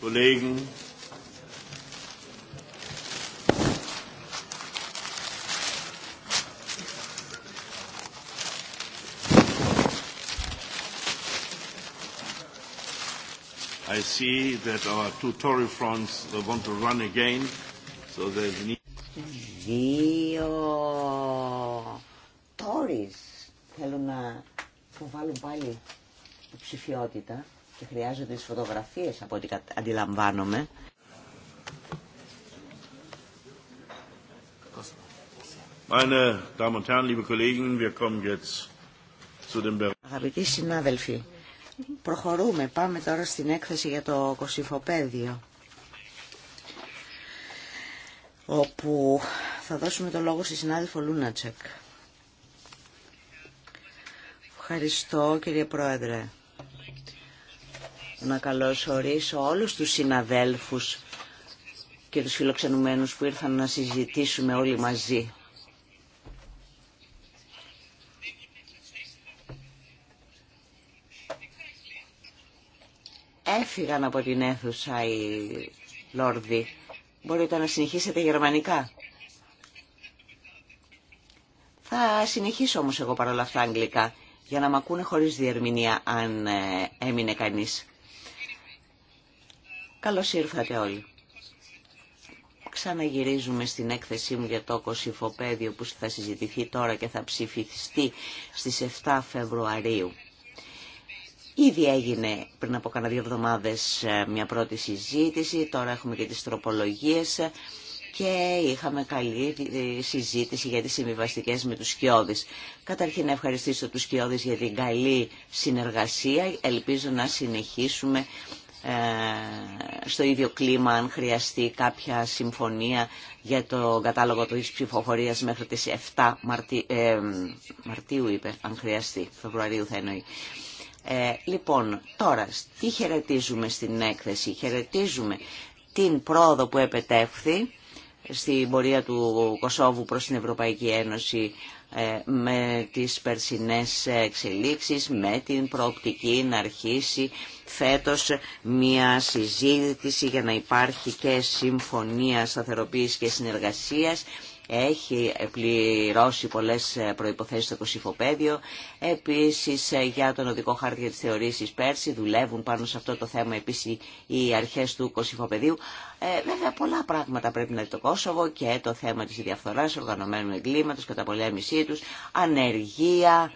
Kollegen. I see that our two Tory fronts want to run again, so there's need. Δύο Tories θέλουν να προβάλλουν πάλι ψηφιότητα και χρειάζονται τις φωτογραφίες από ό,τι αντιλαμβάνομαι. Meine Damen und Herren, liebe Kollegen, wir kommen jetzt zu dem Αγαπητοί συνάδελφοι, προχωρούμε. Πάμε τώρα στην έκθεση για το κοσυφοπαίδιο όπου θα δώσουμε το λόγο στη συνάδελφο Λούνατσεκ. Ευχαριστώ κύριε Πρόεδρε να καλωσορίσω όλους τους συναδέλφους και τους φιλοξενουμένους που ήρθαν να συζητήσουμε όλοι μαζί. Έφυγαν από την αίθουσα οι Λόρδοι. Μπορείτε να συνεχίσετε γερμανικά. Θα συνεχίσω όμως εγώ παρόλα αυτά αγγλικά, για να μ' ακούνε χωρίς διερμηνία αν ε, έμεινε κανείς. Καλώς ήρθατε όλοι. Ξαναγυρίζουμε στην έκθεσή μου για το κοσυφοπαίδιο που θα συζητηθεί τώρα και θα ψηφιστεί στις 7 Φεβρουαρίου. Ήδη έγινε πριν από κανένα δύο εβδομάδες ε, μια πρώτη συζήτηση, τώρα έχουμε και τις τροπολογίες και είχαμε καλή συζήτηση για τις συμβιβαστικέ με τους Σκιώδης. Καταρχήν να ευχαριστήσω τους Σκιώδης για την καλή συνεργασία. Ελπίζω να συνεχίσουμε ε, στο ίδιο κλίμα αν χρειαστεί κάποια συμφωνία για το κατάλογο του ψηφοφορία μέχρι τις 7 Μαρτι... Ε, Μαρτίου, είπε, αν χρειαστεί, Φεβρουαρίου θα εννοεί. Ε, λοιπόν, τώρα, τι χαιρετίζουμε στην έκθεση. Χαιρετίζουμε την πρόοδο που επετεύχθη στην πορεία του Κωσόβου προς την Ευρωπαϊκή Ένωση ε, με τις περσινές εξελίξεις, με την προοπτική να αρχίσει φέτος μια συζήτηση για να υπάρχει και συμφωνία σταθεροποίησης και συνεργασίας έχει πληρώσει πολλές προϋποθέσεις στο κοσυφοπαίδιο. Επίσης ε, για τον οδικό χάρτη για τις θεωρήσεις πέρσι δουλεύουν πάνω σε αυτό το θέμα επίσης οι αρχές του κοσυφοπαιδίου. Ε, βέβαια πολλά πράγματα πρέπει να δει το Κόσοβο και το θέμα της διαφθοράς, οργανωμένου εγκλήματος, καταπολέμησή τους, ανεργία,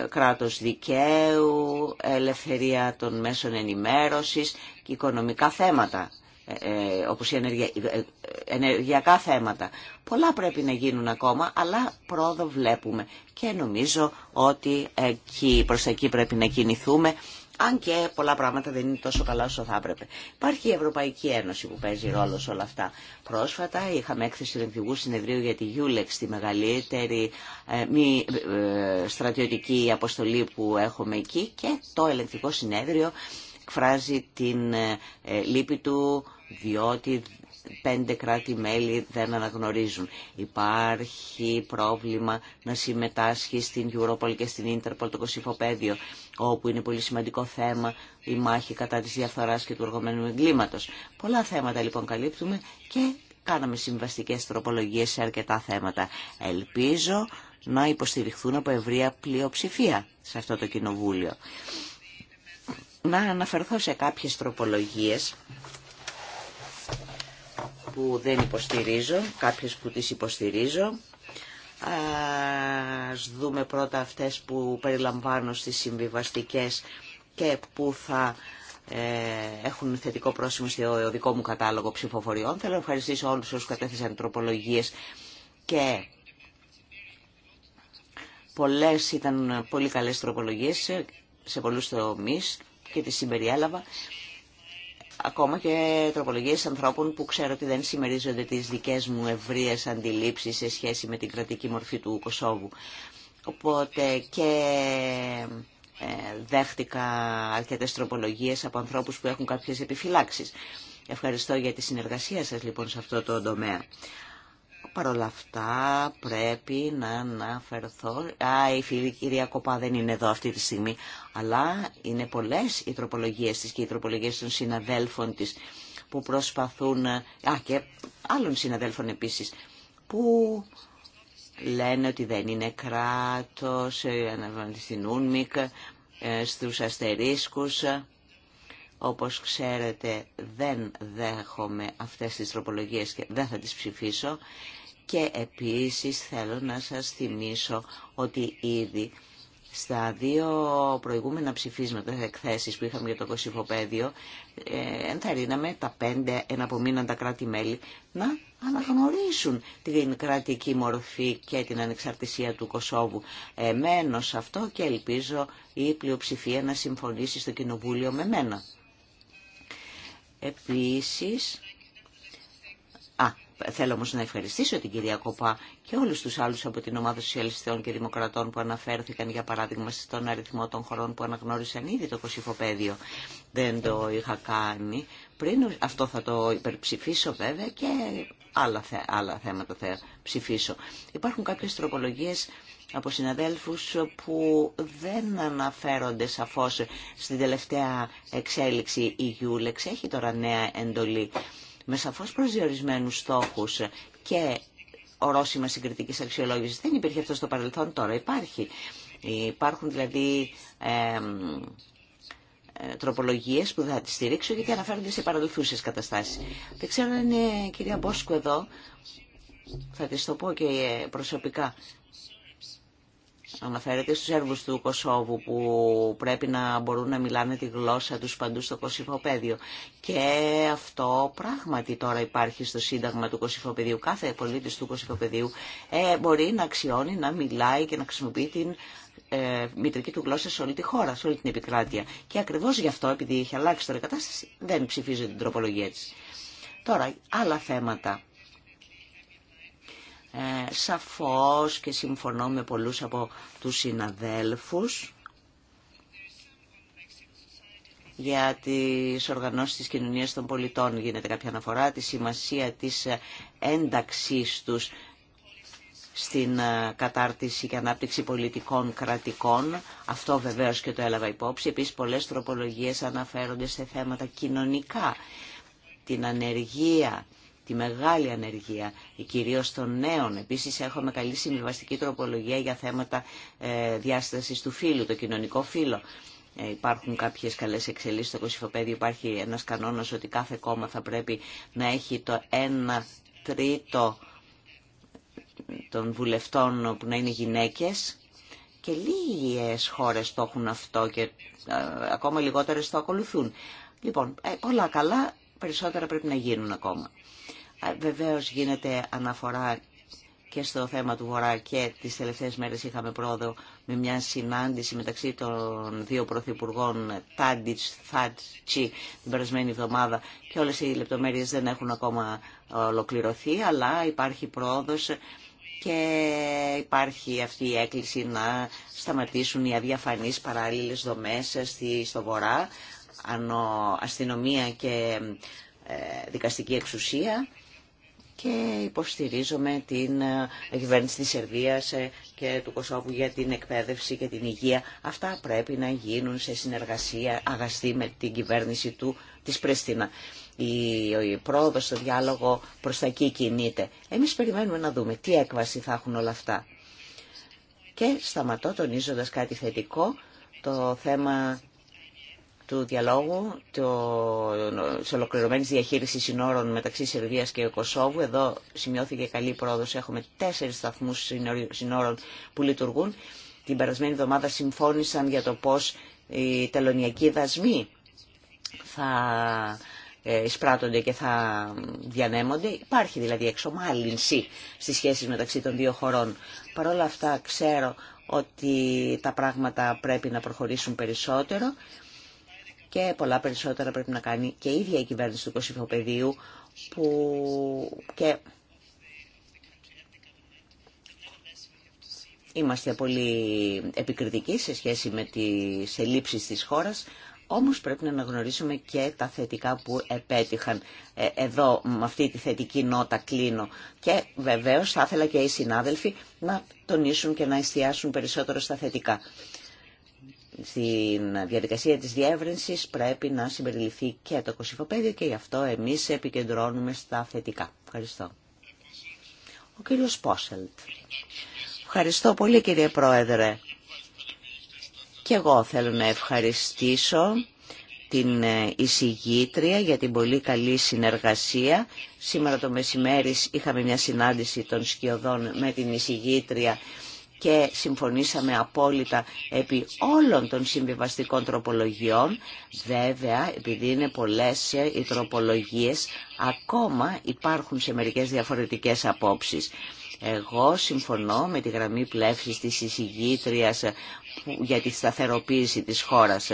ε, κράτος δικαίου, ελευθερία των μέσων ενημέρωσης και οικονομικά θέματα. Ε, ε, όπως η ε, ενεργειακά θέματα. Πολλά πρέπει να γίνουν ακόμα, αλλά πρόοδο βλέπουμε. Και νομίζω ότι εκεί, προς εκεί πρέπει να κινηθούμε, αν και πολλά πράγματα δεν είναι τόσο καλά όσο θα έπρεπε. Υπάρχει η Ευρωπαϊκή Ένωση που παίζει ρόλο σε όλα αυτά. Πρόσφατα είχαμε έκθεση ρεμφυγού Συνεδρίου για τη Γιούλεξ, τη μεγαλύτερη μη στρατιωτική αποστολή που έχουμε εκεί και το Ελεγκτικό Συνέδριο εκφράζει την λύπη του διότι πέντε κράτη-μέλη δεν αναγνωρίζουν. Υπάρχει πρόβλημα να συμμετάσχει στην Europol και στην Interpol το κοσυφοπαίδιο, όπου είναι πολύ σημαντικό θέμα η μάχη κατά της διαφθοράς και του εργομένου εγκλήματος. Πολλά θέματα λοιπόν καλύπτουμε και κάναμε συμβαστικές τροπολογίες σε αρκετά θέματα. Ελπίζω να υποστηριχθούν από ευρεία πλειοψηφία σε αυτό το κοινοβούλιο. Να αναφερθώ σε κάποιες τροπολογίες που δεν υποστηρίζω, κάποιες που τις υποστηρίζω. Ας δούμε πρώτα αυτές που περιλαμβάνω στις συμβιβαστικές και που θα ε, έχουν θετικό πρόσημο στο δικό μου κατάλογο ψηφοφοριών. Θέλω να ευχαριστήσω όλους όσους κατέθεσαν τροπολογίες και πολλές ήταν πολύ καλές τροπολογίες σε πολλούς τομείς και τις συμπεριέλαβα ακόμα και τροπολογίε ανθρώπων που ξέρω ότι δεν συμμερίζονται τι δικέ μου ευρείε αντιλήψεις σε σχέση με την κρατική μορφή του Κωσόβου. Οπότε και ε, δέχτηκα αρκετέ τροπολογίες από ανθρώπους που έχουν κάποιες επιφυλάξεις. Ευχαριστώ για τη συνεργασία σας λοιπόν σε αυτό το τομέα. Παρ' όλα αυτά πρέπει να αναφερθώ... Α, η φίλη κυρία Κοπά δεν είναι εδώ αυτή τη στιγμή. Αλλά είναι πολλές οι τροπολογίες της και οι τροπολογίες των συναδέλφων της που προσπαθούν... Α, και άλλων συναδέλφων επίσης που λένε ότι δεν είναι κράτος, ε, στην μικ ε, στους αστερίσκους. Όπως ξέρετε δεν δέχομαι αυτές τις τροπολογίες και δεν θα τις ψηφίσω. Και επίσης θέλω να σας θυμίσω ότι ήδη στα δύο προηγούμενα ψηφίσματα εκθέσεις που είχαμε για το κοσυφοπαίδιο ε, ενθαρρύναμε τα πέντε εναπομείναντα κράτη-μέλη να αναγνωρίσουν την κρατική μορφή και την ανεξαρτησία του Κωσόβου. Εμένω αυτό και ελπίζω η πλειοψηφία να συμφωνήσει στο Κοινοβούλιο με μένα. Επίσης, α, θέλω όμως να ευχαριστήσω την κυρία Κοπά και όλους τους άλλους από την ομάδα Σοσιαλιστών και Δημοκρατών που αναφέρθηκαν για παράδειγμα στον αριθμό των χωρών που αναγνώρισαν ήδη το κοσυφοπαίδιο. Δεν το είχα κάνει πριν, αυτό θα το υπερψηφίσω βέβαια και άλλα, άλλα θέματα θα ψηφίσω. Υπάρχουν κάποιες τροπολογίες από συναδέλφους που δεν αναφέρονται σαφώς στην τελευταία εξέλιξη. Η Γιούλεξ έχει τώρα νέα εντολή με σαφώς προσδιορισμένους στόχους και ορόσημα συγκριτική αξιολόγηση. Δεν υπήρχε αυτό στο παρελθόν, τώρα υπάρχει. Υπάρχουν δηλαδή ε, τροπολογίες που θα τις στηρίξω γιατί αναφέρονται σε παραδοθούσες καταστάσεις. Δεν ξέρω αν είναι κυρία Μπόσκου εδώ, θα τη το πω και προσωπικά. Αναφέρεται στους έργους του Κωσόβου που πρέπει να μπορούν να μιλάνε τη γλώσσα τους παντού στο Κωσυφοπέδιο. Και αυτό πράγματι τώρα υπάρχει στο Σύνταγμα του Κωσυφοπεδίου. Κάθε πολίτης του Κωσυφοπεδίου ε, μπορεί να αξιώνει, να μιλάει και να χρησιμοποιεί την ε, μητρική του γλώσσα σε όλη τη χώρα, σε όλη την επικράτεια. Και ακριβώς γι' αυτό, επειδή έχει αλλάξει τώρα η κατάσταση, δεν ψηφίζει την τροπολογία της. Τώρα, άλλα θέματα ε, σαφώς και συμφωνώ με πολλούς από τους συναδέλφους για τις οργανώσεις της κοινωνίας των πολιτών γίνεται κάποια αναφορά, τη σημασία της ένταξής τους στην ε, κατάρτιση και ανάπτυξη πολιτικών κρατικών. Αυτό βεβαίως και το έλαβα υπόψη. Επίσης πολλές τροπολογίες αναφέρονται σε θέματα κοινωνικά, την ανεργία, τη μεγάλη ανεργία, ε, κυρίως των νέων. Επίσης έχουμε καλή συμβιβαστική τροπολογία για θέματα ε, διάστασης του φύλου, το κοινωνικό φύλο. Ε, υπάρχουν κάποιες καλές εξελίξεις στο Κωσυφοπέδιο. Υπάρχει ένας κανόνας ότι κάθε κόμμα θα πρέπει να έχει το 1 τρίτο των βουλευτών που να είναι γυναίκες και λίγες χώρες το έχουν αυτό και ακόμα λιγότερες το ακολουθούν. Λοιπόν, πολλά καλά, περισσότερα πρέπει να γίνουν ακόμα. Βεβαίως γίνεται αναφορά και στο θέμα του Βορρά και τις τελευταίες μέρες είχαμε πρόοδο με μια συνάντηση μεταξύ των δύο πρωθυπουργών Τάντιτς, Θάτσι την περασμένη εβδομάδα και όλες οι λεπτομέρειες δεν έχουν ακόμα ολοκληρωθεί αλλά υπάρχει πρόοδος και υπάρχει αυτή η έκκληση να σταματήσουν οι αδιαφανείς παράλληλες δομές στο Βορρά, αστυνομία και ε, δικαστική εξουσία και υποστηρίζουμε την ε, κυβέρνηση της Σερβίας ε, και του Κωσόβου για την εκπαίδευση και την υγεία. Αυτά πρέπει να γίνουν σε συνεργασία αγαστή με την κυβέρνηση του, της Πρεστίνα. Η, η πρόοδος στο διάλογο προς τα εκεί κινείται. Εμείς περιμένουμε να δούμε τι έκβαση θα έχουν όλα αυτά. Και σταματώ τονίζοντας κάτι θετικό, το θέμα του διαλόγου τη ολοκληρωμένη διαχείριση συνόρων μεταξύ Σερβίας και Κωσόβου. Εδώ σημειώθηκε καλή πρόοδο. Έχουμε τέσσερι σταθμού συνόρων που λειτουργούν. Την περασμένη εβδομάδα συμφώνησαν για το πώ οι τελωνιακοί δασμοί θα ε, εισπράττονται και θα διανέμονται. Υπάρχει δηλαδή εξομάλυνση στις σχέσεις μεταξύ των δύο χωρών. Παρ' όλα αυτά ξέρω ότι τα πράγματα πρέπει να προχωρήσουν περισσότερο και πολλά περισσότερα πρέπει να κάνει και η ίδια η κυβέρνηση του Κωσυφοπεδίου που και είμαστε πολύ επικριτικοί σε σχέση με τις ελλείψεις της χώρας, όμως πρέπει να αναγνωρίσουμε και τα θετικά που επέτυχαν. Ε, εδώ με αυτή τη θετική νότα κλείνω. Και βεβαίως θα ήθελα και οι συνάδελφοι να τονίσουν και να εστιάσουν περισσότερο στα θετικά στην διαδικασία της διεύρυνσης πρέπει να συμπεριληφθεί και το κοσυφοπαίδιο και γι' αυτό εμείς επικεντρώνουμε στα θετικά. Ευχαριστώ. Ο κύριος Πόσελτ. Ευχαριστώ πολύ κύριε Πρόεδρε. Και εγώ θέλω να ευχαριστήσω την ε, εισηγήτρια για την πολύ καλή συνεργασία. Σήμερα το μεσημέρι είχαμε μια συνάντηση των σκιωδών με την εισηγήτρια και συμφωνήσαμε απόλυτα επί όλων των συμβιβαστικών τροπολογιών. Βέβαια, επειδή είναι πολλές οι τροπολογίες, ακόμα υπάρχουν σε μερικές διαφορετικές απόψεις. Εγώ συμφωνώ με τη γραμμή πλεύσης της εισηγήτριας για τη σταθεροποίηση της χώρας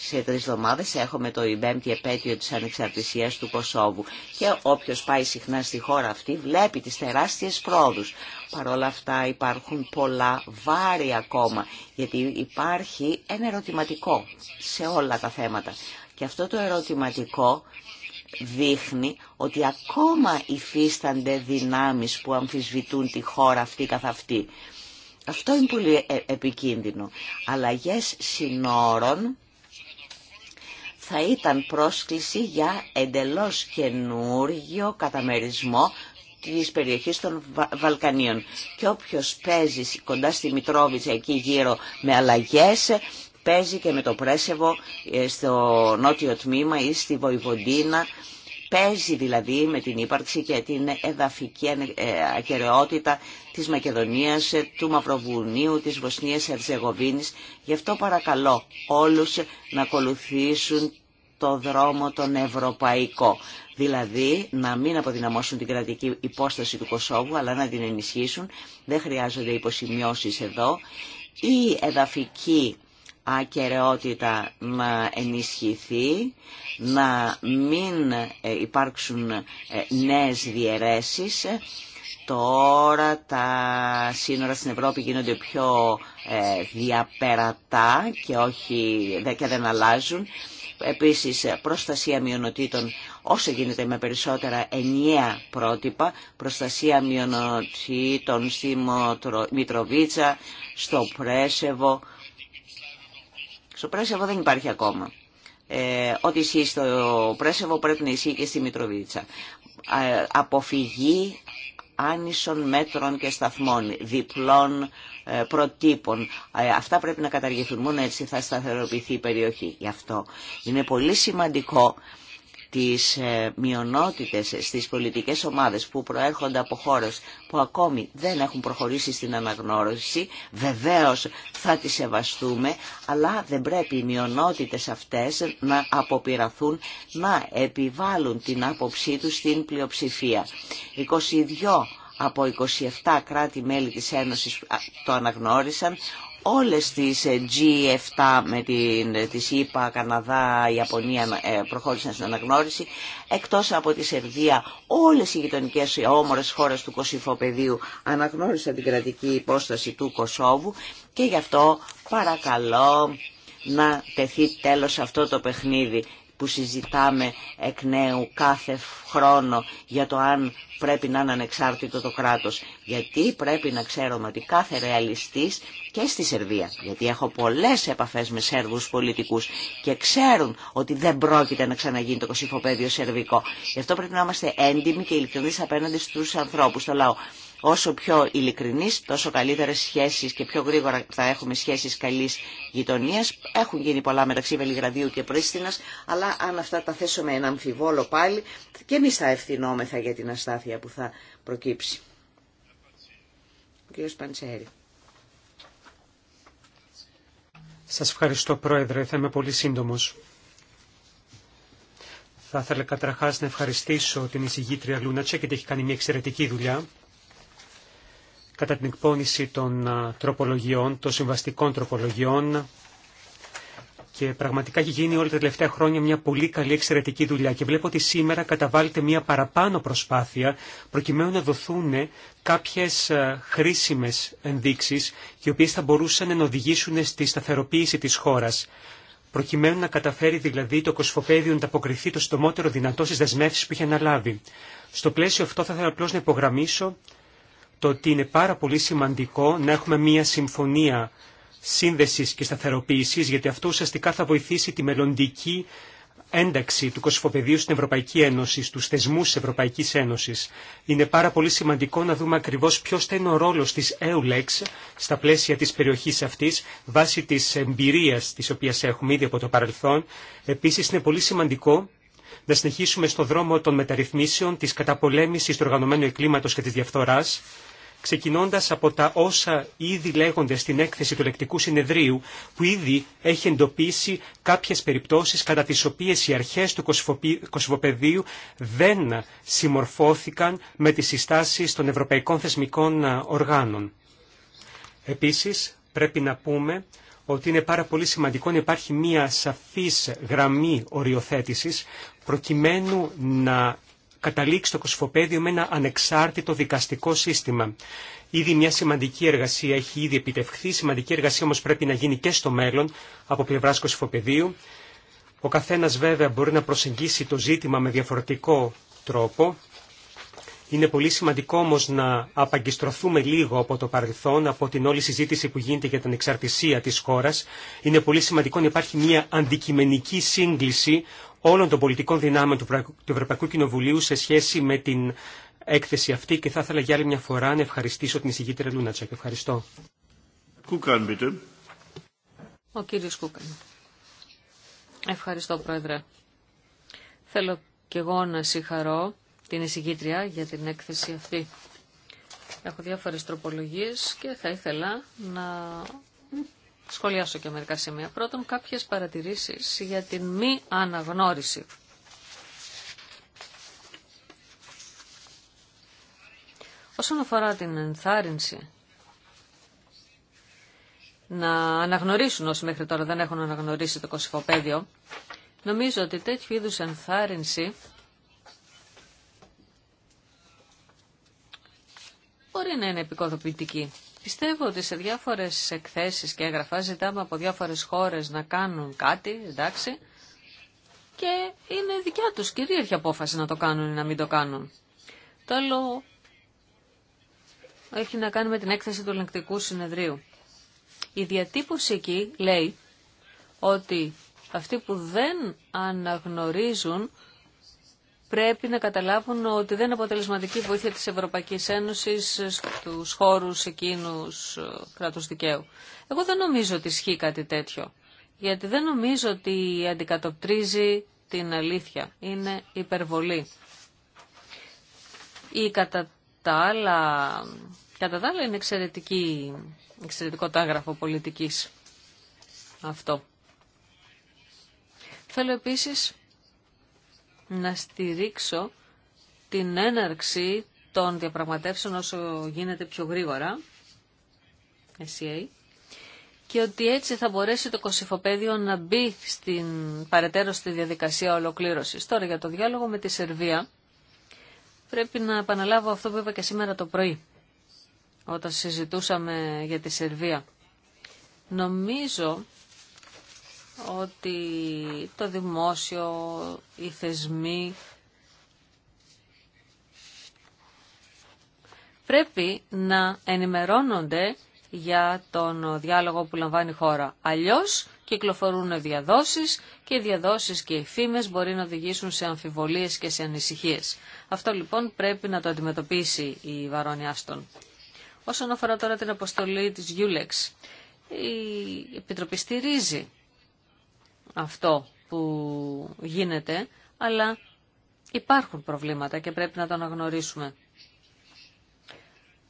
σε τρεις εβδομάδες έχουμε το πέμπτη επέτειο της ανεξαρτησίας του Κωσόβου και όποιος πάει συχνά στη χώρα αυτή βλέπει τις τεράστιες πρόοδους. Παρ' όλα αυτά υπάρχουν πολλά βάρη ακόμα γιατί υπάρχει ένα ερωτηματικό σε όλα τα θέματα. Και αυτό το ερωτηματικό δείχνει ότι ακόμα υφίστανται δυνάμεις που αμφισβητούν τη χώρα αυτή καθ' αυτή. Αυτό είναι πολύ ε, επικίνδυνο. Αλλαγές συνόρων θα ήταν πρόσκληση για εντελώς καινούργιο καταμερισμό της περιοχής των Βαλκανίων. Και όποιος παίζει κοντά στη Μητρόβιτσα εκεί γύρω με αλλαγές, παίζει και με το Πρέσεβο ε, στο νότιο τμήμα ή στη Βοηβοντίνα Παίζει δηλαδή με την ύπαρξη και την εδαφική ε, ακαιρεότητα της Μακεδονίας, ε, του Μαυροβουνίου, της Βοσνίας Ερζεγοβίνης. Γι' αυτό παρακαλώ όλους να ακολουθήσουν το δρόμο τον ευρωπαϊκό. Δηλαδή να μην αποδυναμώσουν την κρατική υπόσταση του Κωσόβου αλλά να την ενισχύσουν. Δεν χρειάζονται υποσημειώσεις εδώ. Η εδαφική ακαιρεότητα να ενισχυθεί, να μην ε, υπάρξουν ε, νέες διαιρέσεις. Τώρα τα σύνορα στην Ευρώπη γίνονται πιο ε, διαπερατά και, όχι, και δεν αλλάζουν. Επίσης προστασία μειονοτήτων όσο γίνεται με περισσότερα ενιαία πρότυπα, προστασία μειονοτήτων στη Μητροβίτσα, στο Πρέσεβο, στο Πρέσεβο δεν υπάρχει ακόμα. Ε, ό,τι ισχύει στο Πρέσεβο πρέπει να ισχύει και στη Μητροβίτσα. Ε, αποφυγή άνισων μέτρων και σταθμών, διπλών ε, προτύπων. Ε, αυτά πρέπει να καταργηθούν. Μόνο έτσι θα σταθεροποιηθεί η περιοχή. Γι' αυτό είναι πολύ σημαντικό τις ε, μειονότητες στις πολιτικές ομάδες που προέρχονται από χώρες που ακόμη δεν έχουν προχωρήσει στην αναγνώριση, βεβαίως θα τις σεβαστούμε, αλλά δεν πρέπει οι μειονότητες αυτές να αποπειραθούν να επιβάλλουν την άποψή τους στην πλειοψηφία. 22 από 27 κράτη-μέλη της Ένωσης το αναγνώρισαν, όλες τις ε, G7 με την, ε, τις ΙΠΑ, Καναδά, Ιαπωνία ε, προχώρησαν στην αναγνώριση εκτός από τη Σερβία όλες οι γειτονικέ όμορες χώρες του Κωσυφοπεδίου αναγνώρισαν την κρατική υπόσταση του Κωσόβου και γι' αυτό παρακαλώ να τεθεί τέλος αυτό το παιχνίδι που συζητάμε εκ νέου κάθε χρόνο για το αν πρέπει να είναι ανεξάρτητο το κράτος. Γιατί πρέπει να ξέρουμε ότι κάθε ρεαλιστής και στη Σερβία, γιατί έχω πολλές επαφές με Σέρβους πολιτικούς και ξέρουν ότι δεν πρόκειται να ξαναγίνει το κοσυφοπεδίο σερβικό. Γι' αυτό πρέπει να είμαστε έντιμοι και ειλικρινείς απέναντι στους ανθρώπους, στο λαό. Όσο πιο ειλικρινείς, τόσο καλύτερες σχέσεις και πιο γρήγορα θα έχουμε σχέσεις καλής γειτονίας. Έχουν γίνει πολλά μεταξύ Βελιγραδίου και Πρίστινας, αλλά αν αυτά τα θέσουμε ένα αμφιβόλο πάλι, και εμείς θα ευθυνόμεθα για την αστάθεια που θα προκύψει. Ο κ. Παντσέρη. Σας ευχαριστώ Πρόεδρε, θα είμαι πολύ σύντομος. Θα ήθελα καταρχάς να ευχαριστήσω την εισηγήτρια Λούνατσε και ότι έχει κάνει μια εξαιρετική δουλειά κατά την εκπόνηση των τροπολογιών, των συμβαστικών τροπολογιών και πραγματικά έχει γίνει όλα τα τελευταία χρόνια μια πολύ καλή εξαιρετική δουλειά και βλέπω ότι σήμερα καταβάλλεται μια παραπάνω προσπάθεια προκειμένου να δοθούν κάποιες χρήσιμες ενδείξεις οι οποίες θα μπορούσαν να οδηγήσουν στη σταθεροποίηση της χώρας προκειμένου να καταφέρει δηλαδή το κοσφοπέδιο να ανταποκριθεί το στομότερο δυνατό στι δεσμεύσει που είχε αναλάβει. Στο πλαίσιο αυτό θα ήθελα απλώ να υπογραμμίσω το ότι είναι πάρα πολύ σημαντικό να έχουμε μία συμφωνία σύνδεσης και σταθεροποίησης, γιατί αυτό ουσιαστικά θα βοηθήσει τη μελλοντική ένταξη του Κωσυφοπεδίου στην Ευρωπαϊκή Ένωση, στους θεσμούς της Ευρωπαϊκής Ένωσης. Είναι πάρα πολύ σημαντικό να δούμε ακριβώς ποιος θα είναι ο ρόλος της EULEX στα πλαίσια της περιοχής αυτής, βάσει της εμπειρίας της οποίας έχουμε ήδη από το παρελθόν. Επίσης είναι πολύ σημαντικό να συνεχίσουμε στο δρόμο των μεταρρυθμίσεων, της καταπολέμησης του οργανωμένου εγκλήματος και της διαφθοράς, ξεκινώντας από τα όσα ήδη λέγονται στην έκθεση του λεκτικού συνεδρίου, που ήδη έχει εντοπίσει κάποιες περιπτώσεις κατά τις οποίες οι αρχές του κοσμοπεδίου δεν συμμορφώθηκαν με τις συστάσεις των ευρωπαϊκών θεσμικών οργάνων. Επίσης, πρέπει να πούμε ότι είναι πάρα πολύ σημαντικό να υπάρχει μία σαφής γραμμή οριοθέτησης προκειμένου να καταλήξει το κοσφοπέδιο με ένα ανεξάρτητο δικαστικό σύστημα. Ήδη μια σημαντική εργασία έχει ήδη επιτευχθεί, σημαντική εργασία όμως πρέπει να γίνει και στο μέλλον από πλευρά κοσφοπεδίου. Ο καθένας βέβαια μπορεί να προσεγγίσει το ζήτημα με διαφορετικό τρόπο. Είναι πολύ σημαντικό όμως να απαγκιστρωθούμε λίγο από το παρελθόν, από την όλη συζήτηση που γίνεται για την εξαρτησία της χώρας. Είναι πολύ σημαντικό να υπάρχει μια αντικειμενική σύγκληση όλων των πολιτικών δυνάμεων του Ευρωπαϊκού Κοινοβουλίου σε σχέση με την έκθεση αυτή και θα ήθελα για άλλη μια φορά να ευχαριστήσω την εισηγήτρια Λούνατσακ. Ευχαριστώ. Κούκαν, Ο κύριος Κούκαν. Ευχαριστώ, Πρόεδρε. Θέλω και εγώ να συγχαρώ την εισηγήτρια για την έκθεση αυτή. Έχω διάφορες τροπολογίες και θα ήθελα να σχολιάσω και μερικά σημεία. Πρώτον, κάποιες παρατηρήσεις για την μη αναγνώριση. Όσον αφορά την ενθάρρυνση να αναγνωρίσουν όσοι μέχρι τώρα δεν έχουν αναγνωρίσει το κοσυφοπαίδιο, νομίζω ότι τέτοιου είδους ενθάρρυνση μπορεί να είναι επικοδοποιητική. Πιστεύω ότι σε διάφορες εκθέσεις και έγγραφα ζητάμε από διάφορες χώρες να κάνουν κάτι, εντάξει, και είναι δικιά τους κυρίαρχη απόφαση να το κάνουν ή να μην το κάνουν. Το άλλο έχει να κάνει με την έκθεση του ελεγκτικού συνεδρίου. Η διατύπωση εκεί λέει ότι αυτοί που δεν αναγνωρίζουν πρέπει να καταλάβουν ότι δεν είναι αποτελεσματική βοήθεια της Ευρωπαϊκής Ένωσης στους χώρους εκείνους ε, κράτους δικαίου. Εγώ δεν νομίζω ότι ισχύει κάτι τέτοιο, γιατί δεν νομίζω ότι αντικατοπτρίζει την αλήθεια. Είναι υπερβολή. Ή κατά τα άλλα, είναι εξαιρετική, εξαιρετικό τάγραφο πολιτικής αυτό. Θέλω επίσης να στηρίξω την έναρξη των διαπραγματεύσεων όσο γίνεται πιο γρήγορα, SCA, e και ότι έτσι θα μπορέσει το κοσυφοπέδιο να μπει στην, παρετέρω στη διαδικασία ολοκλήρωσης. Τώρα για το διάλογο με τη Σερβία πρέπει να επαναλάβω αυτό που είπα και σήμερα το πρωί όταν συζητούσαμε για τη Σερβία. Νομίζω ότι το δημόσιο, οι θεσμοί πρέπει να ενημερώνονται για τον διάλογο που λαμβάνει η χώρα. Αλλιώς κυκλοφορούν διαδόσεις και οι διαδόσεις και οι φήμες μπορεί να οδηγήσουν σε αμφιβολίες και σε ανησυχίες. Αυτό λοιπόν πρέπει να το αντιμετωπίσει η Βαρόνια Άστον. Όσον αφορά τώρα την αποστολή της Γιούλεξ, η Επιτροπή στηρίζει αυτό που γίνεται, αλλά υπάρχουν προβλήματα και πρέπει να τα αναγνωρίσουμε.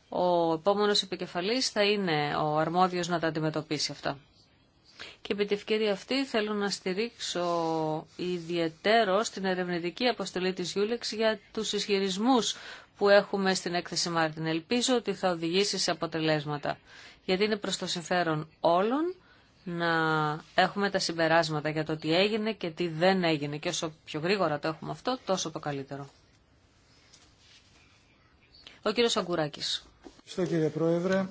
Ο επόμενος επικεφαλής θα είναι ο αρμόδιος να τα αντιμετωπίσει αυτά. Και επί τη ευκαιρία αυτή θέλω να στηρίξω ιδιαίτερο στην ερευνητική αποστολή της Γιούλεξ για τους ισχυρισμού που έχουμε στην έκθεση Μάρτιν. Ελπίζω ότι θα οδηγήσει σε αποτελέσματα, γιατί είναι προς το συμφέρον όλων να έχουμε τα συμπεράσματα για το τι έγινε και τι δεν έγινε. Και όσο πιο γρήγορα το έχουμε αυτό, τόσο το καλύτερο. Ο κύριος Αγκουράκης. Ευχαριστώ κύριε Πρόεδρε.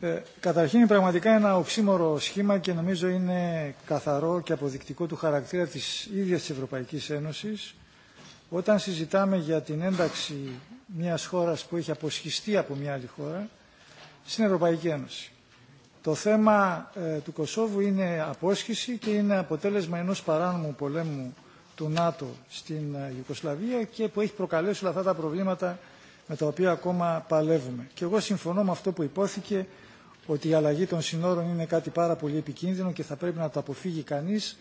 Ε, καταρχήν πραγματικά ένα οξύμορο σχήμα και νομίζω είναι καθαρό και αποδεικτικό του χαρακτήρα της ίδιας της Ευρωπαϊκής Ένωσης όταν συζητάμε για την ένταξη μιας χώρας που έχει αποσχιστεί από μια άλλη χώρα στην Ευρωπαϊκή Ένωση. Το θέμα ε, του Κωσόβου είναι απόσχηση και είναι αποτέλεσμα ενός παράνομου πολέμου του ΝΑΤΟ στην ε, Ιουκοσλαβία και που έχει προκαλέσει όλα αυτά τα προβλήματα με τα οποία ακόμα παλεύουμε. Και εγώ συμφωνώ με αυτό που υπόθηκε ότι η αλλαγή των συνόρων είναι κάτι πάρα πολύ επικίνδυνο και θα πρέπει να το αποφύγει κανείς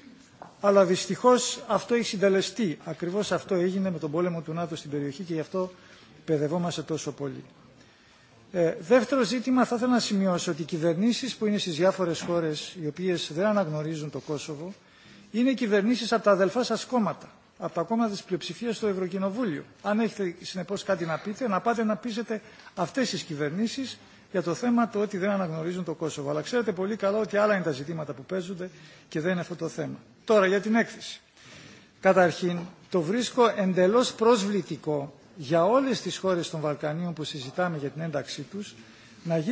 αλλά δυστυχώς αυτό έχει συντελεστεί. Ακριβώς αυτό έγινε με τον πόλεμο του ΝΑΤΟ στην περιοχή και γι' αυτό παιδευόμαστε τόσο πολύ. Ε, δεύτερο ζήτημα, θα ήθελα να σημειώσω ότι οι κυβερνήσει που είναι στις διάφορε χώρε, οι οποίε δεν αναγνωρίζουν το Κόσοβο είναι κυβερνήσει από τα αδελφά σα κόμματα, από τα κόμματα τη πλειοψηφία στο Ευρωκοινοβούλιο. Αν έχετε συνεπώ κάτι να πείτε, να πάτε να πείσετε αυτέ τι κυβερνήσει για το θέμα το ότι δεν αναγνωρίζουν το Κόσοβο. Αλλά ξέρετε πολύ καλά ότι άλλα είναι τα ζητήματα που παίζονται και δεν είναι αυτό το θέμα. Τώρα για την έκθεση. Καταρχήν, το βρίσκω εντελώ προσβλητικό για όλες τις χώρες των Βαλκανίων που συζητάμε για την ένταξή τους να,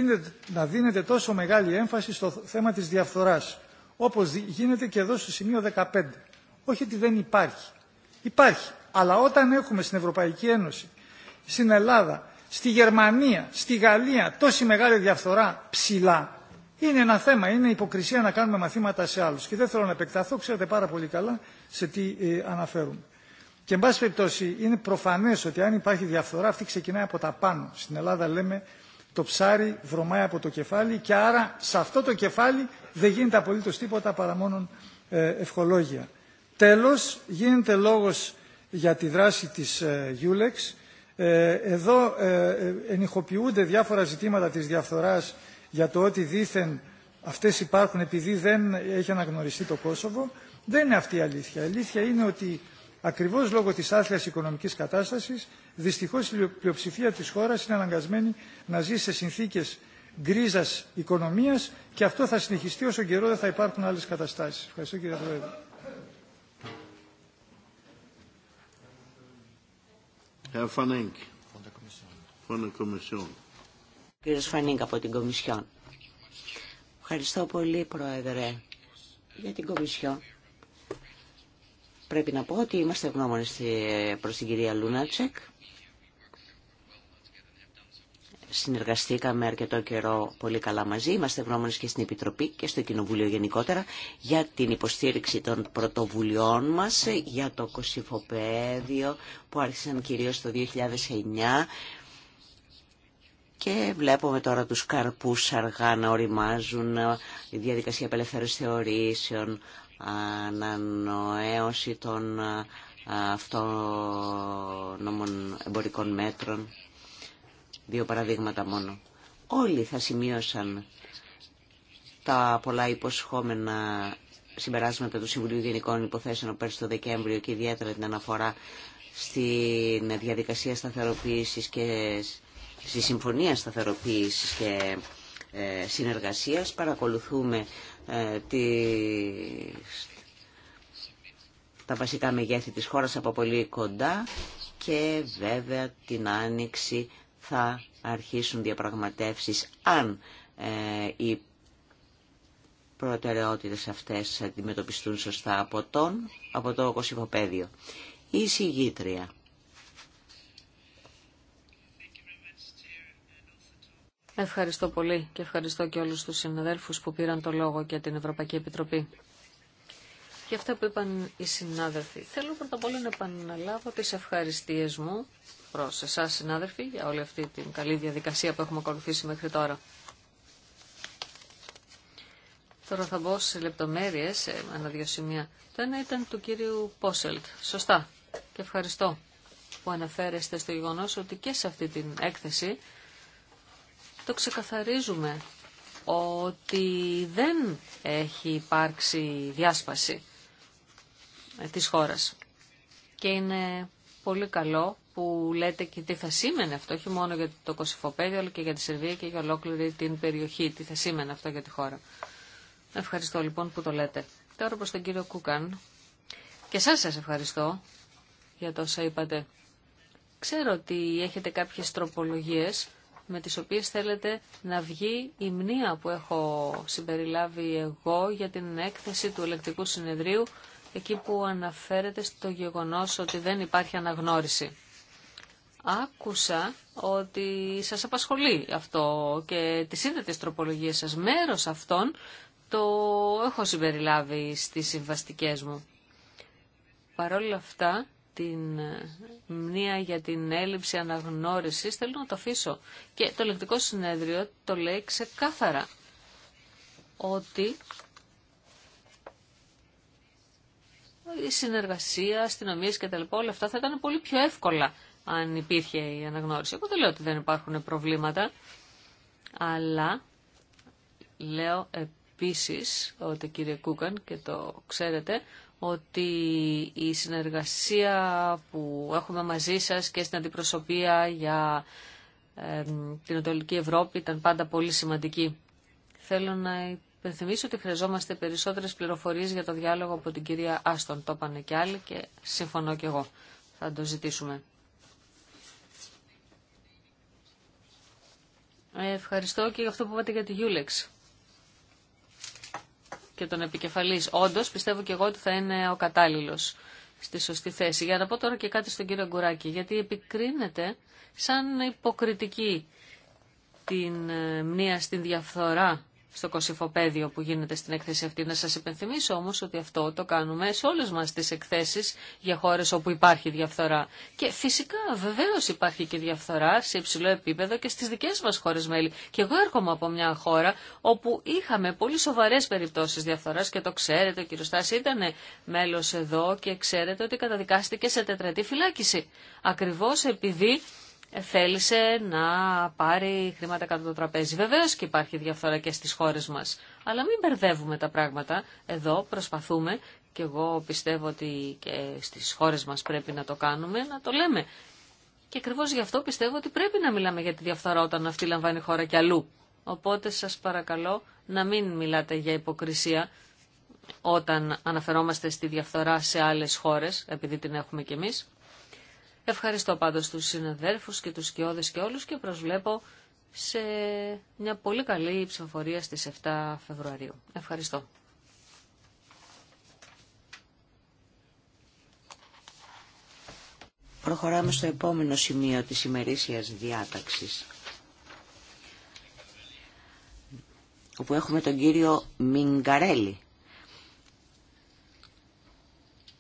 να δίνεται τόσο μεγάλη έμφαση στο θέμα της διαφθοράς όπως γίνεται και εδώ στο σημείο 15. Όχι ότι δεν υπάρχει. Υπάρχει. Αλλά όταν έχουμε στην Ευρωπαϊκή Ένωση, στην Ελλάδα, στη Γερμανία, στη Γαλλία τόση μεγάλη διαφθορά ψηλά, είναι ένα θέμα, είναι υποκρισία να κάνουμε μαθήματα σε άλλους. Και δεν θέλω να επεκταθώ, ξέρετε πάρα πολύ καλά σε τι ε, αναφέρομαι. Και, εν πάση περιπτώσει, είναι προφανέ ότι αν υπάρχει διαφθορά, αυτή ξεκινάει από τα πάνω. Στην Ελλάδα λέμε το ψάρι βρωμάει από το κεφάλι και άρα σε αυτό το κεφάλι δεν γίνεται απολύτω τίποτα παρά μόνο ε, ευχολόγια. Τέλος, γίνεται λόγος για τη δράση της ε, Γιούλεξ. Ε, εδώ ενηχοποιούνται διάφορα ζητήματα της διαφθοράς για το ότι δήθεν αυτές υπάρχουν επειδή δεν έχει αναγνωριστεί το Κόσοβο. Δεν είναι αυτή η αλήθεια. Η αλήθεια είναι ότι Ακριβώ λόγω τη άθλια οικονομική κατάσταση, δυστυχώ η πλειοψηφία τη χώρα είναι αναγκασμένη να ζει σε συνθήκε γκρίζα οικονομία και αυτό θα συνεχιστεί όσο καιρό δεν θα υπάρχουν άλλε καταστάσει. Ευχαριστώ κύριε Πρόεδρε. Κύριε Φανίνκ από την Κομισιόν. Ευχαριστώ πολύ, Πρόεδρε, για την Κομισιόν. Πρέπει να πω ότι είμαστε ευγνώμονες ε, προς την κυρία Λούνατσεκ. Συνεργαστήκαμε αρκετό καιρό πολύ καλά μαζί. Είμαστε ευγνώμονες και στην Επιτροπή και στο Κοινοβούλιο γενικότερα για την υποστήριξη των πρωτοβουλειών μας για το κοσυφοπαίδιο που άρχισαν κυρίως το 2009 και βλέπουμε τώρα τους καρπούς αργά να οριμάζουν ε, η διαδικασία απελευθέρωση θεωρήσεων ανανοέωση των αυτόνομων εμπορικών μέτρων. Δύο παραδείγματα μόνο. Όλοι θα σημείωσαν τα πολλά υποσχόμενα συμπεράσματα του Συμβουλίου Γενικών Υποθέσεων πέρσι το Δεκέμβριο και ιδιαίτερα την αναφορά στην διαδικασία σταθεροποίησης και στη συμφωνία σταθεροποίησης και ε, συνεργασίας. Παρακολουθούμε ε, τα βασικά μεγέθη της χώρας από πολύ κοντά και βέβαια την Άνοιξη θα αρχίσουν διαπραγματεύσεις αν ε, οι προτεραιότητες αυτές αντιμετωπιστούν σωστά από, τον, από το κοσυφοπαίδιο. Η συγγήτρια Ευχαριστώ πολύ και ευχαριστώ και όλους τους συναδέλφους που πήραν το λόγο για την Ευρωπαϊκή Επιτροπή. Και αυτά που είπαν οι συνάδελφοι. Θέλω πρώτα απ' όλα να επαναλάβω τις ευχαριστίες μου προς εσάς συνάδελφοι για όλη αυτή την καλή διαδικασία που έχουμε ακολουθήσει μέχρι τώρα. Τώρα θα μπω σε λεπτομέρειες, σε ένα δύο σημεία. Το ένα ήταν του κύριου Πόσελτ. Σωστά. Και ευχαριστώ που αναφέρεστε στο γεγονό ότι και σε αυτή την έκθεση το ξεκαθαρίζουμε ότι δεν έχει υπάρξει διάσπαση ε, της χώρας. Και είναι πολύ καλό που λέτε και τι θα σήμαινε αυτό, όχι μόνο για το Κωσυφοπέδιο, αλλά και για τη Σερβία και για ολόκληρη την περιοχή, τι θα σήμαινε αυτό για τη χώρα. Ευχαριστώ λοιπόν που το λέτε. Τώρα προς τον κύριο Κούκαν. Και σας σας ευχαριστώ για το είπατε. Ξέρω ότι έχετε κάποιες τροπολογίες με τις οποίες θέλετε να βγει η μνήα που έχω συμπεριλάβει εγώ για την έκθεση του ελεκτικού συνεδρίου εκεί που αναφέρεται στο γεγονός ότι δεν υπάρχει αναγνώριση. Άκουσα ότι σας απασχολεί αυτό και τις σύνδετες τροπολογίες σας. Μέρος αυτών το έχω συμπεριλάβει στις συμβαστικές μου. Παρόλα αυτά, την ε, μνήα για την έλλειψη αναγνώρισης θέλω να το αφήσω. Και το λεκτικό συνέδριο το λέει ξεκάθαρα ότι η συνεργασία, αστυνομίε και τα όλα αυτά θα ήταν πολύ πιο εύκολα αν υπήρχε η αναγνώριση. Εγώ δεν λέω ότι δεν υπάρχουν προβλήματα, αλλά λέω επίσης ότι κύριε Κούκαν και το ξέρετε, ότι η συνεργασία που έχουμε μαζί σας και στην αντιπροσωπεία για την Ανατολική Ευρώπη ήταν πάντα πολύ σημαντική. Θέλω να υπενθυμίσω ότι χρειαζόμαστε περισσότερες πληροφορίες για το διάλογο από την κυρία Άστον. Το είπανε και άλλοι και συμφωνώ και εγώ. Θα το ζητήσουμε. Ε, ευχαριστώ και για αυτό που είπατε για τη Γιούλεξ και τον επικεφαλής. όντω, πιστεύω και εγώ ότι θα είναι ο κατάλληλο στη σωστή θέση. Για να πω τώρα και κάτι στον κύριο Γκουράκη, γιατί επικρίνεται σαν υποκριτική την ε, μνήμα στην διαφθορά στο κοσυφοπέδιο που γίνεται στην έκθεση αυτή. Να σας υπενθυμίσω όμως ότι αυτό το κάνουμε σε όλες μας τις εκθέσεις για χώρες όπου υπάρχει διαφθορά. Και φυσικά βεβαίως υπάρχει και διαφθορά σε υψηλό επίπεδο και στις δικές μας χώρες μέλη. Και εγώ έρχομαι από μια χώρα όπου είχαμε πολύ σοβαρές περιπτώσεις διαφθοράς και το ξέρετε, ο κ. Στάση ήταν μέλος εδώ και ξέρετε ότι καταδικάστηκε σε τετρατή φυλάκιση. Ακριβώς επειδή θέλησε να πάρει χρήματα κάτω το τραπέζι. Βεβαίως και υπάρχει διαφθορά και στις χώρες μας. Αλλά μην μπερδεύουμε τα πράγματα. Εδώ προσπαθούμε και εγώ πιστεύω ότι και στις χώρες μας πρέπει να το κάνουμε, να το λέμε. Και ακριβώ γι' αυτό πιστεύω ότι πρέπει να μιλάμε για τη διαφθορά όταν αυτή λαμβάνει χώρα κι αλλού. Οπότε σας παρακαλώ να μην μιλάτε για υποκρισία όταν αναφερόμαστε στη διαφθορά σε άλλες χώρες, επειδή την έχουμε κι εμείς. Ευχαριστώ πάντως τους συναδέρφους και τους σκιώδες και όλους και προσβλέπω σε μια πολύ καλή ψηφοφορία στις 7 Φεβρουαρίου. Ευχαριστώ. Προχωράμε στο επόμενο σημείο της ημερήσιας διάταξης όπου έχουμε τον κύριο Μιγκαρέλη.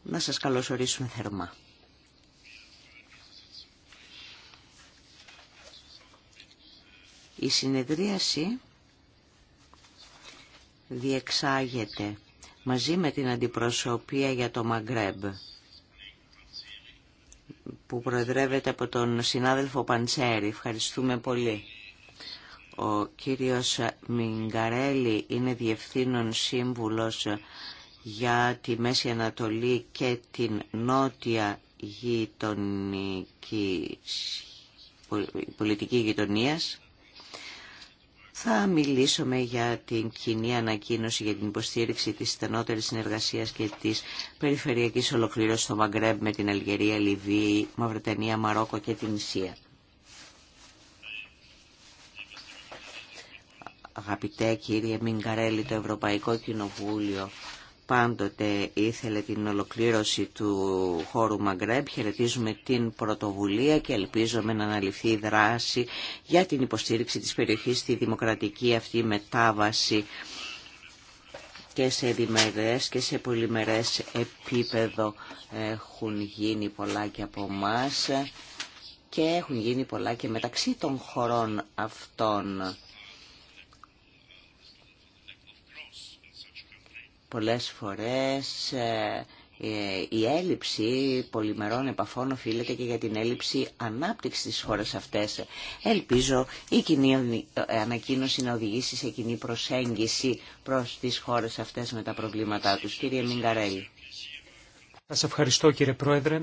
Να σας καλωσορίσουμε θερμά. Η συνεδρίαση διεξάγεται μαζί με την αντιπροσωπεία για το Μαγκρέμπ που προεδρεύεται από τον συνάδελφο Παντσέρη. Ευχαριστούμε πολύ. Ο κύριος Μιγκαρέλη είναι διευθύνων σύμβουλος για τη Μέση Ανατολή και την Νότια γειτονική πολιτική γειτονίας. Θα μιλήσουμε για την κοινή ανακοίνωση για την υποστήριξη της στενότερης συνεργασίας και της περιφερειακής ολοκλήρωσης στο Μαγκρέμπ με την Αλγερία, Λιβύη, Μαυρετανία, Μαρόκο και την Ισία. Αγαπητέ κύριε Μιγκαρέλη, το Ευρωπαϊκό Κοινοβούλιο πάντοτε ήθελε την ολοκλήρωση του χώρου Μαγκρέμπ. Χαιρετίζουμε την πρωτοβουλία και ελπίζουμε να αναλυθεί η δράση για την υποστήριξη της περιοχής στη δημοκρατική αυτή μετάβαση και σε διμερές και σε πολυμερές επίπεδο έχουν γίνει πολλά και από μας και έχουν γίνει πολλά και μεταξύ των χωρών αυτών Πολλές φορές ε, ε, η έλλειψη πολυμερών επαφών οφείλεται και για την έλλειψη ανάπτυξη στις χώρες αυτές. Ελπίζω η κοινή ε, ανακοίνωση να οδηγήσει σε κοινή προσέγγιση προς τις χώρες αυτές με τα προβλήματά τους. Κύριε Μιγκαρέλη. Σας ευχαριστώ κύριε Πρόεδρε.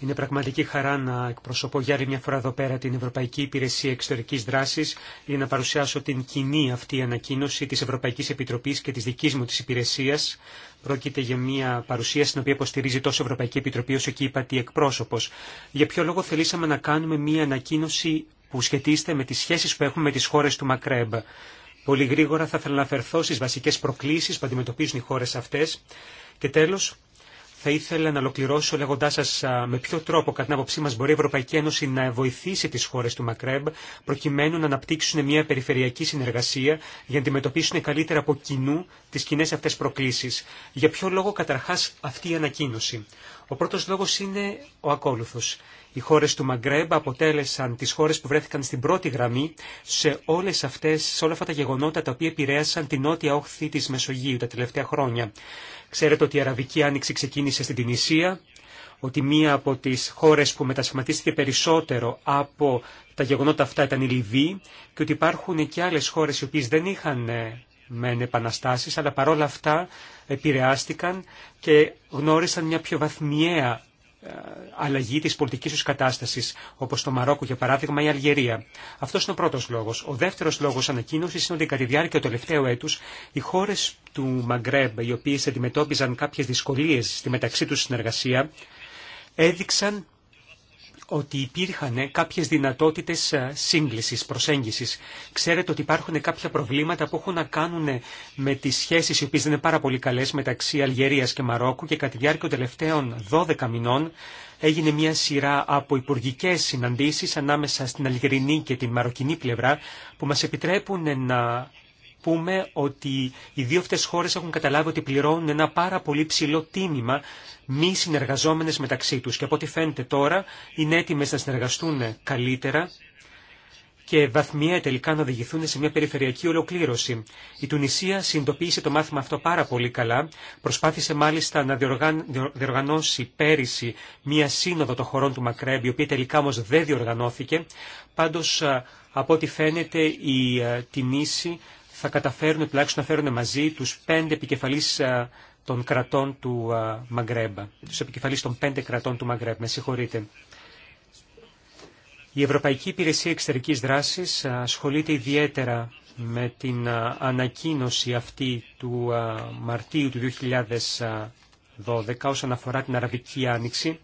Είναι πραγματική χαρά να εκπροσωπώ για άλλη μια φορά εδώ πέρα την Ευρωπαϊκή Υπηρεσία Εξωτερικής Δράσης για να παρουσιάσω την κοινή αυτή ανακοίνωση της Ευρωπαϊκής Επιτροπής και της δικής μου της υπηρεσίας. Πρόκειται για μια παρουσία στην οποία υποστηρίζει τόσο η Ευρωπαϊκή Επιτροπή όσο και η ΠΑΤΗ εκπρόσωπος. Για ποιο λόγο θελήσαμε να κάνουμε μια ανακοίνωση που σχετίζεται με τις σχέσεις που έχουμε με τις χώρες του Μακρέμπ. Πολύ γρήγορα θα ήθελα να στις βασικές προκλήσεις που αντιμετωπίζουν οι χώρες αυτές. Και τέλος, θα ήθελα να ολοκληρώσω λέγοντά σα με ποιο τρόπο, κατά την άποψή μα, μπορεί η Ευρωπαϊκή Ένωση να βοηθήσει τι χώρε του Μακρέμπ προκειμένου να αναπτύξουν μια περιφερειακή συνεργασία για να αντιμετωπίσουν καλύτερα από κοινού τι κοινέ αυτέ προκλήσει. Για ποιο λόγο, καταρχά, αυτή η ανακοίνωση. Ο πρώτο λόγο είναι ο ακόλουθο. Οι χώρες του Μαγκρέμπ αποτέλεσαν τις χώρες που βρέθηκαν στην πρώτη γραμμή σε, όλες αυτές, σε όλα αυτά τα γεγονότα τα οποία επηρέασαν την νότια όχθη της Μεσογείου τα τελευταία χρόνια. Ξέρετε ότι η Αραβική Άνοιξη ξεκίνησε στην Τινησία, ότι μία από τις χώρες που μετασχηματίστηκε περισσότερο από τα γεγονότα αυτά ήταν η Λιβύη και ότι υπάρχουν και άλλες χώρες οι οποίες δεν είχαν ε, μεν επαναστάσεις, αλλά παρόλα αυτά επηρεάστηκαν και γνώρισαν μια πιο βαθμιαία αλλαγή της πολιτικής τους κατάστασης, όπως το Μαρόκο για παράδειγμα ή η Αλγερία. Αυτός είναι ο πρώτος λόγος. Ο δεύτερος λόγος ανακοίνωσης είναι ότι κατά τη διάρκεια του τελευταίου έτους οι χώρες του Μαγκρέμπ, οι οποίες αντιμετώπιζαν κάποιες δυσκολίες στη μεταξύ τους συνεργασία, έδειξαν ότι υπήρχαν κάποιες δυνατότητες ε, σύγκλησης, προσέγγισης. Ξέρετε ότι υπάρχουν κάποια προβλήματα που έχουν να κάνουν με τις σχέσεις οι οποίε δεν είναι πάρα πολύ καλές μεταξύ Αλγερίας και Μαρόκου και κατά τη διάρκεια των τελευταίων 12 μηνών έγινε μια σειρά από υπουργικέ συναντήσεις ανάμεσα στην Αλγερινή και την Μαροκινή πλευρά που μα επιτρέπουν να πούμε ότι οι δύο αυτές χώρες έχουν καταλάβει ότι πληρώνουν ένα πάρα πολύ ψηλό τίμημα μη συνεργαζόμενες μεταξύ τους και από ό,τι φαίνεται τώρα είναι έτοιμες να συνεργαστούν καλύτερα και βαθμία τελικά να οδηγηθούν σε μια περιφερειακή ολοκλήρωση. Η Τουνησία συνειδητοποίησε το μάθημα αυτό πάρα πολύ καλά. Προσπάθησε μάλιστα να διοργανώσει πέρυσι μια σύνοδο των χωρών του Μακρέμπ, η οποία τελικά όμω δεν διοργανώθηκε. Πάντω, από ό,τι φαίνεται, η Τινήση θα καταφέρουν τουλάχιστον να φέρουν μαζί τους πέντε επικεφαλής ε, των κρατών του ε, Μαγκρέμπα, τους επικεφαλής των πέντε κρατών του Μαγκρέμπ, με Η Ευρωπαϊκή Υπηρεσία Εξωτερικής Δράσης ε, ασχολείται ιδιαίτερα με την ανακοίνωση αυτή του Μαρτίου του 2012 όσον αφορά την Αραβική Άνοιξη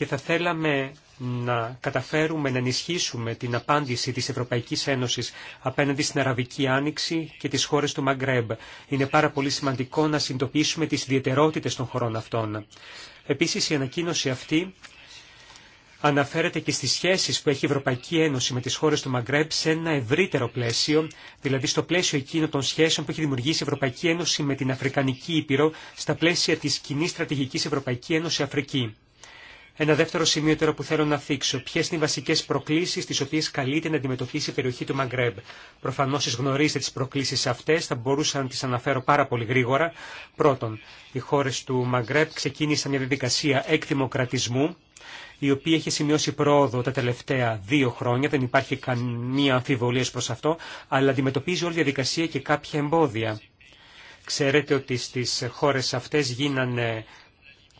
και θα θέλαμε να καταφέρουμε να ενισχύσουμε την απάντηση της Ευρωπαϊκής Ένωσης απέναντι στην Αραβική Άνοιξη και τις χώρες του Μαγκρέμπ. Είναι πάρα πολύ σημαντικό να συντοπίσουμε τις ιδιαιτερότητες των χωρών αυτών. Επίσης η ανακοίνωση αυτή αναφέρεται και στις σχέσεις που έχει η Ευρωπαϊκή Ένωση με τις χώρες του Μαγκρέμπ σε ένα ευρύτερο πλαίσιο, δηλαδή στο πλαίσιο εκείνο των σχέσεων που έχει δημιουργήσει η Ευρωπαϊκή Ένωση με την Αφρικανική Ήπειρο στα πλαίσια της κοινή στρατηγικής Ευρωπαϊκή Ένωση Αφρική. Ένα δεύτερο σημείο τώρα που θέλω να θίξω. Ποιε είναι οι βασικέ προκλήσει τι οποίε καλείται να αντιμετωπίσει η περιοχή του Μαγκρέμπ. Προφανώ εσεί γνωρίζετε τι προκλήσει αυτέ, θα μπορούσα να τι αναφέρω πάρα πολύ γρήγορα. Πρώτον, οι χώρε του Μαγκρέμπ ξεκίνησαν μια διαδικασία εκδημοκρατισμού, η οποία έχει σημειώσει πρόοδο τα τελευταία δύο χρόνια, δεν υπάρχει καμία αμφιβολία προ αυτό, αλλά αντιμετωπίζει όλη διαδικασία και κάποια εμπόδια. Ξέρετε ότι στι χώρε αυτέ γίνανε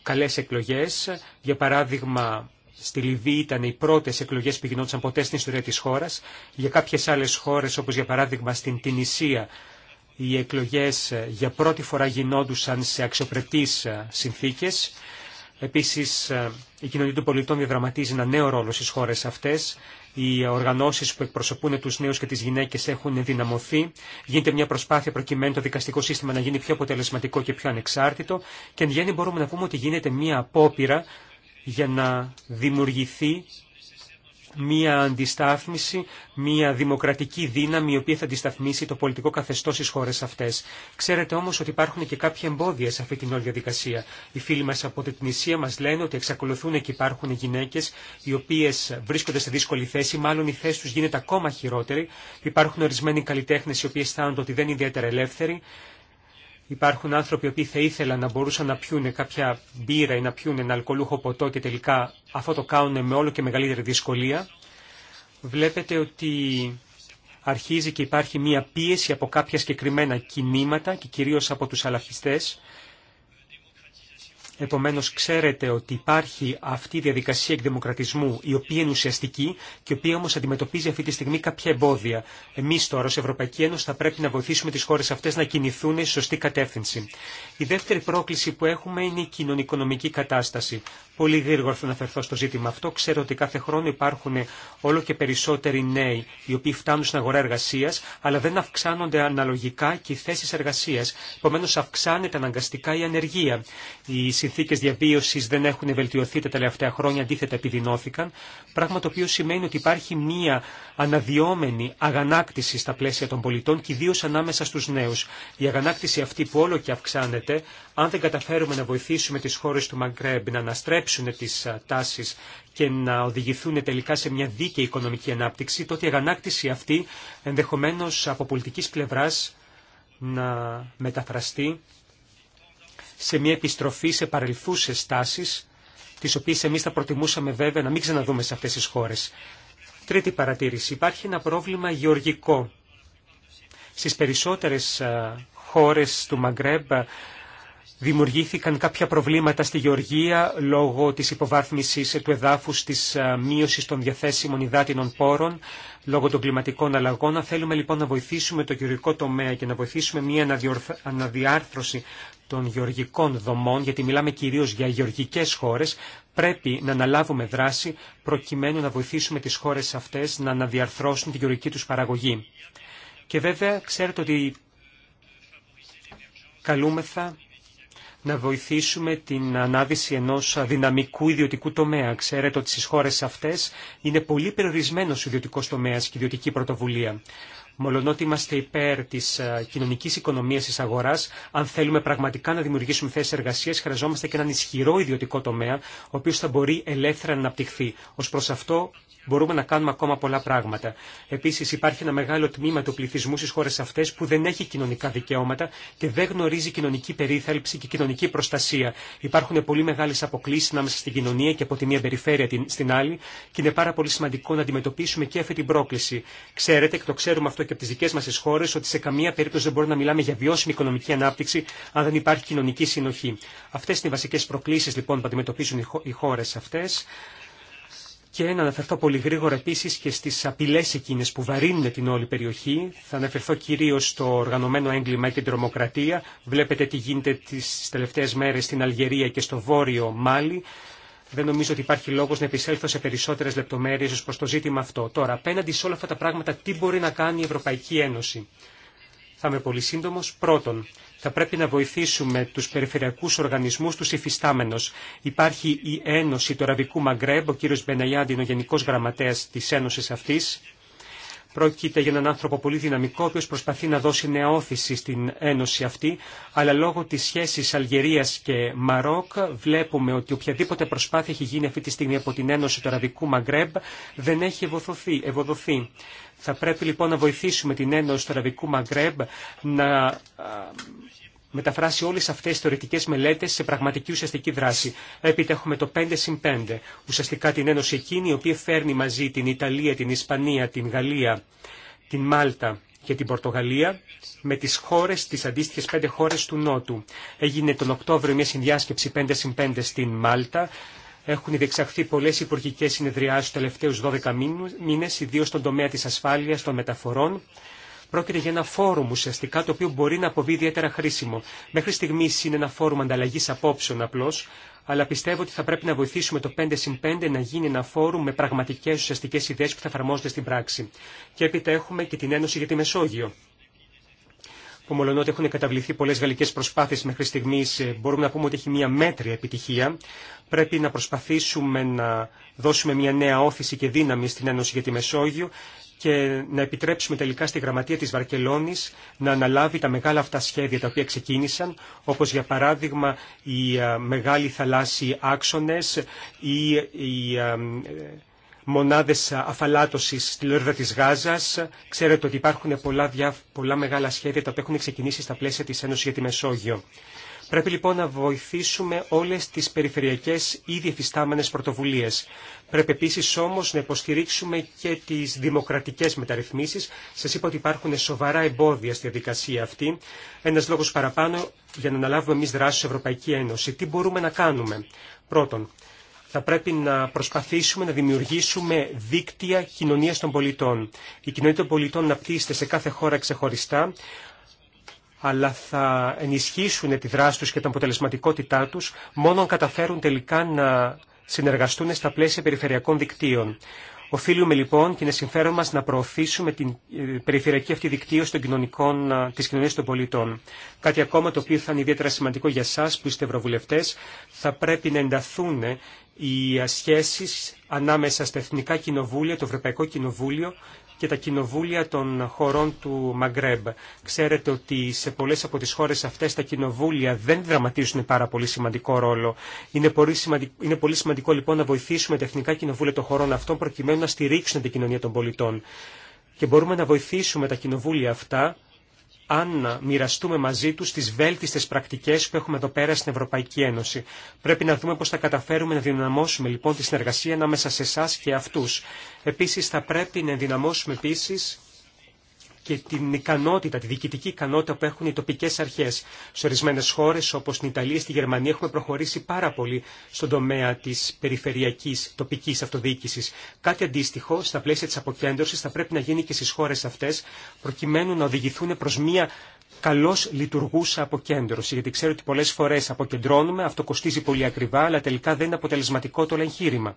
καλές εκλογές. Για παράδειγμα, στη Λιβύη ήταν οι πρώτες εκλογές που γινόντουσαν ποτέ στην ιστορία της χώρας. Για κάποιες άλλες χώρες, όπως για παράδειγμα στην Τινησία, οι εκλογές ε, για πρώτη φορά γινόντουσαν σε αξιοπρεπείς ε, συνθήκες. Επίσης, ε, η κοινωνία των πολιτών διαδραματίζει ένα νέο ρόλο στις χώρες αυτές οι οργανώσει που εκπροσωπούν του νέου και τις γυναίκες έχουν ενδυναμωθεί, γίνεται μια προσπάθεια προκειμένου το δικαστικό σύστημα να γίνει πιο αποτελεσματικό και πιο ανεξάρτητο και εν γέννη μπορούμε να πούμε ότι γίνεται μια απόπειρα για να δημιουργηθεί μία αντιστάθμιση, μία δημοκρατική δύναμη η οποία θα αντισταθμίσει το πολιτικό καθεστώς στις χώρες αυτές. Ξέρετε όμως ότι υπάρχουν και κάποια εμπόδια σε αυτή την όλη διαδικασία. Οι φίλοι μας από την Ισία μας λένε ότι εξακολουθούν και υπάρχουν γυναίκες οι οποίες βρίσκονται σε δύσκολη θέση, μάλλον η θέση τους γίνεται ακόμα χειρότερη. Υπάρχουν ορισμένοι καλλιτέχνες οι οποίες αισθάνονται ότι δεν είναι ιδιαίτερα ελεύθεροι Υπάρχουν άνθρωποι οποίοι θα ήθελαν να μπορούσαν να πιούνε κάποια μπύρα ή να πιούνε ένα αλκοολούχο ποτό και τελικά αυτό το κάνουν με όλο και μεγαλύτερη δυσκολία. Βλέπετε ότι αρχίζει και υπάρχει μία πίεση από κάποια συγκεκριμένα κινήματα και κυρίως από τους αλαφιστές Επομένως ξέρετε ότι υπάρχει αυτή η διαδικασία εκδημοκρατισμού η οποία είναι ουσιαστική και η οποία όμως αντιμετωπίζει αυτή τη στιγμή κάποια εμπόδια. Εμείς τώρα ως Ευρωπαϊκή Ένωση θα πρέπει να βοηθήσουμε τις χώρες αυτές να κινηθούν σε σωστή κατεύθυνση. Η δεύτερη πρόκληση που έχουμε είναι η κοινωνικονομική κατάσταση. Πολύ γρήγορα θα αναφερθώ στο ζήτημα αυτό. Ξέρω ότι κάθε χρόνο υπάρχουν όλο και περισσότεροι νέοι οι οποίοι φτάνουν στην αγορά εργασία, αλλά δεν αυξάνονται αναλογικά και οι θέσει εργασία. Επομένω, αυξάνεται αναγκαστικά η ανεργία συνθήκε διαβίωση δεν έχουν βελτιωθεί τα τελευταία χρόνια, αντίθετα επιδεινώθηκαν, πράγμα το οποίο σημαίνει ότι υπάρχει μία αναδυόμενη αγανάκτηση στα πλαίσια των πολιτών και ιδίω ανάμεσα στου νέου. Η αγανάκτηση αυτή που όλο και αυξάνεται, αν δεν καταφέρουμε να βοηθήσουμε τι χώρε του Μαγκρέμπ να αναστρέψουν τι τάσει και να οδηγηθούν τελικά σε μια δίκαιη οικονομική ανάπτυξη, τότε η αγανάκτηση αυτή ενδεχομένω από πολιτική πλευρά να μεταφραστεί σε μια επιστροφή σε παρελθούσες στάσεις τις οποίες εμείς θα προτιμούσαμε βέβαια να μην ξαναδούμε σε αυτές τις χώρες. Τρίτη παρατήρηση. Υπάρχει ένα πρόβλημα γεωργικό. Στις περισσότερες χώρες του Μαγκρέμπ δημιουργήθηκαν κάποια προβλήματα στη Γεωργία λόγω της υποβάθμισης του εδάφους, της ε, μείωσης των διαθέσιμων υδάτινων πόρων, λόγω των κλιματικών αλλαγών. Θέλουμε λοιπόν να βοηθήσουμε το γεωργικό τομέα και να βοηθήσουμε μια αναδιάρθρωση των γεωργικών δομών, γιατί μιλάμε κυρίως για γεωργικές χώρες, πρέπει να αναλάβουμε δράση προκειμένου να βοηθήσουμε τις χώρες αυτές να αναδιαρθρώσουν τη γεωργική τους παραγωγή. Και βέβαια ξέρετε ότι καλούμεθα να βοηθήσουμε την ανάδυση ενός δυναμικού ιδιωτικού τομέα. Ξέρετε ότι στις χώρες αυτές είναι πολύ περιορισμένος ο ιδιωτικός τομέας και η ιδιωτική πρωτοβουλία μολονότι είμαστε υπέρ τη ε, κοινωνική οικονομία τη αγορά, αν θέλουμε πραγματικά να δημιουργήσουμε θέσει εργασία, χρειαζόμαστε και έναν ισχυρό ιδιωτικό τομέα, ο οποίο θα μπορεί ελεύθερα να αναπτυχθεί. Ω προ αυτό μπορούμε να κάνουμε ακόμα πολλά πράγματα. Επίση, υπάρχει ένα μεγάλο τμήμα του πληθυσμού στι χώρε αυτέ που δεν έχει κοινωνικά δικαιώματα και δεν γνωρίζει κοινωνική περίθαλψη και κοινωνική προστασία. Υπάρχουν πολύ μεγάλε αποκλήσει ανάμεσα στην κοινωνία και από τη μία περιφέρεια στην άλλη και είναι πάρα πολύ σημαντικό να αντιμετωπίσουμε και αυτή την πρόκληση. Ξέρετε, και το ξέρουμε αυτό αυτό και από τι δικέ μα τι χώρε, ότι σε καμία περίπτωση δεν μπορούμε να μιλάμε για βιώσιμη οικονομική ανάπτυξη αν δεν υπάρχει κοινωνική συνοχή. Αυτέ είναι οι βασικέ προκλήσει λοιπόν που αντιμετωπίζουν οι χώρε αυτέ. Και να αναφερθώ πολύ γρήγορα επίση και στι απειλέ εκείνε που βαρύνουν την όλη περιοχή. Θα αναφερθώ κυρίω στο οργανωμένο έγκλημα και την τρομοκρατία. Βλέπετε τι γίνεται τι τελευταίε μέρε στην Αλγερία και στο βόρειο Μάλι. Δεν νομίζω ότι υπάρχει λόγος να επισέλθω σε περισσότερες λεπτομέρειες ω προς το ζήτημα αυτό. Τώρα, απέναντι σε όλα αυτά τα πράγματα, τι μπορεί να κάνει η Ευρωπαϊκή Ένωση. Θα είμαι πολύ σύντομο. Πρώτον, θα πρέπει να βοηθήσουμε τους περιφερειακούς οργανισμούς τους υφιστάμενους. Υπάρχει η Ένωση του Αραβικού Μαγκρέμπ, ο κύριος Μπεναγιάντη είναι ο Γενικό Γραμματέα τη Ένωση αυτή. Πρόκειται για έναν άνθρωπο πολύ δυναμικό, ο οποίο προσπαθεί να δώσει νέα στην ένωση αυτή, αλλά λόγω της σχέσης Αλγερίας και Μαρόκ βλέπουμε ότι οποιαδήποτε προσπάθεια έχει γίνει αυτή τη στιγμή από την Ένωση του Αραβικού Μαγκρέμπ δεν έχει ευοδοθεί. Θα πρέπει λοιπόν να βοηθήσουμε την Ένωση του Αραβικού Μαγκρέμπ να μεταφράσει όλες αυτές τις θεωρητικές μελέτες σε πραγματική ουσιαστική δράση. Έπειτα έχουμε το 5 συν 5, ουσιαστικά την Ένωση εκείνη η οποία φέρνει μαζί την Ιταλία, την Ισπανία, την Γαλλία, την Μάλτα και την Πορτογαλία με τις χώρες, τις αντίστοιχες πέντε χώρες του Νότου. Έγινε τον Οκτώβριο μια συνδιάσκεψη 5 συν 5 στην Μάλτα, έχουν διεξαχθεί πολλές υπουργικέ συνεδριάσεις τους τελευταίους 12 μήνες, ιδίως στον τομέα της ασφάλειας, των μεταφορών Πρόκειται για ένα φόρουμ ουσιαστικά το οποίο μπορεί να αποβεί ιδιαίτερα χρήσιμο. Μέχρι στιγμή είναι ένα φόρουμ ανταλλαγή απόψεων απλώ, αλλά πιστεύω ότι θα πρέπει να βοηθήσουμε το 5 συν 5 να γίνει ένα φόρουμ με πραγματικέ ουσιαστικέ ιδέε που θα εφαρμόζονται στην πράξη. Και έπειτα έχουμε και την Ένωση για τη Μεσόγειο που μολονότι έχουν καταβληθεί πολλέ γαλλικέ προσπάθειες μέχρι στιγμή ε, μπορούμε να πούμε ότι έχει μια μέτρια επιτυχία. Πρέπει να προσπαθήσουμε να δώσουμε μια νέα όθηση και δύναμη στην Ένωση για τη Μεσόγειο και να επιτρέψουμε τελικά στη γραμματεία της Βαρκελόνης να αναλάβει τα μεγάλα αυτά σχέδια τα οποία ξεκίνησαν, όπως για παράδειγμα οι μεγάλοι θαλάσσιοι άξονες ή οι μονάδες αφαλάτωσης στη Λόρδα της Γάζας. Ξέρετε ότι υπάρχουν πολλά, πολλά μεγάλα σχέδια τα οποία έχουν ξεκινήσει στα πλαίσια της Ένωσης για τη Μεσόγειο. Πρέπει λοιπόν να βοηθήσουμε όλες τις περιφερειακές ήδη εφιστάμενες πρωτοβουλίες. Πρέπει επίσης όμως να υποστηρίξουμε και τις δημοκρατικές μεταρρυθμίσεις. Σας είπα ότι υπάρχουν σοβαρά εμπόδια στη διαδικασία αυτή. Ένας λόγος παραπάνω για να αναλάβουμε εμείς δράση στην Ευρωπαϊκή Ένωση. Τι μπορούμε να κάνουμε. Πρώτον, θα πρέπει να προσπαθήσουμε να δημιουργήσουμε δίκτυα κοινωνίας των πολιτών. Η κοινωνία των πολιτών να αναπτύσσεται σε κάθε χώρα ξεχωριστά, αλλά θα ενισχύσουν τη δράση τους και την αποτελεσματικότητά τους μόνο αν καταφέρουν τελικά να συνεργαστούν στα πλαίσια περιφερειακών δικτύων. Οφείλουμε λοιπόν και είναι συμφέρον μας να προωθήσουμε την ε, περιφερειακή αυτή δικτύωση των κοινωνικών, της κοινωνίας των πολιτών. Κάτι ακόμα το οποίο θα είναι ιδιαίτερα σημαντικό για σας που είστε ευρωβουλευτές, θα πρέπει να ενταθούν ε, οι σχέσεις ανάμεσα στα Εθνικά Κοινοβούλια, το Ευρωπαϊκό Κοινοβούλιο και τα κοινοβούλια των χωρών του Μαγκρέμπ. Ξέρετε ότι σε πολλές από τις χώρες αυτές τα κοινοβούλια δεν δραματίζουν πάρα πολύ σημαντικό ρόλο. Είναι πολύ σημαντικό, είναι πολύ σημαντικό λοιπόν να βοηθήσουμε τα εθνικά κοινοβούλια των χωρών αυτών προκειμένου να στηρίξουν την κοινωνία των πολιτών. Και μπορούμε να βοηθήσουμε τα κοινοβούλια αυτά αν μοιραστούμε μαζί τους τις βέλτιστες πρακτικές που έχουμε εδώ πέρα στην Ευρωπαϊκή Ένωση. Πρέπει να δούμε πώς θα καταφέρουμε να δυναμώσουμε λοιπόν τη συνεργασία ανάμεσα σε εσά και αυτούς. Επίσης θα πρέπει να ενδυναμώσουμε επίσης και την ικανότητα, τη διοικητική ικανότητα που έχουν οι τοπικέ αρχέ. Σε ορισμένε χώρε, όπω στην Ιταλία, στη Γερμανία, έχουμε προχωρήσει πάρα πολύ στον τομέα τη περιφερειακή τοπική αυτοδιοίκηση. Κάτι αντίστοιχο, στα πλαίσια τη αποκέντρωση, θα πρέπει να γίνει και στι χώρε αυτέ, προκειμένου να οδηγηθούν προ μία καλώ λειτουργούσα αποκέντρωση. Γιατί ξέρω ότι πολλέ φορέ αποκεντρώνουμε, αυτό κοστίζει πολύ ακριβά, αλλά τελικά δεν είναι αποτελεσματικό το εγχείρημα.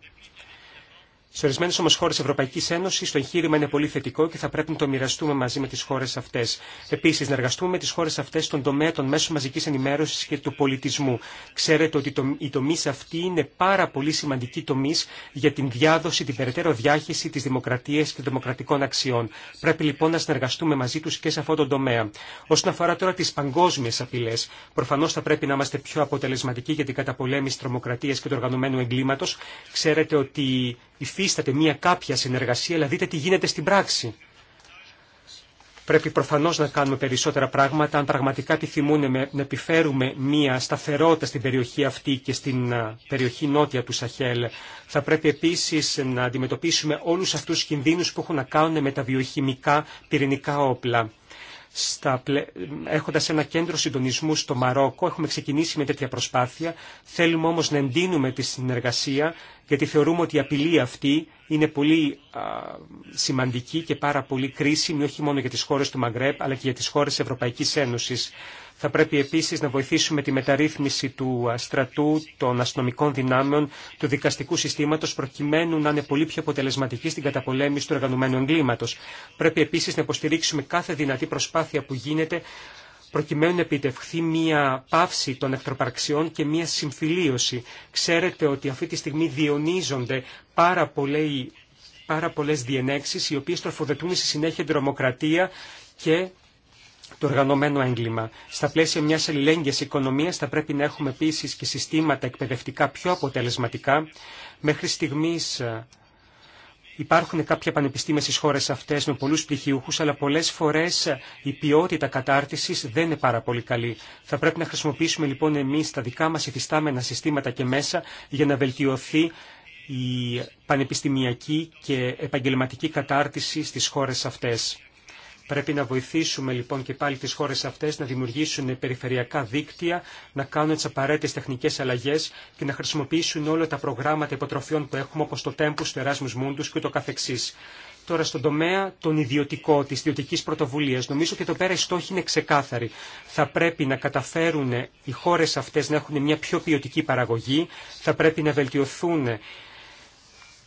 Σε ορισμένε όμω χώρε Ευρωπαϊκή Ένωση το εγχείρημα είναι πολύ θετικό και θα πρέπει να το μοιραστούμε μαζί με τι χώρε αυτέ. Επίση, να εργαστούμε με τι χώρε αυτέ στον τομέα των μέσων μαζική ενημέρωση και του πολιτισμού. Ξέρετε ότι οι τομεί αυτοί είναι πάρα πολύ σημαντικοί τομεί για την διάδοση, την περαιτέρω διάχυση τη δημοκρατία και των δημοκρατικών αξιών. Πρέπει λοιπόν να συνεργαστούμε μαζί του και σε αυτόν τον τομέα. Όσον αφορά τώρα τι παγκόσμιε απειλέ, προφανώ θα πρέπει να είμαστε πιο αποτελεσματικοί για την καταπολέμηση τρομοκρατία και του οργανωμένου εγκλήματο. Ξέρετε ότι υφίσταται μία κάποια συνεργασία, αλλά δείτε τι γίνεται στην πράξη. Πρέπει προφανώς να κάνουμε περισσότερα πράγματα αν πραγματικά επιθυμούν να επιφέρουμε μία σταθερότητα στην περιοχή αυτή και στην περιοχή νότια του Σαχέλ. Θα πρέπει επίσης να αντιμετωπίσουμε όλους αυτούς τους κινδύνους που έχουν να κάνουν με τα βιοχημικά πυρηνικά όπλα στα έχοντας ένα κέντρο συντονισμού στο Μαρόκο. Έχουμε ξεκινήσει με τέτοια προσπάθεια. Θέλουμε όμως να εντείνουμε τη συνεργασία γιατί θεωρούμε ότι η απειλή αυτή είναι πολύ σημαντική και πάρα πολύ κρίσιμη όχι μόνο για τις χώρες του Μαγκρέπ αλλά και για τις χώρες Ευρωπαϊκής Ένωσης. Θα πρέπει επίσης να βοηθήσουμε τη μεταρρύθμιση του στρατού, των αστυνομικών δυνάμεων, του δικαστικού συστήματος, προκειμένου να είναι πολύ πιο αποτελεσματική στην καταπολέμηση του εργανομένου εγκλήματος. Πρέπει επίσης να υποστηρίξουμε κάθε δυνατή προσπάθεια που γίνεται προκειμένου να επιτευχθεί μια πάυση των εχθροπαρξιών και μια συμφιλίωση. Ξέρετε ότι αυτή τη στιγμή διονίζονται πάρα, πολλές, πάρα πολλές διενέξεις οι οποίες τροφοδετούν στη συνέχεια την και το οργανωμένο έγκλημα. Στα πλαίσια μια αλληλέγγυα οικονομία θα πρέπει να έχουμε επίση και συστήματα εκπαιδευτικά πιο αποτελεσματικά. Μέχρι στιγμής Υπάρχουν κάποια πανεπιστήμια στι χώρε αυτές με πολλού πτυχιούχους, αλλά πολλές φορές η ποιότητα κατάρτισης δεν είναι πάρα πολύ καλή. Θα πρέπει να χρησιμοποιήσουμε λοιπόν εμείς τα δικά μας υφιστάμενα συστήματα και μέσα για να βελτιωθεί η πανεπιστημιακή και επαγγελματική κατάρτιση στις χώρες αυτές. Πρέπει να βοηθήσουμε λοιπόν και πάλι τις χώρες αυτές να δημιουργήσουν περιφερειακά δίκτυα, να κάνουν τις απαραίτητες τεχνικές αλλαγές και να χρησιμοποιήσουν όλα τα προγράμματα υποτροφιών που έχουμε όπως το Tempus, το Erasmus Mundus και το καθεξής. Τώρα στον τομέα των ιδιωτικών, της ιδιωτικής πρωτοβουλίας, νομίζω ότι εδώ πέρα οι στόχοι είναι ξεκάθαροι. Θα πρέπει να καταφέρουν οι χώρες αυτές να έχουν μια πιο ποιοτική παραγωγή, θα πρέπει να βελτιωθούν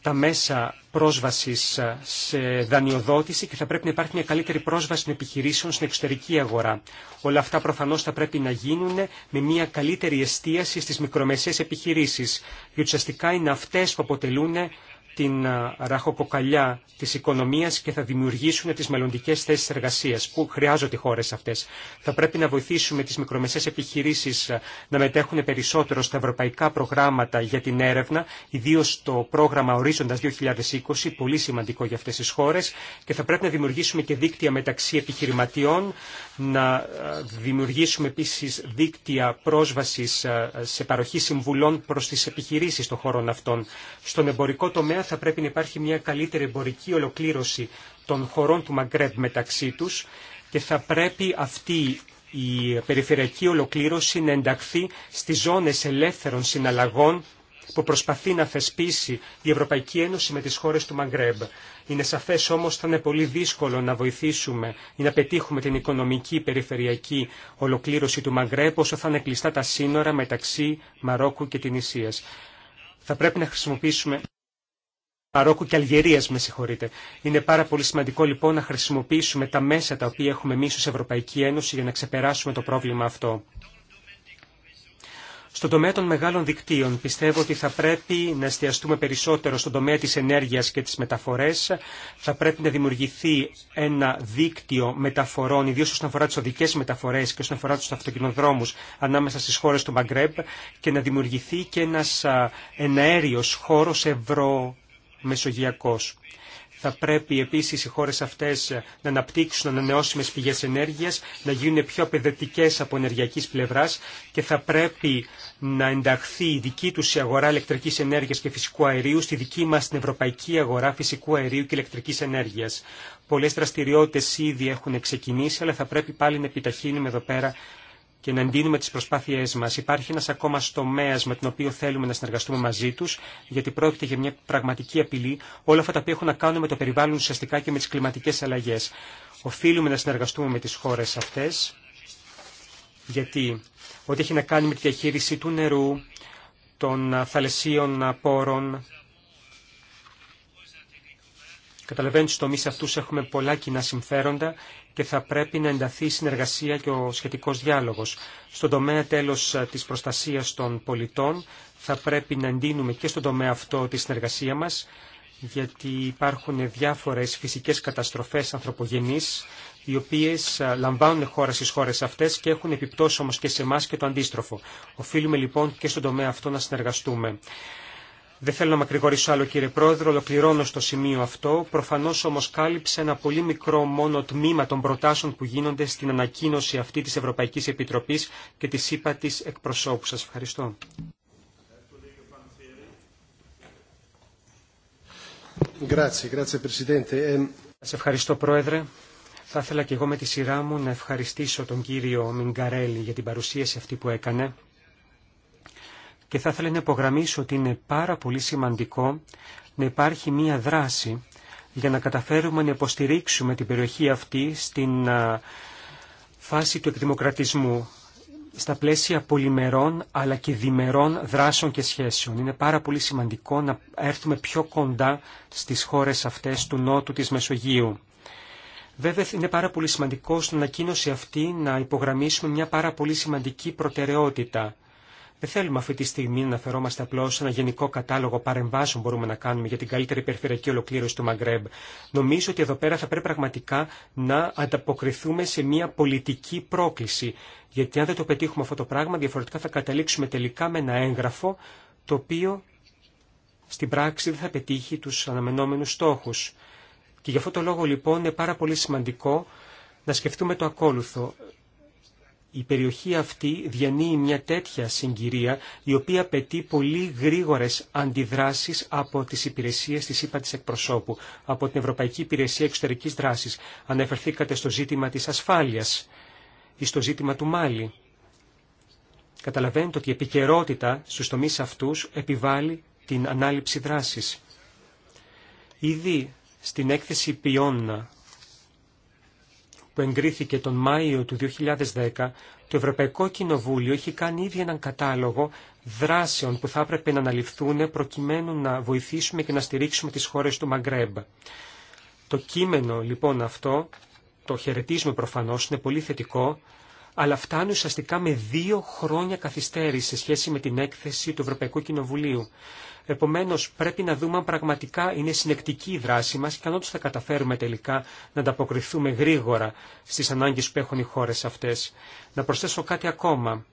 τα μέσα πρόσβασης ε, σε δανειοδότηση και θα πρέπει να υπάρχει μια καλύτερη πρόσβαση των επιχειρήσεων στην εξωτερική αγορά. Όλα αυτά προφανώς θα πρέπει να γίνουν με μια καλύτερη εστίαση στις μικρομεσαίες επιχειρήσεις, γιατί ουσιαστικά είναι αυτές που αποτελούν την ραχοκοκαλιά της οικονομίας και θα δημιουργήσουν τις μελλοντικέ θέσεις εργασίας που χρειάζονται οι χώρες αυτές. Θα πρέπει να βοηθήσουμε τις μικρομεσαίες επιχειρήσεις να μετέχουν περισσότερο στα ευρωπαϊκά προγράμματα για την έρευνα, ιδίω το πρόγραμμα Ορίζοντας 2020, πολύ σημαντικό για αυτές τις χώρες, και θα πρέπει να δημιουργήσουμε και δίκτυα μεταξύ επιχειρηματιών, να δημιουργήσουμε επίσης δίκτυα πρόσβασης σε παροχή συμβουλών προς τις επιχειρήσεις των χώρων αυτών. Στον εμπορικό τομέα θα πρέπει να υπάρχει μια καλύτερη εμπορική ολοκλήρωση των χωρών του Μαγκρέμπ μεταξύ τους και θα πρέπει αυτή η περιφερειακή ολοκλήρωση να ενταχθεί στις ζώνες ελεύθερων συναλλαγών που προσπαθεί να θεσπίσει η Ευρωπαϊκή Ένωση με τις χώρες του Μαγκρέμπ. Είναι σαφές όμως θα είναι πολύ δύσκολο να βοηθήσουμε ή να πετύχουμε την οικονομική περιφερειακή ολοκλήρωση του Μαγκρέμπ όσο θα είναι κλειστά τα σύνορα μεταξύ Μαρόκου και Τινησίας. Θα πρέπει να χρησιμοποιήσουμε Μαρόκου και Αλγερίας, με συγχωρείτε. Είναι πάρα πολύ σημαντικό λοιπόν να χρησιμοποιήσουμε τα μέσα τα οποία έχουμε εμεί ω Ευρωπαϊκή Ένωση για να ξεπεράσουμε το πρόβλημα αυτό. Στον τομέα των μεγάλων δικτύων πιστεύω ότι θα πρέπει να εστιαστούμε περισσότερο στον τομέα της ενέργειας και της μεταφορές. Θα πρέπει να δημιουργηθεί ένα δίκτυο μεταφορών, ιδίως όσον αφορά τις οδικές μεταφορές και όσον αφορά τους αυτοκινοδρόμους ανάμεσα στις χώρες του Μαγκρέμπ και να δημιουργηθεί και ένας εναέριος χώρος ευρώ μεσογειακός. Θα πρέπει επίσης οι χώρες αυτές να αναπτύξουν ανανεώσιμες πηγές ενέργειας, να γίνουν πιο απαιδευτικές από ενεργειακής πλευράς και θα πρέπει να ενταχθεί η δική τους αγορά ηλεκτρικής ενέργειας και φυσικού αερίου στη δική μας την ευρωπαϊκή αγορά φυσικού αερίου και ηλεκτρικής ενέργειας. Πολλές δραστηριότητες ήδη έχουν ξεκινήσει, αλλά θα πρέπει πάλι να επιταχύνουμε εδώ πέρα και να εντείνουμε τις προσπάθειές μας. Υπάρχει ένας ακόμα τομέα με τον οποίο θέλουμε να συνεργαστούμε μαζί τους, γιατί πρόκειται για μια πραγματική απειλή όλα αυτά τα οποία έχουν να κάνουν με το περιβάλλον ουσιαστικά και με τις κλιματικές αλλαγές. Οφείλουμε να συνεργαστούμε με τις χώρες αυτές, γιατί ό,τι έχει να κάνει με τη διαχείριση του νερού, των θαλασσίων πόρων, Καταλαβαίνετε, στου τομεί αυτού έχουμε πολλά κοινά συμφέροντα και θα πρέπει να ενταθεί η συνεργασία και ο σχετικός διάλογος. Στον τομέα τέλος της προστασίας των πολιτών θα πρέπει να εντείνουμε και στον τομέα αυτό τη συνεργασία μας γιατί υπάρχουν διάφορες φυσικές καταστροφές ανθρωπογενείς οι οποίες λαμβάνουν χώρα στις χώρες αυτές και έχουν επιπτώσει όμως και σε εμά και το αντίστροφο. Οφείλουμε λοιπόν και στον τομέα αυτό να συνεργαστούμε. Δεν θέλω να μακρηγορήσω άλλο κύριε Πρόεδρο, ολοκληρώνω στο σημείο αυτό. Προφανώς όμως κάλυψε ένα πολύ μικρό μόνο τμήμα των προτάσεων που γίνονται στην ανακοίνωση αυτή της Ευρωπαϊκής Επιτροπής και της ΥΠΑ της εκπροσώπου. Σας ευχαριστώ. Ehm, σας ευχαριστώ Πρόεδρε. Θα ήθελα και εγώ με τη σειρά μου να ευχαριστήσω τον κύριο Μιγκαρέλη για την παρουσίαση αυτή που έκανε και θα ήθελα να υπογραμμίσω ότι είναι πάρα πολύ σημαντικό να υπάρχει μία δράση για να καταφέρουμε να υποστηρίξουμε την περιοχή αυτή στην φάση του εκδημοκρατισμού στα πλαίσια πολυμερών αλλά και διμερών δράσεων και σχέσεων. Είναι πάρα πολύ σημαντικό να έρθουμε πιο κοντά στις χώρες αυτές του Νότου της Μεσογείου. Βέβαια είναι πάρα πολύ σημαντικό στην ανακοίνωση αυτή να υπογραμμίσουμε μια πάρα πολύ σημαντική προτεραιότητα. Δεν θέλουμε αυτή τη στιγμή να αναφερόμαστε απλώ σε ένα γενικό κατάλογο παρεμβάσεων μπορούμε να κάνουμε για την καλύτερη περιφερειακή ολοκλήρωση του Μαγκρέμπ. Νομίζω ότι εδώ πέρα θα πρέπει πραγματικά να ανταποκριθούμε σε μια πολιτική πρόκληση. Γιατί αν δεν το πετύχουμε αυτό το πράγμα, διαφορετικά θα καταλήξουμε τελικά με ένα έγγραφο το οποίο στην πράξη δεν θα πετύχει του αναμενόμενου στόχου. Και γι' αυτό το λόγο λοιπόν είναι πάρα πολύ σημαντικό να σκεφτούμε το ακόλουθο η περιοχή αυτή διανύει μια τέτοια συγκυρία η οποία απαιτεί πολύ γρήγορες αντιδράσεις από τις υπηρεσίες της ΥΠΑ της εκπροσώπου, από την Ευρωπαϊκή Υπηρεσία Εξωτερικής Δράσης. Αναφερθήκατε στο ζήτημα της ασφάλειας ή στο ζήτημα του Μάλι. Καταλαβαίνετε ότι η επικαιρότητα στους τομείς αυτούς επιβάλλει την ανάληψη δράσης. Ήδη στην έκθεση Πιόννα που εγκρίθηκε τον Μάιο του 2010, το Ευρωπαϊκό Κοινοβούλιο έχει κάνει ήδη έναν κατάλογο δράσεων που θα έπρεπε να αναλυφθούν προκειμένου να βοηθήσουμε και να στηρίξουμε τις χώρες του Μαγκρέμπ. Το κείμενο λοιπόν αυτό, το χαιρετίζουμε προφανώς, είναι πολύ θετικό, αλλά φτάνει ουσιαστικά με δύο χρόνια καθυστέρηση σε σχέση με την έκθεση του Ευρωπαϊκού Κοινοβουλίου. Επομένω, πρέπει να δούμε αν πραγματικά είναι συνεκτική η δράση μα και αν όντω θα καταφέρουμε τελικά να ανταποκριθούμε γρήγορα στι ανάγκε που έχουν οι χώρε αυτέ. Να προσθέσω κάτι ακόμα.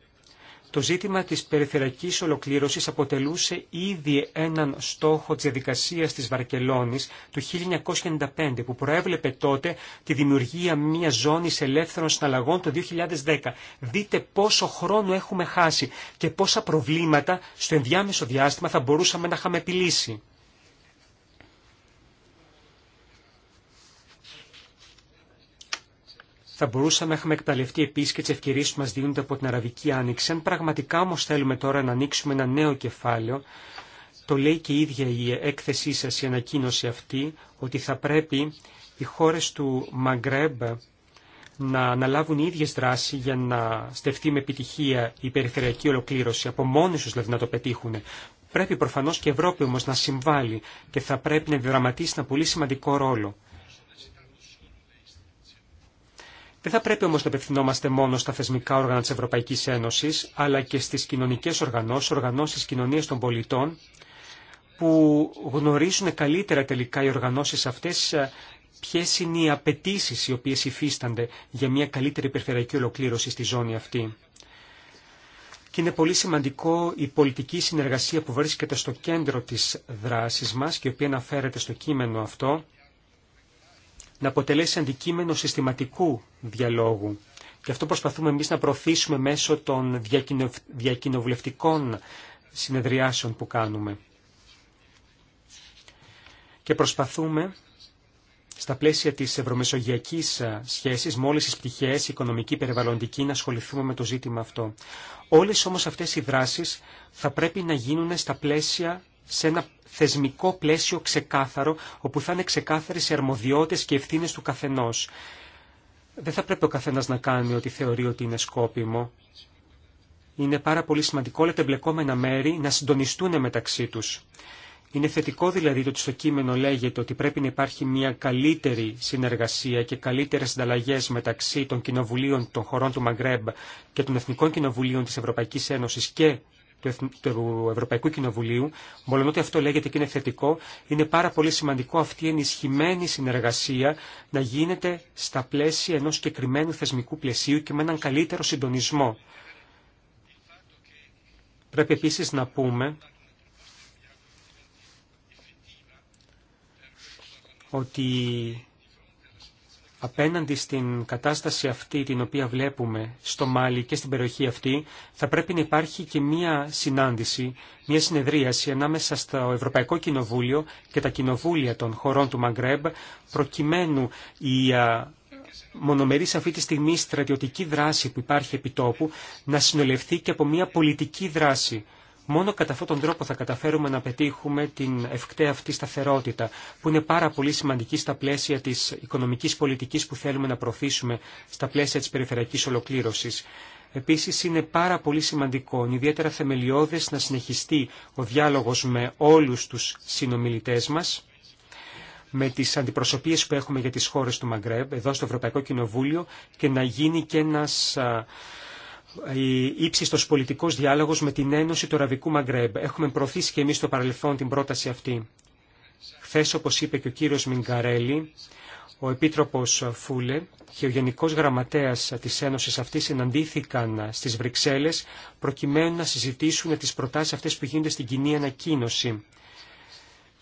Το ζήτημα της περιφερειακής ολοκλήρωσης αποτελούσε ήδη έναν στόχο της διαδικασίας της Βαρκελόνης του 1995 που προέβλεπε τότε τη δημιουργία μιας ζώνης ελεύθερων συναλλαγών το 2010. Δείτε πόσο χρόνο έχουμε χάσει και πόσα προβλήματα στο ενδιάμεσο διάστημα θα μπορούσαμε να είχαμε επιλύσει. θα μπορούσαμε να έχουμε εκμεταλλευτεί επίση και τι ευκαιρίε που μα δίνονται από την Αραβική Άνοιξη. Αν πραγματικά όμω θέλουμε τώρα να ανοίξουμε ένα νέο κεφάλαιο, το λέει και η ίδια η έκθεσή σα, η ανακοίνωση αυτή, ότι θα πρέπει οι χώρε του Μαγκρέμπ να αναλάβουν οι ίδιες δράσεις για να στεφτεί με επιτυχία η περιφερειακή ολοκλήρωση, από μόνοι τους δηλαδή να το πετύχουν. Πρέπει προφανώς και η Ευρώπη όμως να συμβάλλει και θα πρέπει να διδραματίσει ένα πολύ σημαντικό ρόλο. Δεν θα πρέπει όμως να απευθυνόμαστε μόνο στα θεσμικά όργανα της Ευρωπαϊκής Ένωσης, αλλά και στις κοινωνικές οργανώσεις, οργανώσεις κοινωνίας των πολιτών, που γνωρίζουν καλύτερα τελικά οι οργανώσεις αυτές ε, ποιε είναι οι απαιτήσει οι οποίες υφίστανται για μια καλύτερη περιφερειακή ολοκλήρωση στη ζώνη αυτή. Και είναι πολύ σημαντικό η πολιτική συνεργασία που βρίσκεται στο κέντρο της δράσης μας και η οποία αναφέρεται στο κείμενο αυτό, να αποτελέσει αντικείμενο συστηματικού διαλόγου. Και αυτό προσπαθούμε εμείς να προωθήσουμε μέσω των διακοινοβουλευτικών συνεδριάσεων που κάνουμε. Και προσπαθούμε στα πλαίσια της ευρωμεσογειακής σχέσης, με όλες τις πτυχές, οικονομική, περιβαλλοντική, να ασχοληθούμε με το ζήτημα αυτό. Όλες όμως αυτές οι δράσεις θα πρέπει να γίνουν στα πλαίσια σε ένα θεσμικό πλαίσιο ξεκάθαρο, όπου θα είναι ξεκάθαρε οι αρμοδιότητες και ευθύνε του καθενό. Δεν θα πρέπει ο καθένα να κάνει ό,τι θεωρεί ότι είναι σκόπιμο. Είναι πάρα πολύ σημαντικό όλα τα εμπλεκόμενα μέρη να συντονιστούν μεταξύ του. Είναι θετικό δηλαδή το ότι στο κείμενο λέγεται ότι πρέπει να υπάρχει μια καλύτερη συνεργασία και καλύτερε συνταλλαγέ μεταξύ των κοινοβουλίων των χωρών του Μαγκρέμπ και των Εθνικών Κοινοβουλίων τη Ευρωπαϊκή Ένωση και του Ευρωπαϊκού Κοινοβουλίου, μόλον ότι αυτό λέγεται και είναι θετικό, είναι πάρα πολύ σημαντικό αυτή η ενισχυμένη συνεργασία να γίνεται στα πλαίσια ενός συγκεκριμένου θεσμικού πλαισίου και με έναν καλύτερο συντονισμό. Πρέπει επίσης να πούμε ότι Απέναντι στην κατάσταση αυτή την οποία βλέπουμε στο Μάλι και στην περιοχή αυτή θα πρέπει να υπάρχει και μία συνάντηση, μία συνεδρίαση ανάμεσα στο Ευρωπαϊκό Κοινοβούλιο και τα κοινοβούλια των χωρών του Μαγκρέμπ προκειμένου η μονομερής αυτή τη στιγμή στρατιωτική δράση που υπάρχει επί τόπου να συνολευθεί και από μία πολιτική δράση Μόνο κατά αυτόν τον τρόπο θα καταφέρουμε να πετύχουμε την ευκταία αυτή σταθερότητα, που είναι πάρα πολύ σημαντική στα πλαίσια τη οικονομική πολιτική που θέλουμε να προωθήσουμε στα πλαίσια τη περιφερειακή ολοκλήρωση. Επίση, είναι πάρα πολύ σημαντικό, ιδιαίτερα θεμελιώδε, να συνεχιστεί ο διάλογο με όλου του συνομιλητέ μα, με τι αντιπροσωπείε που έχουμε για τι χώρε του Μαγκρέμπ, εδώ στο Ευρωπαϊκό Κοινοβούλιο, και να γίνει και ένα η ύψιστος πολιτικός διάλογος με την Ένωση του Ραβικού Μαγκρέμπ. Έχουμε προωθήσει και εμεί στο παρελθόν την πρόταση αυτή. Χθε, όπως είπε και ο κύριο Μιγκαρέλη, ο Επίτροπος Φούλε και ο Γενικό Γραμματέας της Ένωσης αυτής συναντήθηκαν στις Βρυξέλλες προκειμένου να συζητήσουν τις προτάσει αυτέ που γίνονται στην κοινή ανακοίνωση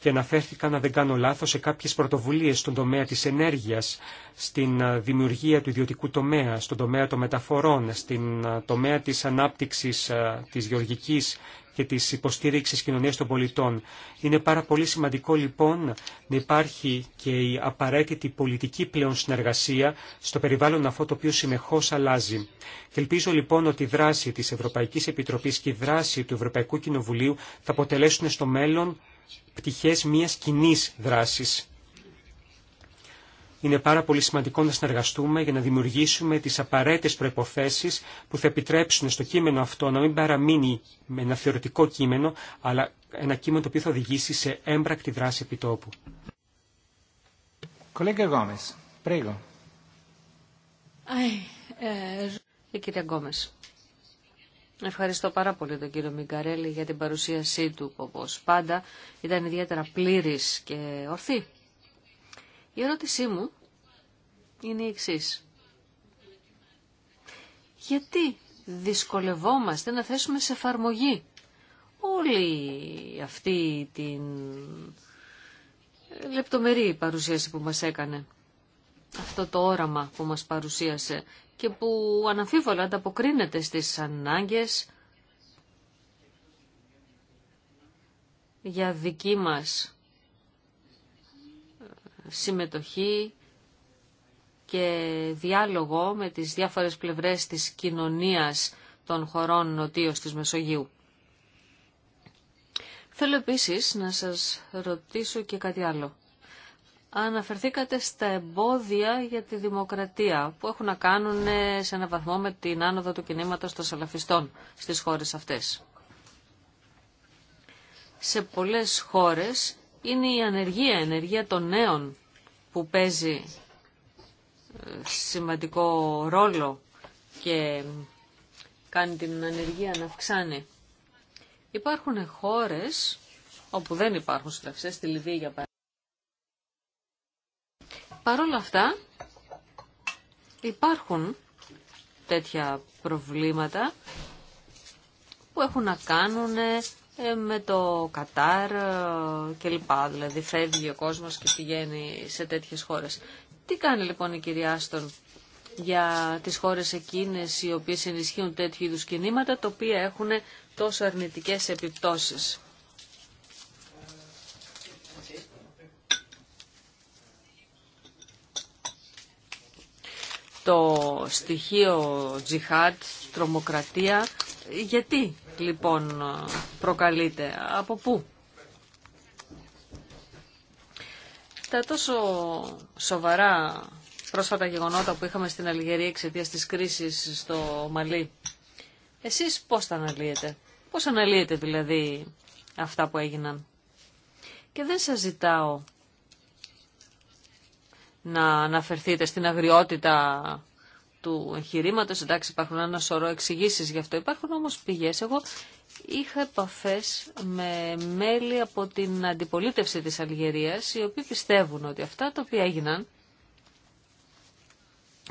και αναφέρθηκα να δεν κάνω λάθος, σε κάποιες πρωτοβουλίες στον τομέα της ενέργειας, στην ε, δημιουργία του ιδιωτικού τομέα, στον τομέα των μεταφορών, στην ε, τομέα της ανάπτυξης ε, της γεωργικής και της υποστήριξης κοινωνίας των πολιτών. Είναι πάρα πολύ σημαντικό λοιπόν να υπάρχει και η απαραίτητη πολιτική πλέον συνεργασία στο περιβάλλον αυτό το οποίο συνεχώς αλλάζει. Και ελπίζω λοιπόν ότι η δράση της Ευρωπαϊκής Επιτροπής και η δράση του Ευρωπαϊκού Κοινοβουλίου θα αποτελέσουν στο μέλλον πτυχές μιας κοινή δράσης είναι πάρα πολύ σημαντικό να συνεργαστούμε για να δημιουργήσουμε τις απαραίτητες προϋποθέσεις που θα επιτρέψουν στο κείμενο αυτό να μην παραμείνει με ένα θεωρητικό κείμενο, αλλά ένα κείμενο το οποίο θα οδηγήσει σε έμπρακτη δράση επιτόπου. Κολέγκα ε, Η κυρία Ευχαριστώ πάρα πολύ τον κύριο Μιγκαρέλη για την παρουσίασή του, όπως πάντα ήταν ιδιαίτερα πλήρης και ορθή. Η ερώτησή μου είναι η εξής. Γιατί δυσκολευόμαστε να θέσουμε σε εφαρμογή όλη αυτή την λεπτομερή παρουσίαση που μας έκανε. Αυτό το όραμα που μας παρουσίασε και που αναμφίβολα ανταποκρίνεται στις ανάγκες για δική μας συμμετοχή και διάλογο με τις διάφορες πλευρές της κοινωνίας των χωρών νοτίως της Μεσογείου. Θέλω επίσης να σας ρωτήσω και κάτι άλλο. Αναφερθήκατε στα εμπόδια για τη δημοκρατία που έχουν να κάνουν ε, σε ένα βαθμό με την άνοδο του κινήματος των σαλαφιστών στις χώρες αυτές. Σε πολλές χώρες είναι η ανεργία, η ανεργία των νέων που παίζει ε, σημαντικό ρόλο και κάνει την ανεργία να αυξάνει. Υπάρχουν χώρες όπου δεν υπάρχουν σύνταξες, στη Λιβύη για παράδειγμα. Παρ' όλα αυτά υπάρχουν τέτοια προβλήματα που έχουν να κάνουν ε, με το Κατάρ ε, κλπ. Δηλαδή φεύγει ο κόσμος και πηγαίνει σε τέτοιες χώρες. Τι κάνει λοιπόν η κυρία Άστον για τις χώρες εκείνες οι οποίες ενισχύουν τέτοιου είδους κινήματα τα οποία έχουν τόσο αρνητικές επιπτώσεις. Το στοιχείο τζιχάτ, τρομοκρατία γιατί λοιπόν προκαλείται, από πού. Τα τόσο σοβαρά πρόσφατα γεγονότα που είχαμε στην Αλγερία εξαιτία της κρίσης στο Μαλί. Εσείς πώς τα αναλύετε, πώς αναλύετε δηλαδή αυτά που έγιναν. Και δεν σας ζητάω να αναφερθείτε στην αγριότητα του εγχειρήματο. Εντάξει, υπάρχουν ένα σωρό εξηγήσει γι' αυτό. Υπάρχουν όμω πηγέ. Εγώ είχα επαφέ με μέλη από την αντιπολίτευση τη Αλγερία, οι οποίοι πιστεύουν ότι αυτά τα οποία έγιναν,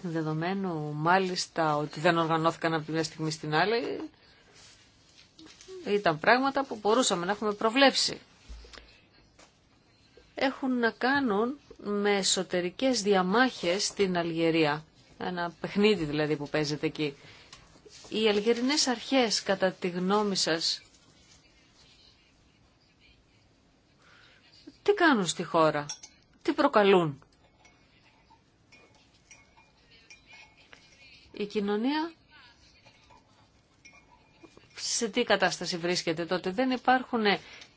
δεδομένου μάλιστα ότι δεν οργανώθηκαν από τη μια στιγμή στην άλλη, ήταν πράγματα που μπορούσαμε να έχουμε προβλέψει. Έχουν να κάνουν με εσωτερικές διαμάχες στην Αλγερία ένα παιχνίδι δηλαδή που παίζεται εκεί. Οι αλγερινές αρχές, κατά τη γνώμη σας, τι κάνουν στη χώρα, τι προκαλούν. Η κοινωνία σε τι κατάσταση βρίσκεται τότε. Δεν υπάρχουν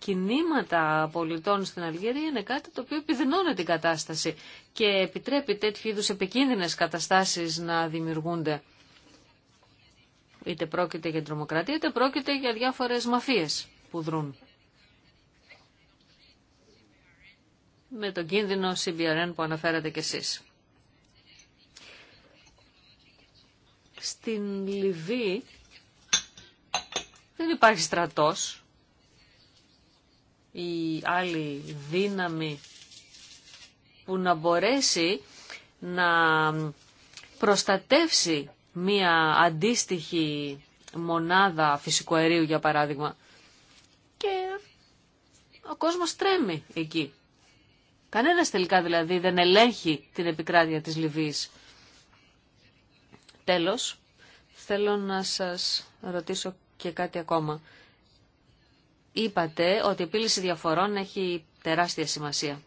κινήματα πολιτών στην Αλγερία είναι κάτι το οποίο επιδεινώνει την κατάσταση και επιτρέπει τέτοιου είδους επικίνδυνες καταστάσεις να δημιουργούνται. Είτε πρόκειται για τρομοκρατία, είτε πρόκειται για διάφορες μαφίες που δρούν. Με τον κίνδυνο CBRN που αναφέρατε κι εσείς. Στην Λιβύη δεν υπάρχει στρατός, η άλλη δύναμη που να μπορέσει να προστατεύσει μία αντίστοιχη μονάδα φυσικού για παράδειγμα και ο κόσμος τρέμει εκεί. Κανένας τελικά δηλαδή δεν ελέγχει την επικράτεια της Λιβύης. Τέλος, θέλω να σας ρωτήσω και κάτι ακόμα είπατε ότι η επίλυση διαφορών έχει τεράστια σημασία.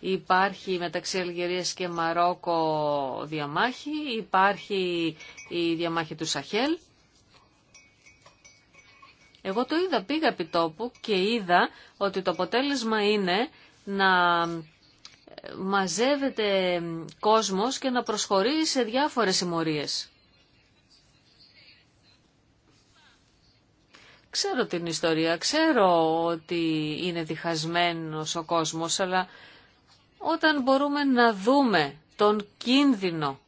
Υπάρχει μεταξύ Αλγερίας και Μαρόκο διαμάχη, υπάρχει η διαμάχη του Σαχέλ. Εγώ το είδα, πήγα επί τόπου και είδα ότι το αποτέλεσμα είναι να μαζεύεται κόσμος και να προσχωρεί σε διάφορες συμμορίες. Ξέρω την ιστορία, ξέρω ότι είναι διχασμένος ο κόσμος, αλλά όταν μπορούμε να δούμε τον κίνδυνο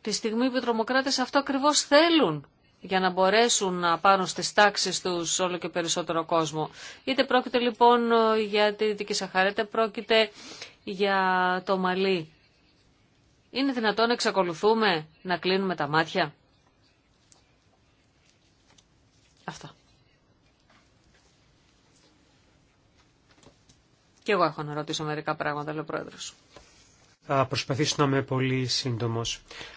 τη στιγμή που οι τρομοκράτες αυτό ακριβώς θέλουν για να μπορέσουν να πάρουν στις τάξεις του όλο και περισσότερο κόσμο. Είτε πρόκειται λοιπόν για τη Δυτική Σαχαρά, είτε πρόκειται για το Μαλί. Είναι δυνατόν να εξακολουθούμε να κλείνουμε τα μάτια. Αυτά. Και εγώ έχω να ρωτήσω μερικά πράγματα, λέει ο Πρόεδρος. Θα προσπαθήσω να είμαι πολύ σύντομο.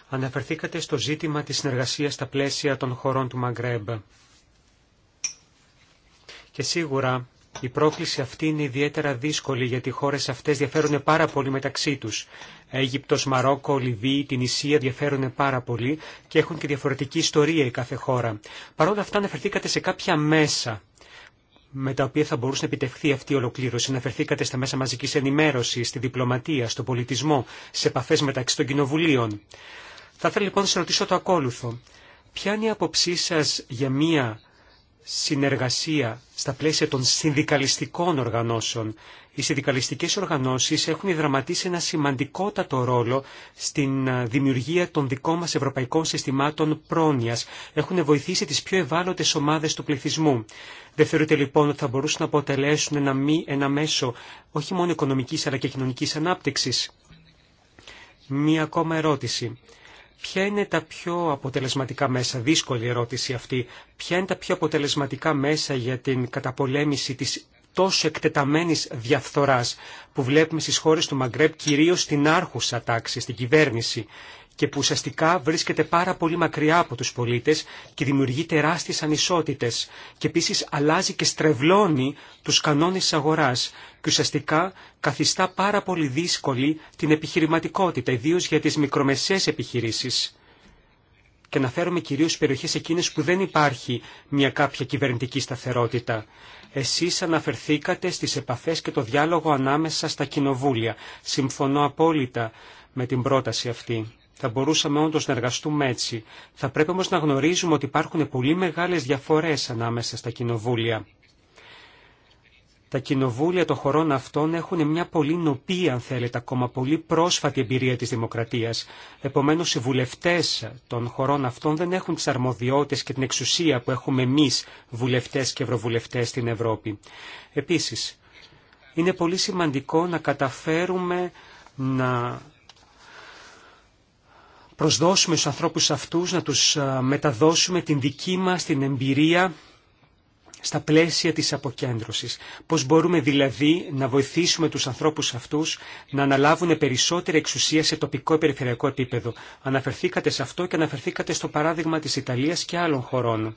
Αναφερθήκατε στο ζήτημα της συνεργασίας στα πλαίσια των χωρών του Μαγκρέμπ. Και σίγουρα η πρόκληση αυτή είναι ιδιαίτερα δύσκολη γιατί οι χώρες αυτές διαφέρουν πάρα πολύ μεταξύ τους. Αίγυπτος, Μαρόκο, Λιβύη, την Ισία διαφέρουν πάρα πολύ και έχουν και διαφορετική ιστορία η κάθε χώρα. Παρ' αυτά αναφερθήκατε σε κάποια μέσα με τα οποία θα μπορούσε να επιτευχθεί αυτή η ολοκλήρωση. Αναφερθήκατε στα μέσα μαζικής ενημέρωσης, στη διπλωματία, στον πολιτισμό, σε επαφές μεταξύ των κοινοβουλίων. Θα ήθελα λοιπόν να σα ρωτήσω το ακόλουθο. Ποια είναι η άποψή σα για μία συνεργασία στα πλαίσια των συνδικαλιστικών οργανώσεων. Οι συνδικαλιστικές οργανώσεις έχουν δραματίσει ένα σημαντικότατο ρόλο στην ε, δημιουργία των δικών μας ευρωπαϊκών συστημάτων πρόνοιας. Έχουν βοηθήσει τις πιο ευάλωτες ομάδες του πληθυσμού. Δεν θεωρείται λοιπόν ότι θα μπορούσαν να αποτελέσουν ένα, μη, ένα μέσο όχι μόνο οικονομικής αλλά και κοινωνικής ανάπτυξης. Μία ακόμα ερώτηση. Ποια είναι τα πιο αποτελεσματικά μέσα, δύσκολη ερώτηση αυτή, ποια είναι τα πιο αποτελεσματικά μέσα για την καταπολέμηση της τόσο εκτεταμένης διαφθοράς που βλέπουμε στις χώρες του Μαγκρέπ, κυρίως στην άρχουσα τάξη, στην κυβέρνηση και που ουσιαστικά βρίσκεται πάρα πολύ μακριά από τους πολίτες και δημιουργεί τεράστιες ανισότητες και επίσης αλλάζει και στρεβλώνει τους κανόνες της αγοράς και ουσιαστικά καθιστά πάρα πολύ δύσκολη την επιχειρηματικότητα, ιδίω για τις μικρομεσαίες επιχειρήσεις. Και να φέρουμε κυρίως περιοχέ περιοχές εκείνες που δεν υπάρχει μια κάποια κυβερνητική σταθερότητα. Εσείς αναφερθήκατε στις επαφές και το διάλογο ανάμεσα στα κοινοβούλια. Συμφωνώ απόλυτα με την πρόταση αυτή. Θα μπορούσαμε όντω να εργαστούμε έτσι. Θα πρέπει όμω να γνωρίζουμε ότι υπάρχουν πολύ μεγάλε διαφορέ ανάμεσα στα κοινοβούλια τα κοινοβούλια των χωρών αυτών έχουν μια πολύ νοπή, αν θέλετε, ακόμα πολύ πρόσφατη εμπειρία της δημοκρατίας. Επομένως, οι βουλευτές των χωρών αυτών δεν έχουν τις αρμοδιότητες και την εξουσία που έχουμε εμείς, βουλευτές και ευρωβουλευτές στην Ευρώπη. Επίσης, είναι πολύ σημαντικό να καταφέρουμε να προσδώσουμε στους ανθρώπους αυτούς, να τους μεταδώσουμε την δική μας την εμπειρία στα πλαίσια της αποκέντρωσης. Πώς μπορούμε δηλαδή να βοηθήσουμε τους ανθρώπους αυτούς να αναλάβουν περισσότερη εξουσία σε τοπικό περιφερειακό επίπεδο. Αναφερθήκατε σε αυτό και αναφερθήκατε στο παράδειγμα της Ιταλίας και άλλων χωρών.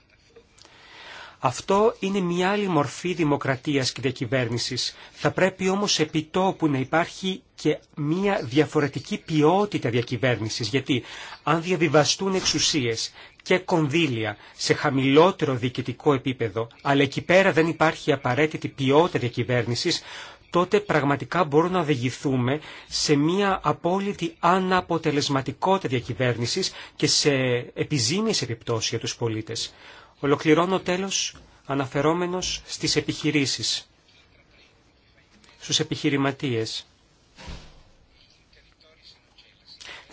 Αυτό είναι μια άλλη μορφή δημοκρατίας και διακυβέρνησης. Θα πρέπει όμως τόπου να υπάρχει και μια διαφορετική ποιότητα διακυβέρνησης. Γιατί αν διαβιβαστούν εξουσίες και κονδύλια σε χαμηλότερο διοικητικό επίπεδο, αλλά εκεί πέρα δεν υπάρχει απαραίτητη ποιότητα διακυβέρνηση, τότε πραγματικά μπορούμε να οδηγηθούμε σε μια απόλυτη αναποτελεσματικότητα διακυβέρνηση και σε επιζήμιε επιπτώσει για του πολίτε. Ολοκληρώνω τέλο αναφερόμενο στι επιχειρήσει, στου επιχειρηματίε.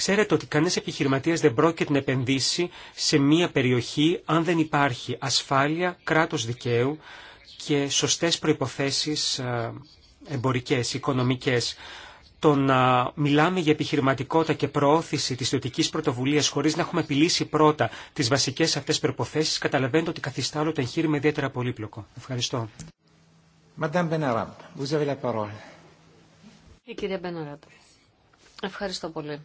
Ξέρετε ότι κανένας επιχειρηματίας δεν πρόκειται να επενδύσει σε μία περιοχή αν δεν υπάρχει ασφάλεια, κράτος δικαίου και σωστές προϋποθέσεις ε, εμπορικές, οικονομικές. Το να μιλάμε για επιχειρηματικότητα και προώθηση της ιδιωτική πρωτοβουλίας χωρίς να έχουμε επιλύσει πρώτα τις βασικές αυτές προϋποθέσεις καταλαβαίνετε ότι καθιστά όλο το εγχείρημα ιδιαίτερα πολύπλοκο. Ευχαριστώ. Madame vous ε, Ευχαριστώ πολύ.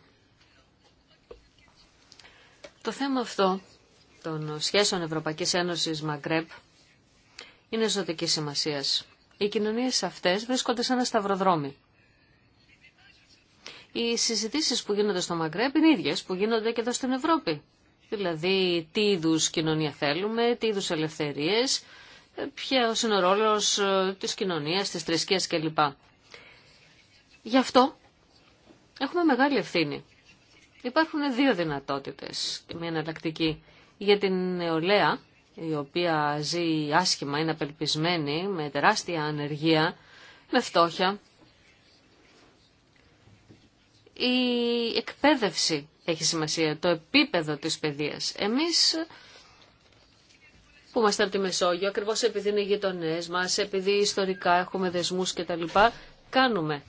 Το θέμα αυτό των σχέσεων Ευρωπαϊκής Ένωσης Μαγκρέπ είναι ζωτική σημασία. Οι κοινωνίες αυτές βρίσκονται σε ένα σταυροδρόμι. Οι συζητήσεις που γίνονται στο Μαγκρέπ είναι ίδιες που γίνονται και εδώ στην Ευρώπη. Δηλαδή τι είδου κοινωνία θέλουμε, τι είδου ελευθερίες, ποιο είναι ο ρόλος ε, της κοινωνίας, της θρησκεία κλπ. Γι' αυτό έχουμε μεγάλη ευθύνη Υπάρχουν δύο δυνατότητες μια εναλλακτική για την νεολαία, η οποία ζει άσχημα, είναι απελπισμένη, με τεράστια ανεργία, με φτώχεια. Η εκπαίδευση έχει σημασία, το επίπεδο της παιδείας. Εμείς που είμαστε από τη Μεσόγειο, ακριβώς επειδή είναι γειτονέ μας, επειδή ιστορικά έχουμε δεσμούς κτλ, κάνουμε.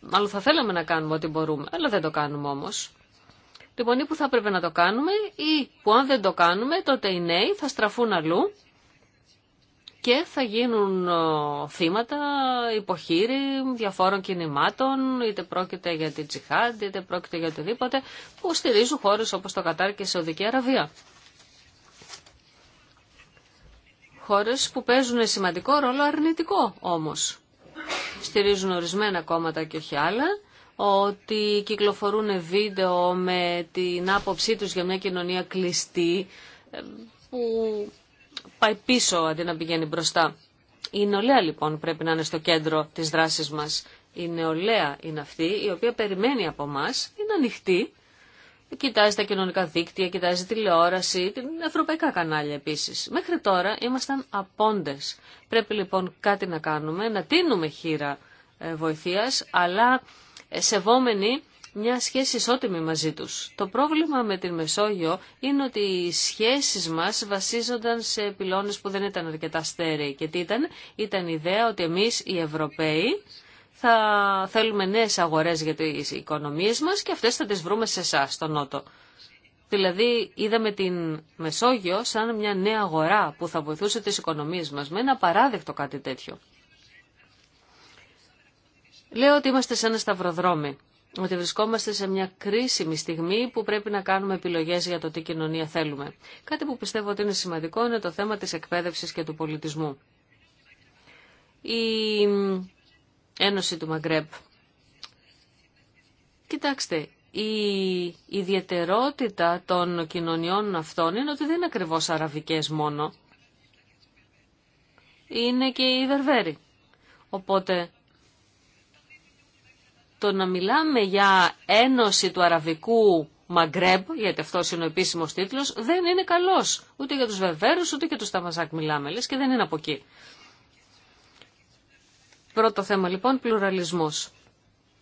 Μάλλον θα θέλαμε να κάνουμε ό,τι μπορούμε, αλλά δεν το κάνουμε όμως. Λοιπόν, ή που θα έπρεπε να το κάνουμε ή που αν δεν το κάνουμε, τότε οι νέοι θα στραφούν αλλού και θα γίνουν ε, θύματα υποχείρη διαφόρων κινημάτων, είτε πρόκειται για την Τσιχάντ, είτε πρόκειται για οτιδήποτε, που στηρίζουν χώρες όπως το Κατάρ και η Σαουδική Αραβία. Χώρες που παίζουν σημαντικό ρόλο αρνητικό όμως. Στηρίζουν ορισμένα κόμματα και όχι άλλα ότι κυκλοφορούν βίντεο με την άποψή τους για μια κοινωνία κλειστή ε, που πάει πίσω αντί να πηγαίνει μπροστά. Η νεολαία λοιπόν πρέπει να είναι στο κέντρο της δράσης μας. Η νεολαία είναι αυτή η οποία περιμένει από εμά, είναι ανοιχτή, κοιτάζει τα κοινωνικά δίκτυα, κοιτάζει τηλεόραση, την ευρωπαϊκά κανάλια επίσης. Μέχρι τώρα ήμασταν απόντες. Πρέπει λοιπόν κάτι να κάνουμε, να τίνουμε χείρα ε, βοηθείας, αλλά σεβόμενοι μια σχέση ισότιμη μαζί τους. Το πρόβλημα με την Μεσόγειο είναι ότι οι σχέσεις μας βασίζονταν σε πυλώνες που δεν ήταν αρκετά στέρεοι. Και τι ήταν, ήταν η ιδέα ότι εμείς οι Ευρωπαίοι θα θέλουμε νέες αγορές για τις οικονομίες μας και αυτές θα τις βρούμε σε εσά στο Νότο. Δηλαδή είδαμε την Μεσόγειο σαν μια νέα αγορά που θα βοηθούσε τις οικονομίες μας. Με ένα παράδεκτο κάτι τέτοιο. Λέω ότι είμαστε σε ένα σταυροδρόμι, ότι βρισκόμαστε σε μια κρίσιμη στιγμή που πρέπει να κάνουμε επιλογές για το τι κοινωνία θέλουμε. Κάτι που πιστεύω ότι είναι σημαντικό είναι το θέμα της εκπαίδευση και του πολιτισμού. Η Ένωση του Μαγκρέπ. Κοιτάξτε, η ιδιαιτερότητα των κοινωνιών αυτών είναι ότι δεν είναι ακριβώς αραβικές μόνο. Είναι και οι Βερβέροι. Οπότε το να μιλάμε για ένωση του αραβικού Μαγκρέμπ, γιατί αυτό είναι ο επίσημο τίτλο, δεν είναι καλό. Ούτε για του Βεβέρους, ούτε για του Ταμαζάκ μιλάμε, λες, και δεν είναι από εκεί. Πρώτο θέμα λοιπόν, πλουραλισμό.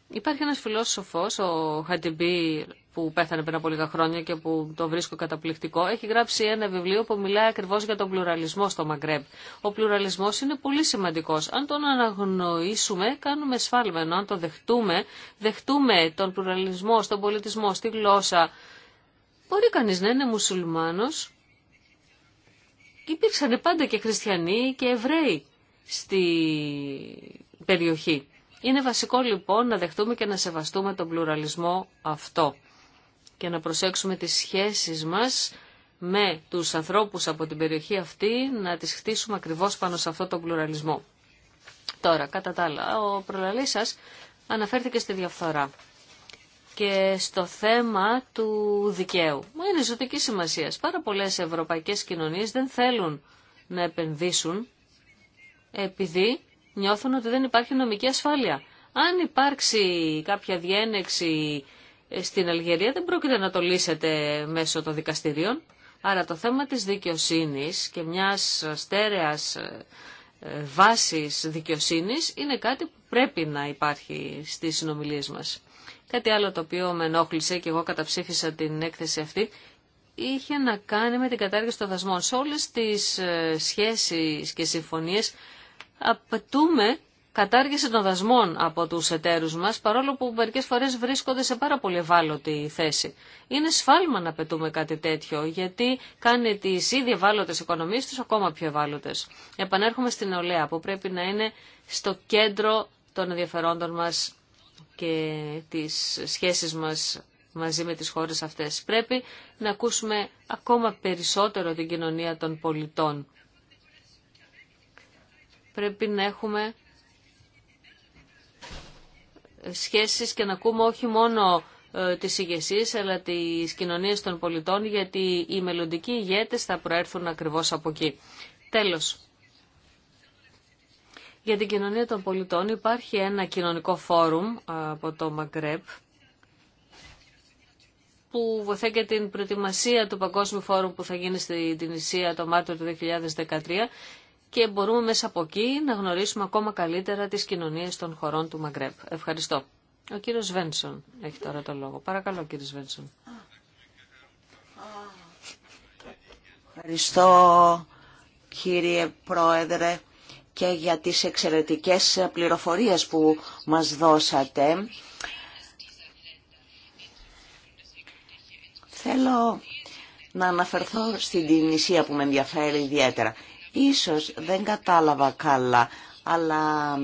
Υπάρχει ένα φιλόσοφο, ο Χατιμπή που πέθανε πριν από λίγα χρόνια και που το βρίσκω καταπληκτικό, έχει γράψει ένα βιβλίο που μιλάει ακριβώς για τον πλουραλισμό στο Μαγκρέμπ. Ο πλουραλισμός είναι πολύ σημαντικός. Αν τον αναγνωρίσουμε, κάνουμε σφάλμα. αν το δεχτούμε, δεχτούμε τον πλουραλισμό στον πολιτισμό, στη γλώσσα. Μπορεί κανείς να είναι μουσουλμάνος. Υπήρξαν πάντα και χριστιανοί και Εβραίοι στη περιοχή. Είναι βασικό λοιπόν να δεχτούμε και να σεβαστούμε τον πλουραλισμό αυτό και να προσέξουμε τις σχέσεις μας με τους ανθρώπους από την περιοχή αυτή, να τις χτίσουμε ακριβώς πάνω σε αυτό τον πλουραλισμό. Τώρα, κατά τα άλλα, ο προλαλής σας αναφέρθηκε στη διαφθορά και στο θέμα του δικαίου. Μα είναι ζωτική σημασία. Πάρα πολλές ευρωπαϊκές κοινωνίες δεν θέλουν να επενδύσουν επειδή νιώθουν ότι δεν υπάρχει νομική ασφάλεια. Αν υπάρξει κάποια διένεξη στην Αλγερία δεν πρόκειται να το λύσετε μέσω των δικαστηρίων. Άρα το θέμα της δικαιοσύνης και μιας στέρεας ε, ε, βάσης δικαιοσύνης είναι κάτι που πρέπει να υπάρχει στις συνομιλίες μας. Κάτι άλλο το οποίο με ενόχλησε και εγώ καταψήφισα την έκθεση αυτή είχε να κάνει με την κατάργηση των δασμών. Σε όλες τις ε, σχέσεις και συμφωνίες απαιτούμε κατάργηση των δασμών από του εταίρους μα, παρόλο που μερικέ φορέ βρίσκονται σε πάρα πολύ ευάλωτη θέση. Είναι σφάλμα να πετούμε κάτι τέτοιο, γιατί κάνει τι ήδη ευάλωτε οικονομίε του ακόμα πιο ευάλωτε. Επανέρχομαι στην νεολαία, που πρέπει να είναι στο κέντρο των ενδιαφερόντων μα και τι σχέσεις μας μαζί με τις χώρες αυτές. Πρέπει να ακούσουμε ακόμα περισσότερο την κοινωνία των πολιτών. Πρέπει να έχουμε σχέσεις και να ακούμε όχι μόνο ε, τις ηγεσίε αλλά τις κοινωνίες των πολιτών γιατί οι μελλοντικοί ηγέτες θα προέρθουν ακριβώς από εκεί. Τέλος. Για την κοινωνία των πολιτών υπάρχει ένα κοινωνικό φόρουμ ε, από το Μαγκρέπ που βοηθάει και την προετοιμασία του Παγκόσμιου Φόρουμ που θα γίνει στην Ισία το Μάρτιο του 2013 και μπορούμε μέσα από εκεί να γνωρίσουμε ακόμα καλύτερα τις κοινωνίες των χωρών του Μαγκρέπ. Ευχαριστώ. Ο κύριος Βένσον έχει τώρα το λόγο. Παρακαλώ κύριε Βένσον. Ευχαριστώ κύριε Πρόεδρε και για τις εξαιρετικές πληροφορίες που μας δώσατε. Θέλω να αναφερθώ στην νησία που με ενδιαφέρει ιδιαίτερα. Ίσως δεν κατάλαβα καλά, αλλά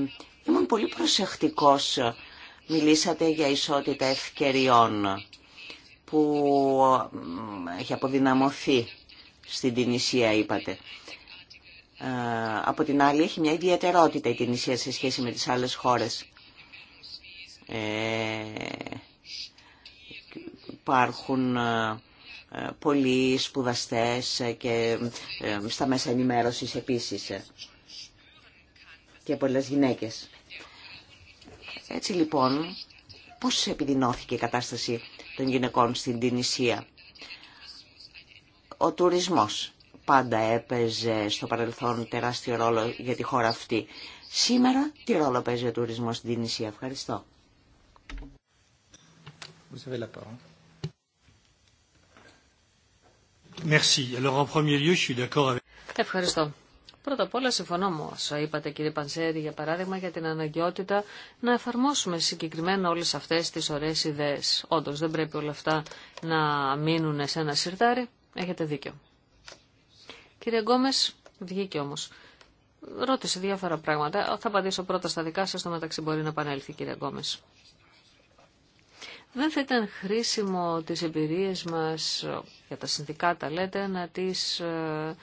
ήμουν πολύ προσεκτικός. Μιλήσατε για ισότητα ευκαιριών που έχει αποδυναμωθεί στην Τινησία, είπατε. Ε, από την άλλη έχει μια ιδιαιτερότητα η Τινησία σε σχέση με τις άλλες χώρες. Ε, υπάρχουν ε, πολλοί σπουδαστές και ε, στα μέσα ενημέρωσης επίσης ε, και πολλές γυναίκες. Έτσι λοιπόν, πώς επιδεινώθηκε η κατάσταση των γυναικών στην Τινησία. Ο τουρισμός πάντα έπαιζε στο παρελθόν τεράστιο ρόλο για τη χώρα αυτή. Σήμερα τι ρόλο παίζει ο τουρισμός στην Τινησία. Ευχαριστώ. Vous Ευχαριστώ. Πρώτα απ' όλα συμφωνώ με όσα είπατε κύριε Πανσέρη για παράδειγμα για την αναγκαιότητα να εφαρμόσουμε συγκεκριμένα όλες αυτές τις ωραίες ιδέες. Όντως δεν πρέπει όλα αυτά να μείνουν σε ένα σιρτάρι. Έχετε δίκιο. Κύριε Γκόμες, βγήκε όμως. Ρώτησε διάφορα πράγματα. Θα απαντήσω πρώτα στα δικά σας, στο μεταξύ μπορεί να επανέλθει κύριε Γκόμες. Δεν θα ήταν χρήσιμο τις εμπειρίες μας για τα συνδικάτα, λέτε, να τις ε,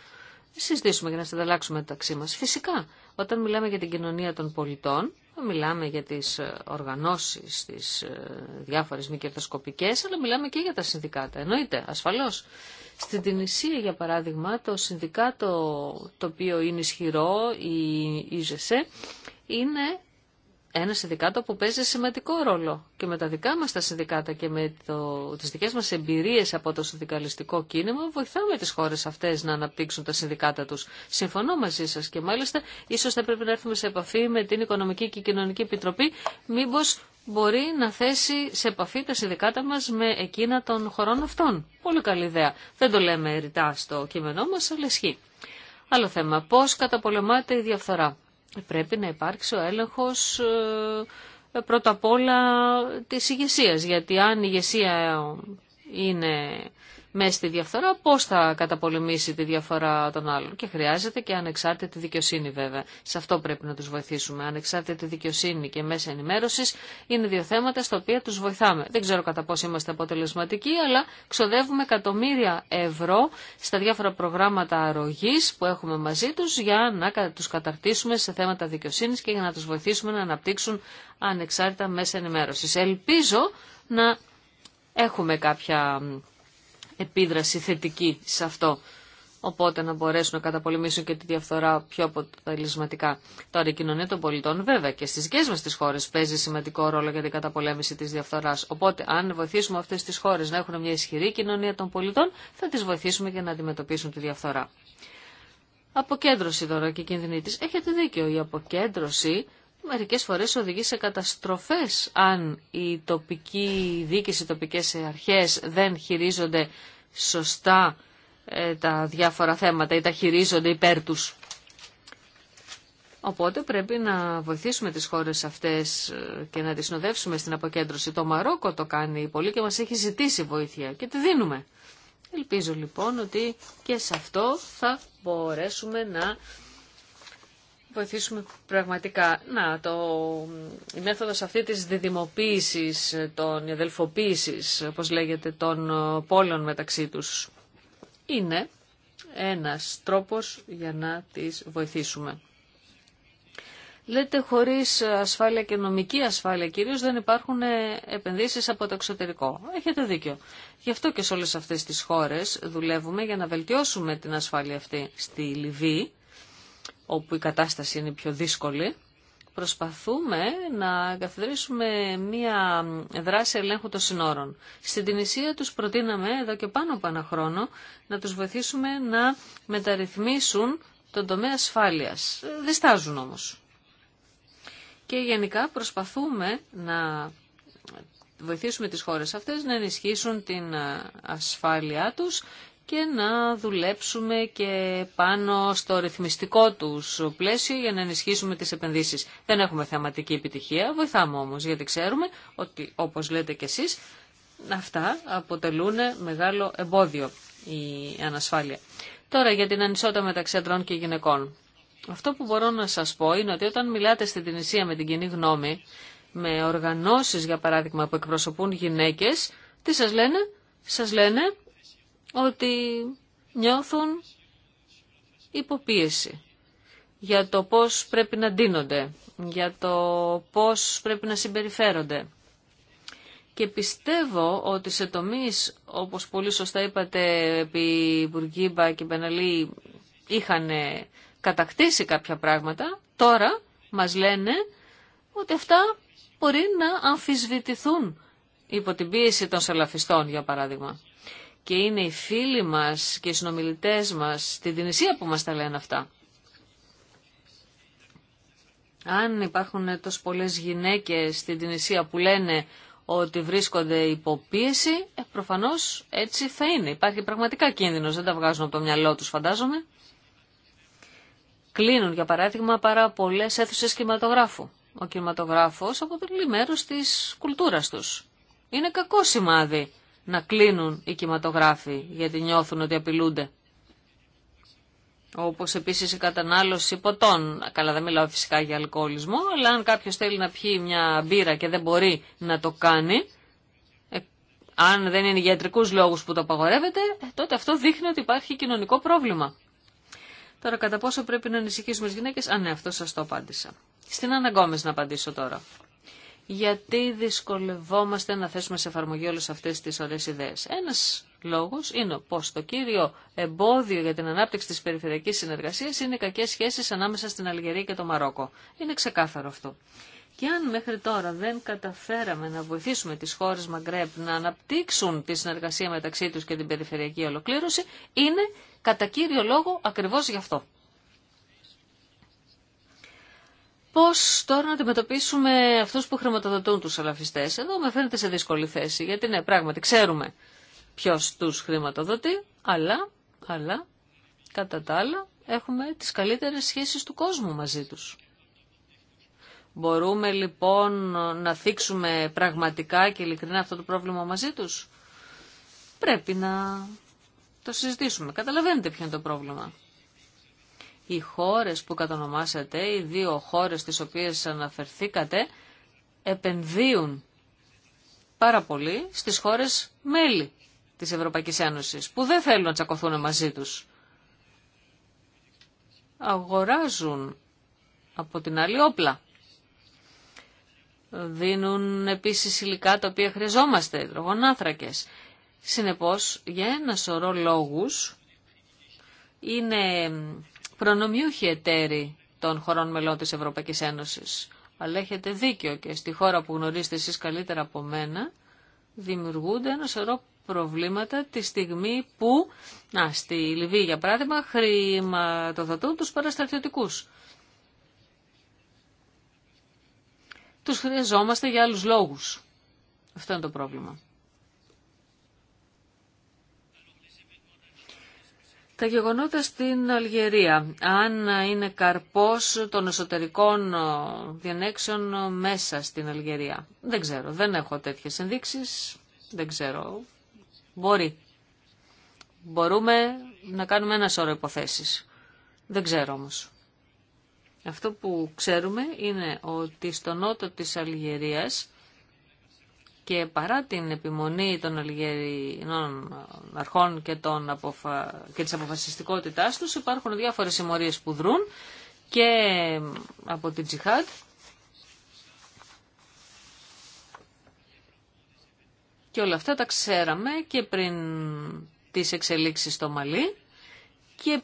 συζητήσουμε και να ανταλλάξουμε μεταξύ μας. Φυσικά, όταν μιλάμε για την κοινωνία των πολιτών, μιλάμε για τις ε, οργανώσεις, τις ε, διάφορες μη κερδοσκοπικές, αλλά μιλάμε και για τα συνδικάτα. Εννοείται, ασφαλώς. Στην Τινησία, για παράδειγμα, το συνδικάτο το οποίο είναι ισχυρό, η ΙΖΕΣΕ, e, είναι ένα συνδικάτο που παίζει σημαντικό ρόλο και με τα δικά μας τα συνδικάτα και με το, τις δικές μας εμπειρίες από το συνδικαλιστικό κίνημα βοηθάμε τις χώρες αυτές να αναπτύξουν τα συνδικάτα τους. Συμφωνώ μαζί σας και μάλιστα ίσως θα πρέπει να έρθουμε σε επαφή με την Οικονομική και Κοινωνική Επιτροπή μήπως μπορεί να θέσει σε επαφή τα συνδικάτα μας με εκείνα των χωρών αυτών. Πολύ καλή ιδέα. Δεν το λέμε ρητά στο κείμενό μας, αλλά ισχύει. Άλλο θέμα. Πώς καταπολεμάται η διαφθορά πρέπει να υπάρξει ο έλεγχος ε, πρώτα απ' όλα της ηγεσίας, γιατί αν η ηγεσία είναι μέσα στη διαφθορά πώ θα καταπολεμήσει τη διαφορά των άλλων. Και χρειάζεται και ανεξάρτητη δικαιοσύνη βέβαια. Σε αυτό πρέπει να του βοηθήσουμε. Ανεξάρτητη δικαιοσύνη και μέσα ενημέρωση είναι δύο θέματα στα οποία του βοηθάμε. Δεν ξέρω κατά πόσο είμαστε αποτελεσματικοί, αλλά ξοδεύουμε εκατομμύρια ευρώ στα διάφορα προγράμματα αρρωγή που έχουμε μαζί του για να του καταρτήσουμε σε θέματα δικαιοσύνη και για να του βοηθήσουμε να αναπτύξουν ανεξάρτητα μέσα ενημέρωση. Ελπίζω να έχουμε κάποια επίδραση θετική σε αυτό. Οπότε να μπορέσουν να καταπολεμήσουν και τη διαφθορά πιο αποτελεσματικά. Τώρα η κοινωνία των πολιτών βέβαια και στι δικέ μα τι χώρε, παίζει σημαντικό ρόλο για την καταπολέμηση τη διαφθορά. Οπότε αν βοηθήσουμε αυτέ τι χώρε να έχουν μια ισχυρή κοινωνία των πολιτών θα τι βοηθήσουμε και να αντιμετωπίσουν τη διαφθορά. Αποκέντρωση τώρα και κίνδυνη τη. Έχετε δίκιο, η αποκέντρωση μερικές φορές οδηγεί σε καταστροφές αν η τοπική διοίκηση, οι τοπικές αρχές δεν χειρίζονται σωστά ε, τα διάφορα θέματα ή τα χειρίζονται υπέρ τους. Οπότε πρέπει να βοηθήσουμε τις χώρες αυτές ε, και να τις συνοδεύσουμε στην αποκέντρωση. Το Μαρόκο το κάνει πολύ και μας έχει ζητήσει βοήθεια και τη δίνουμε. Ελπίζω λοιπόν ότι και σε αυτό θα μπορέσουμε να βοηθήσουμε πραγματικά. Να, το, η μέθοδος αυτή της διδημοποίησης, των αδελφοποίησης, όπως λέγεται, των ε, πόλεων μεταξύ τους, είναι ένας τρόπος για να τις βοηθήσουμε. Λέτε χωρίς ασφάλεια και νομική ασφάλεια κυρίως δεν υπάρχουν ε, επενδύσεις από το εξωτερικό. Έχετε δίκιο. Γι' αυτό και σε όλες αυτές τις χώρες δουλεύουμε για να βελτιώσουμε την ασφάλεια αυτή στη Λιβύη όπου η κατάσταση είναι πιο δύσκολη, προσπαθούμε να καθιδρήσουμε μία δράση ελέγχου των συνόρων. Στην Τινησία τους προτείναμε εδώ και πάνω από χρόνο να τους βοηθήσουμε να μεταρρυθμίσουν τον τομέα ασφάλειας. Διστάζουν όμως. Και γενικά προσπαθούμε να βοηθήσουμε τις χώρες αυτές να ενισχύσουν την ασφάλειά τους και να δουλέψουμε και πάνω στο ρυθμιστικό τους πλαίσιο για να ενισχύσουμε τις επενδύσεις. Δεν έχουμε θεαματική επιτυχία, βοηθάμε όμως γιατί ξέρουμε ότι όπως λέτε κι εσείς αυτά αποτελούν μεγάλο εμπόδιο η ανασφάλεια. Τώρα για την ανισότητα μεταξύ αντρών και γυναικών. Αυτό που μπορώ να σας πω είναι ότι όταν μιλάτε στην Τινησία με την κοινή γνώμη, με οργανώσεις για παράδειγμα που εκπροσωπούν γυναίκες, τι σας λένε, σας λένε ότι νιώθουν υποπίεση για το πώς πρέπει να ντύνονται, για το πώς πρέπει να συμπεριφέρονται. Και πιστεύω ότι σε τομείς, όπως πολύ σωστά είπατε, επί Μπουργκίμπα και Μπεναλή είχαν κατακτήσει κάποια πράγματα, τώρα μας λένε ότι αυτά μπορεί να αμφισβητηθούν υπό την πίεση των σαλαφιστών, για παράδειγμα και είναι οι φίλοι μας και οι συνομιλητές μας στην Τινησία που μας τα λένε αυτά. Αν υπάρχουν τόσο πολλές γυναίκες στην Τινησία που λένε ότι βρίσκονται υποπίεση, ε, προφανώς έτσι θα είναι. Υπάρχει πραγματικά κίνδυνος, δεν τα βγάζουν από το μυαλό τους φαντάζομαι. Κλείνουν για παράδειγμα πάρα πολλέ αίθουσε κινηματογράφου. Ο κινηματογράφος αποτελεί μέρος της κουλτούρας τους. Είναι κακό σημάδι να κλείνουν οι κυματογράφοι γιατί νιώθουν ότι απειλούνται. Όπως επίσης η κατανάλωση ποτών. Καλά δεν μιλάω φυσικά για αλκοολισμό, αλλά αν κάποιος θέλει να πιει μια μπύρα και δεν μπορεί να το κάνει, ε, αν δεν είναι γιατρικούς λόγους που το απαγορεύεται, ε, τότε αυτό δείχνει ότι υπάρχει κοινωνικό πρόβλημα. Τώρα κατά πόσο πρέπει να ανησυχήσουμε τις γυναίκες, α ναι αυτό σας το απάντησα. Στην Αναγκόμες να απαντήσω τώρα γιατί δυσκολευόμαστε να θέσουμε σε εφαρμογή όλες αυτές τις ωραίες ιδέες. Ένας λόγος είναι πως το κύριο εμπόδιο για την ανάπτυξη της περιφερειακής συνεργασίας είναι οι κακές σχέσεις ανάμεσα στην Αλγερία και το Μαρόκο. Είναι ξεκάθαρο αυτό. Και αν μέχρι τώρα δεν καταφέραμε να βοηθήσουμε τις χώρες Μαγκρέπ να αναπτύξουν τη συνεργασία μεταξύ τους και την περιφερειακή ολοκλήρωση, είναι κατά κύριο λόγο ακριβώς γι' αυτό. Πώς τώρα να αντιμετωπίσουμε αυτούς που χρηματοδοτούν τους αλαφιστές. Εδώ με φαίνεται σε δύσκολη θέση, γιατί ναι, πράγματι ξέρουμε ποιο τους χρηματοδοτεί, αλλά, αλλά κατά τα άλλα έχουμε τις καλύτερες σχέσεις του κόσμου μαζί τους. Μπορούμε λοιπόν να θίξουμε πραγματικά και ειλικρινά αυτό το πρόβλημα μαζί τους. Πρέπει να το συζητήσουμε. Καταλαβαίνετε ποιο είναι το πρόβλημα οι χώρες που κατονομάσατε, οι δύο χώρες τις οποίες αναφερθήκατε, επενδύουν πάρα πολύ στις χώρες μέλη της Ευρωπαϊκής Ένωσης, που δεν θέλουν να τσακωθούν μαζί τους. Αγοράζουν από την άλλη όπλα. Δίνουν επίσης υλικά τα οποία χρειαζόμαστε, υδρογονάθρακες. Συνεπώς, για ένα σωρό λόγους, είναι προνομιούχη εταίροι των χωρών μελών της Ευρωπαϊκής Ένωσης. Αλλά έχετε δίκιο και στη χώρα που γνωρίζετε εσείς καλύτερα από μένα δημιουργούνται ένα σωρό προβλήματα τη στιγμή που, να, στη Λιβύη για παράδειγμα, χρηματοδοτούν τους παραστρατιωτικούς. Τους χρειαζόμαστε για άλλους λόγους. Αυτό είναι το πρόβλημα. Τα γεγονότα στην Αλγερία, αν είναι καρπός των εσωτερικών ε, διανέξεων ε, μέσα στην Αλγερία. Δεν ξέρω, δεν έχω τέτοιες ενδείξεις, δεν ξέρω. Μπορεί. Μπορούμε να κάνουμε ένα σώρο υποθέσεις. Δεν ξέρω όμως. Αυτό που ξέρουμε είναι ότι στο νότο της Αλγερίας και παρά την επιμονή των Αλγερινών αρχών και, των αποφα... και της αποφασιστικότητάς τους υπάρχουν διάφορες συμμορίες που δρούν και από την Τζιχάτ. και όλα αυτά τα ξέραμε και πριν τις εξελίξεις στο Μαλί και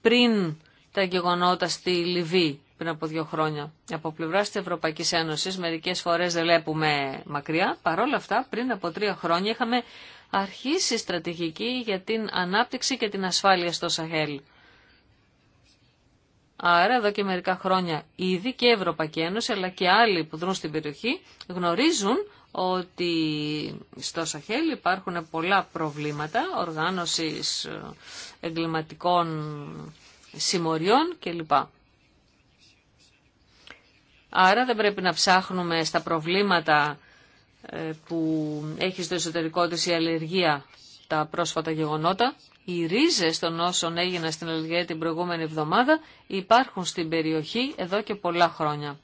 πριν τα γεγονότα στη Λιβύη πριν από δύο χρόνια. Από πλευρά τη Ευρωπαϊκή Ένωση, μερικέ φορέ δεν βλέπουμε μακριά. Παρ' αυτά, πριν από τρία χρόνια είχαμε αρχίσει στρατηγική για την ανάπτυξη και την ασφάλεια στο Σαχέλ. Άρα εδώ και μερικά χρόνια ήδη και η Ευρωπαϊκή Ένωση αλλά και άλλοι που δρουν στην περιοχή γνωρίζουν ότι στο Σαχέλ υπάρχουν πολλά προβλήματα οργάνωσης ε, εγκληματικών συμμοριών κλπ. Άρα δεν πρέπει να ψάχνουμε στα προβλήματα ε, που έχει στο εσωτερικό της η αλλεργία τα πρόσφατα γεγονότα. Οι ρίζες των όσων έγιναν στην αλλεργία την προηγούμενη εβδομάδα υπάρχουν στην περιοχή εδώ και πολλά χρόνια.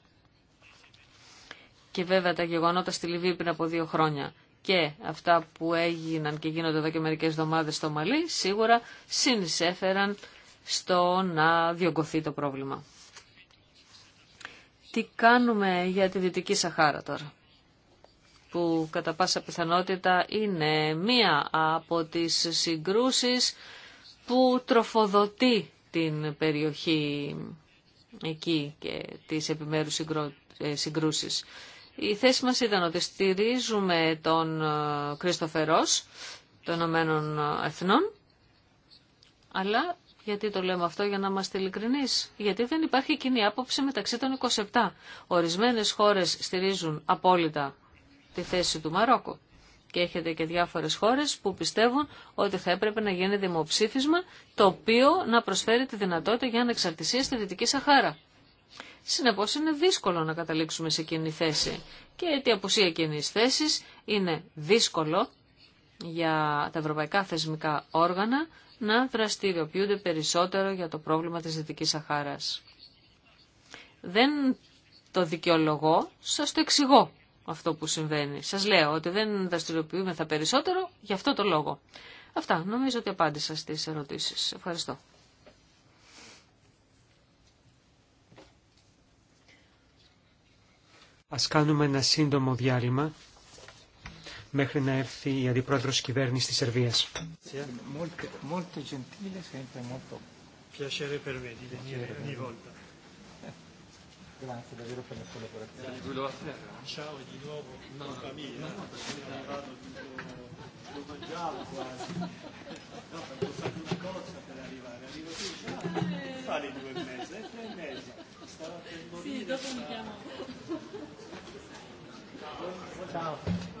Και βέβαια τα γεγονότα στη Λιβύη πριν από δύο χρόνια και αυτά που έγιναν και γίνονται εδώ και μερικές εβδομάδες στο Μαλί σίγουρα συνεισέφεραν στο να διωγκωθεί το πρόβλημα τι κάνουμε για τη Δυτική Σαχάρα τώρα που κατά πάσα πιθανότητα είναι μία από τις συγκρούσεις που τροφοδοτεί την περιοχή εκεί και τις επιμέρους ε, συγκρούσεις. Η θέση μας ήταν ότι στηρίζουμε τον Κρίστοφερός των Ηνωμένων Εθνών, αλλά γιατί το λέμε αυτό για να είμαστε ειλικρινεί. Γιατί δεν υπάρχει κοινή άποψη μεταξύ των 27. Ορισμένες χώρες στηρίζουν απόλυτα τη θέση του Μαρόκο. Και έχετε και διάφορες χώρες που πιστεύουν ότι θα έπρεπε να γίνει δημοψήφισμα το οποίο να προσφέρει τη δυνατότητα για ανεξαρτησία στη Δυτική Σαχάρα. Συνεπώ είναι δύσκολο να καταλήξουμε σε κοινή θέση. Και η απουσία κοινή θέση είναι δύσκολο για τα ευρωπαϊκά θεσμικά όργανα να δραστηριοποιούνται περισσότερο για το πρόβλημα της Δυτικής Σαχάρας. Δεν το δικαιολογώ, σας το εξηγώ αυτό που συμβαίνει. Σας λέω ότι δεν δραστηριοποιούμε θα περισσότερο για αυτό το λόγο. Αυτά, νομίζω ότι απάντησα στις ερωτήσεις. Ευχαριστώ. Ας κάνουμε ένα σύντομο διάλειμμα μέχρι να έρθει η αντιπρόεδρος Κυβέρνησης της Σερβίας. Ciao.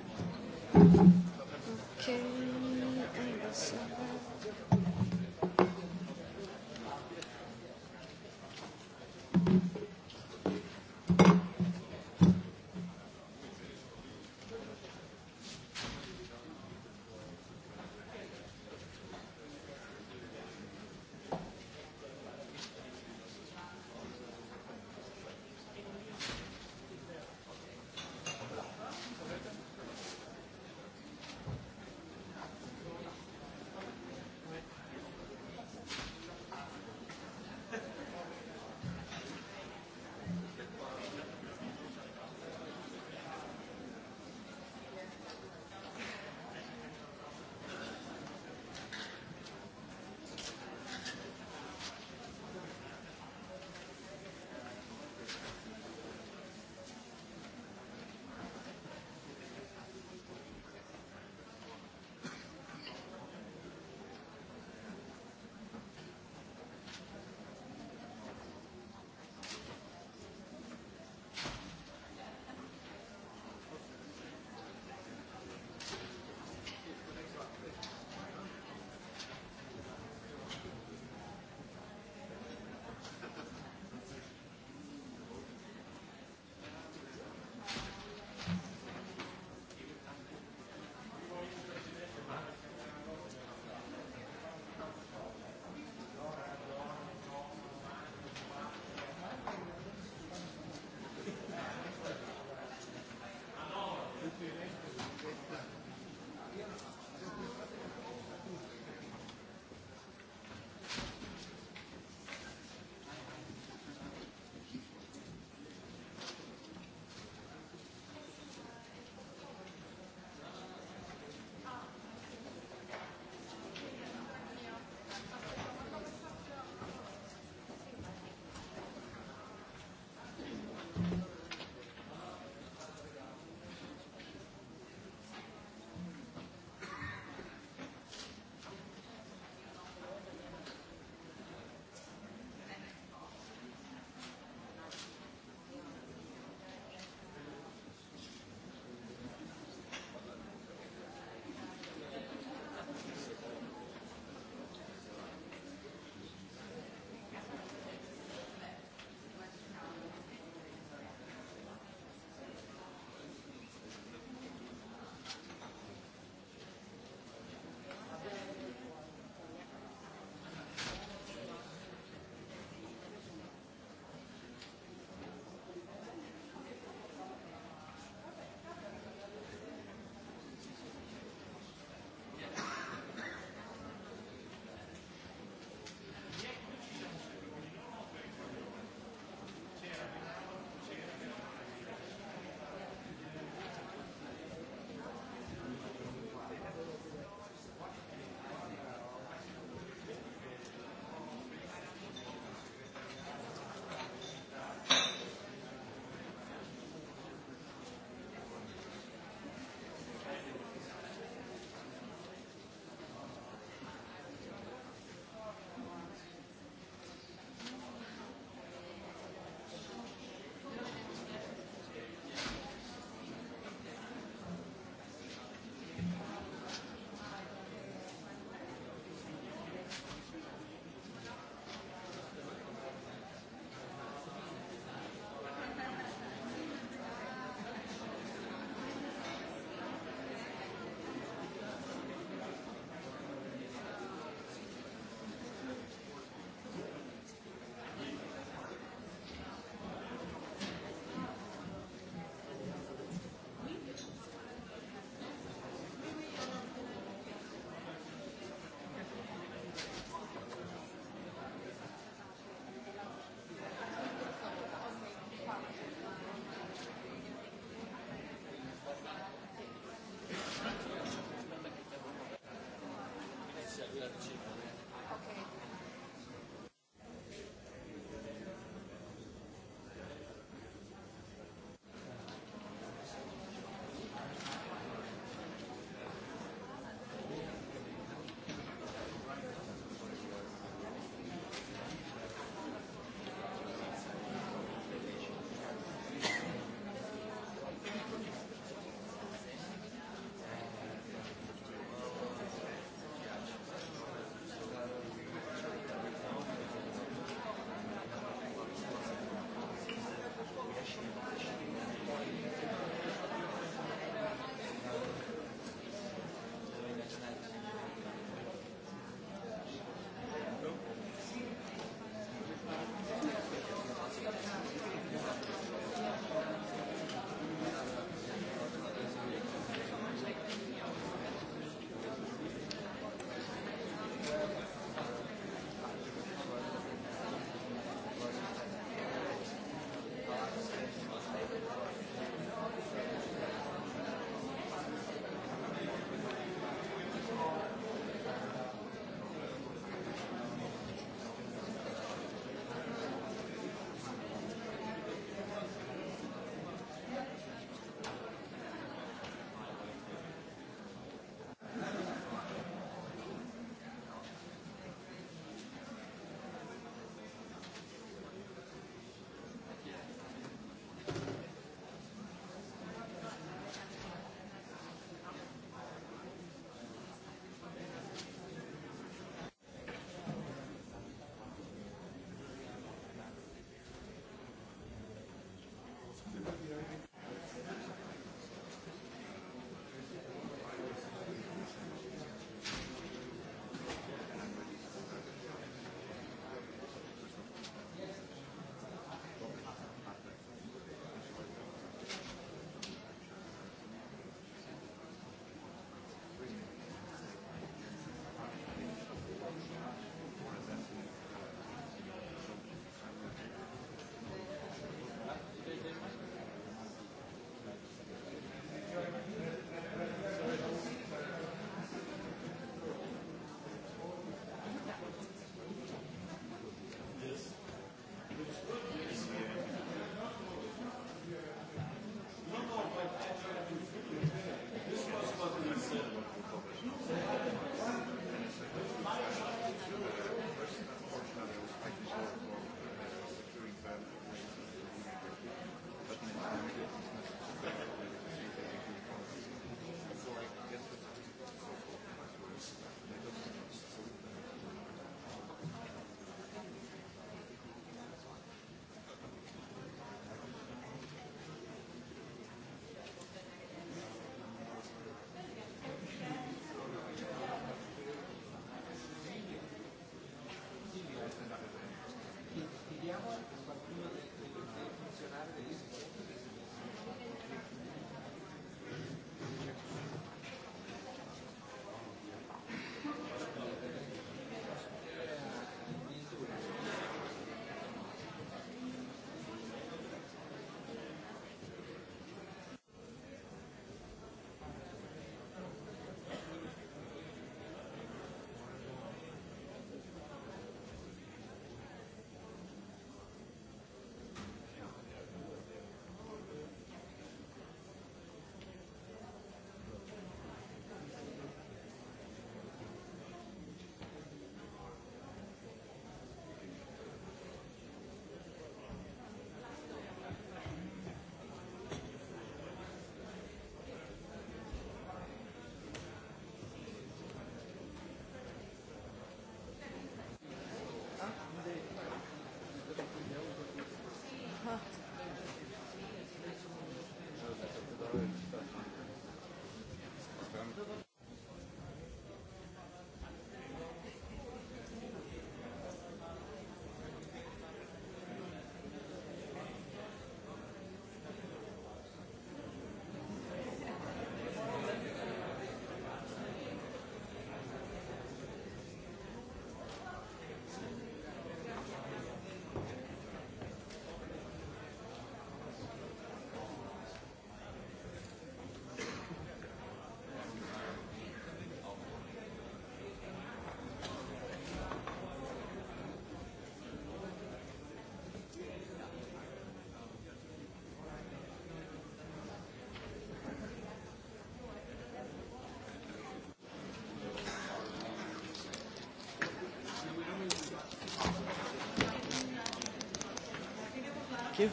you.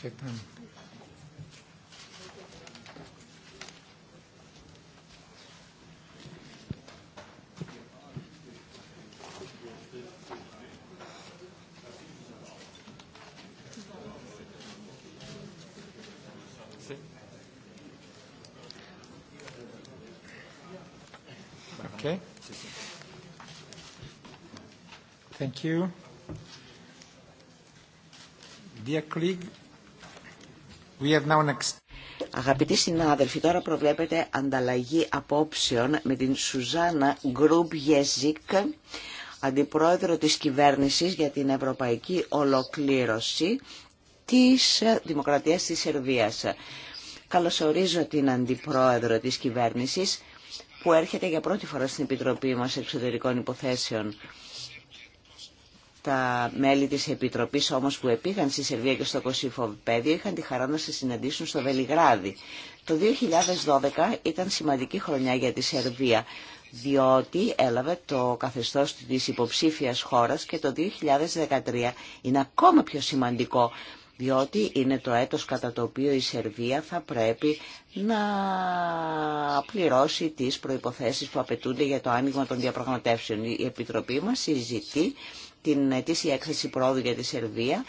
check them. Okay. Thank you. Dear colleague, Αγαπητοί συνάδελφοι, τώρα προβλέπεται ανταλλαγή απόψεων με την Σουζάνα Γκρουμπιεζίκ, αντιπρόεδρο της κυβέρνησης για την Ευρωπαϊκή Ολοκλήρωση της Δημοκρατίας της Σερβίας. Καλωσορίζω την αντιπρόεδρο της κυβέρνησης που έρχεται για πρώτη φορά στην Επιτροπή μας Εξωτερικών Υποθέσεων. Τα μέλη της Επιτροπής όμως που επήγαν στη Σερβία και στο Κωσυφοπέδιο είχαν τη χαρά να σε συναντήσουν στο Βελιγράδι. Το 2012 ήταν σημαντική χρονιά για τη Σερβία, διότι έλαβε το καθεστώς της υποψήφιας χώρας και το 2013 είναι ακόμα πιο σημαντικό, διότι είναι το έτος κατά το οποίο η Σερβία θα πρέπει να πληρώσει τις προϋποθέσεις που απαιτούνται για το άνοιγμα των διαπραγματεύσεων. Η Επιτροπή μας συζητεί την ετήσια έκθεση πρόοδου για τη Σερβία.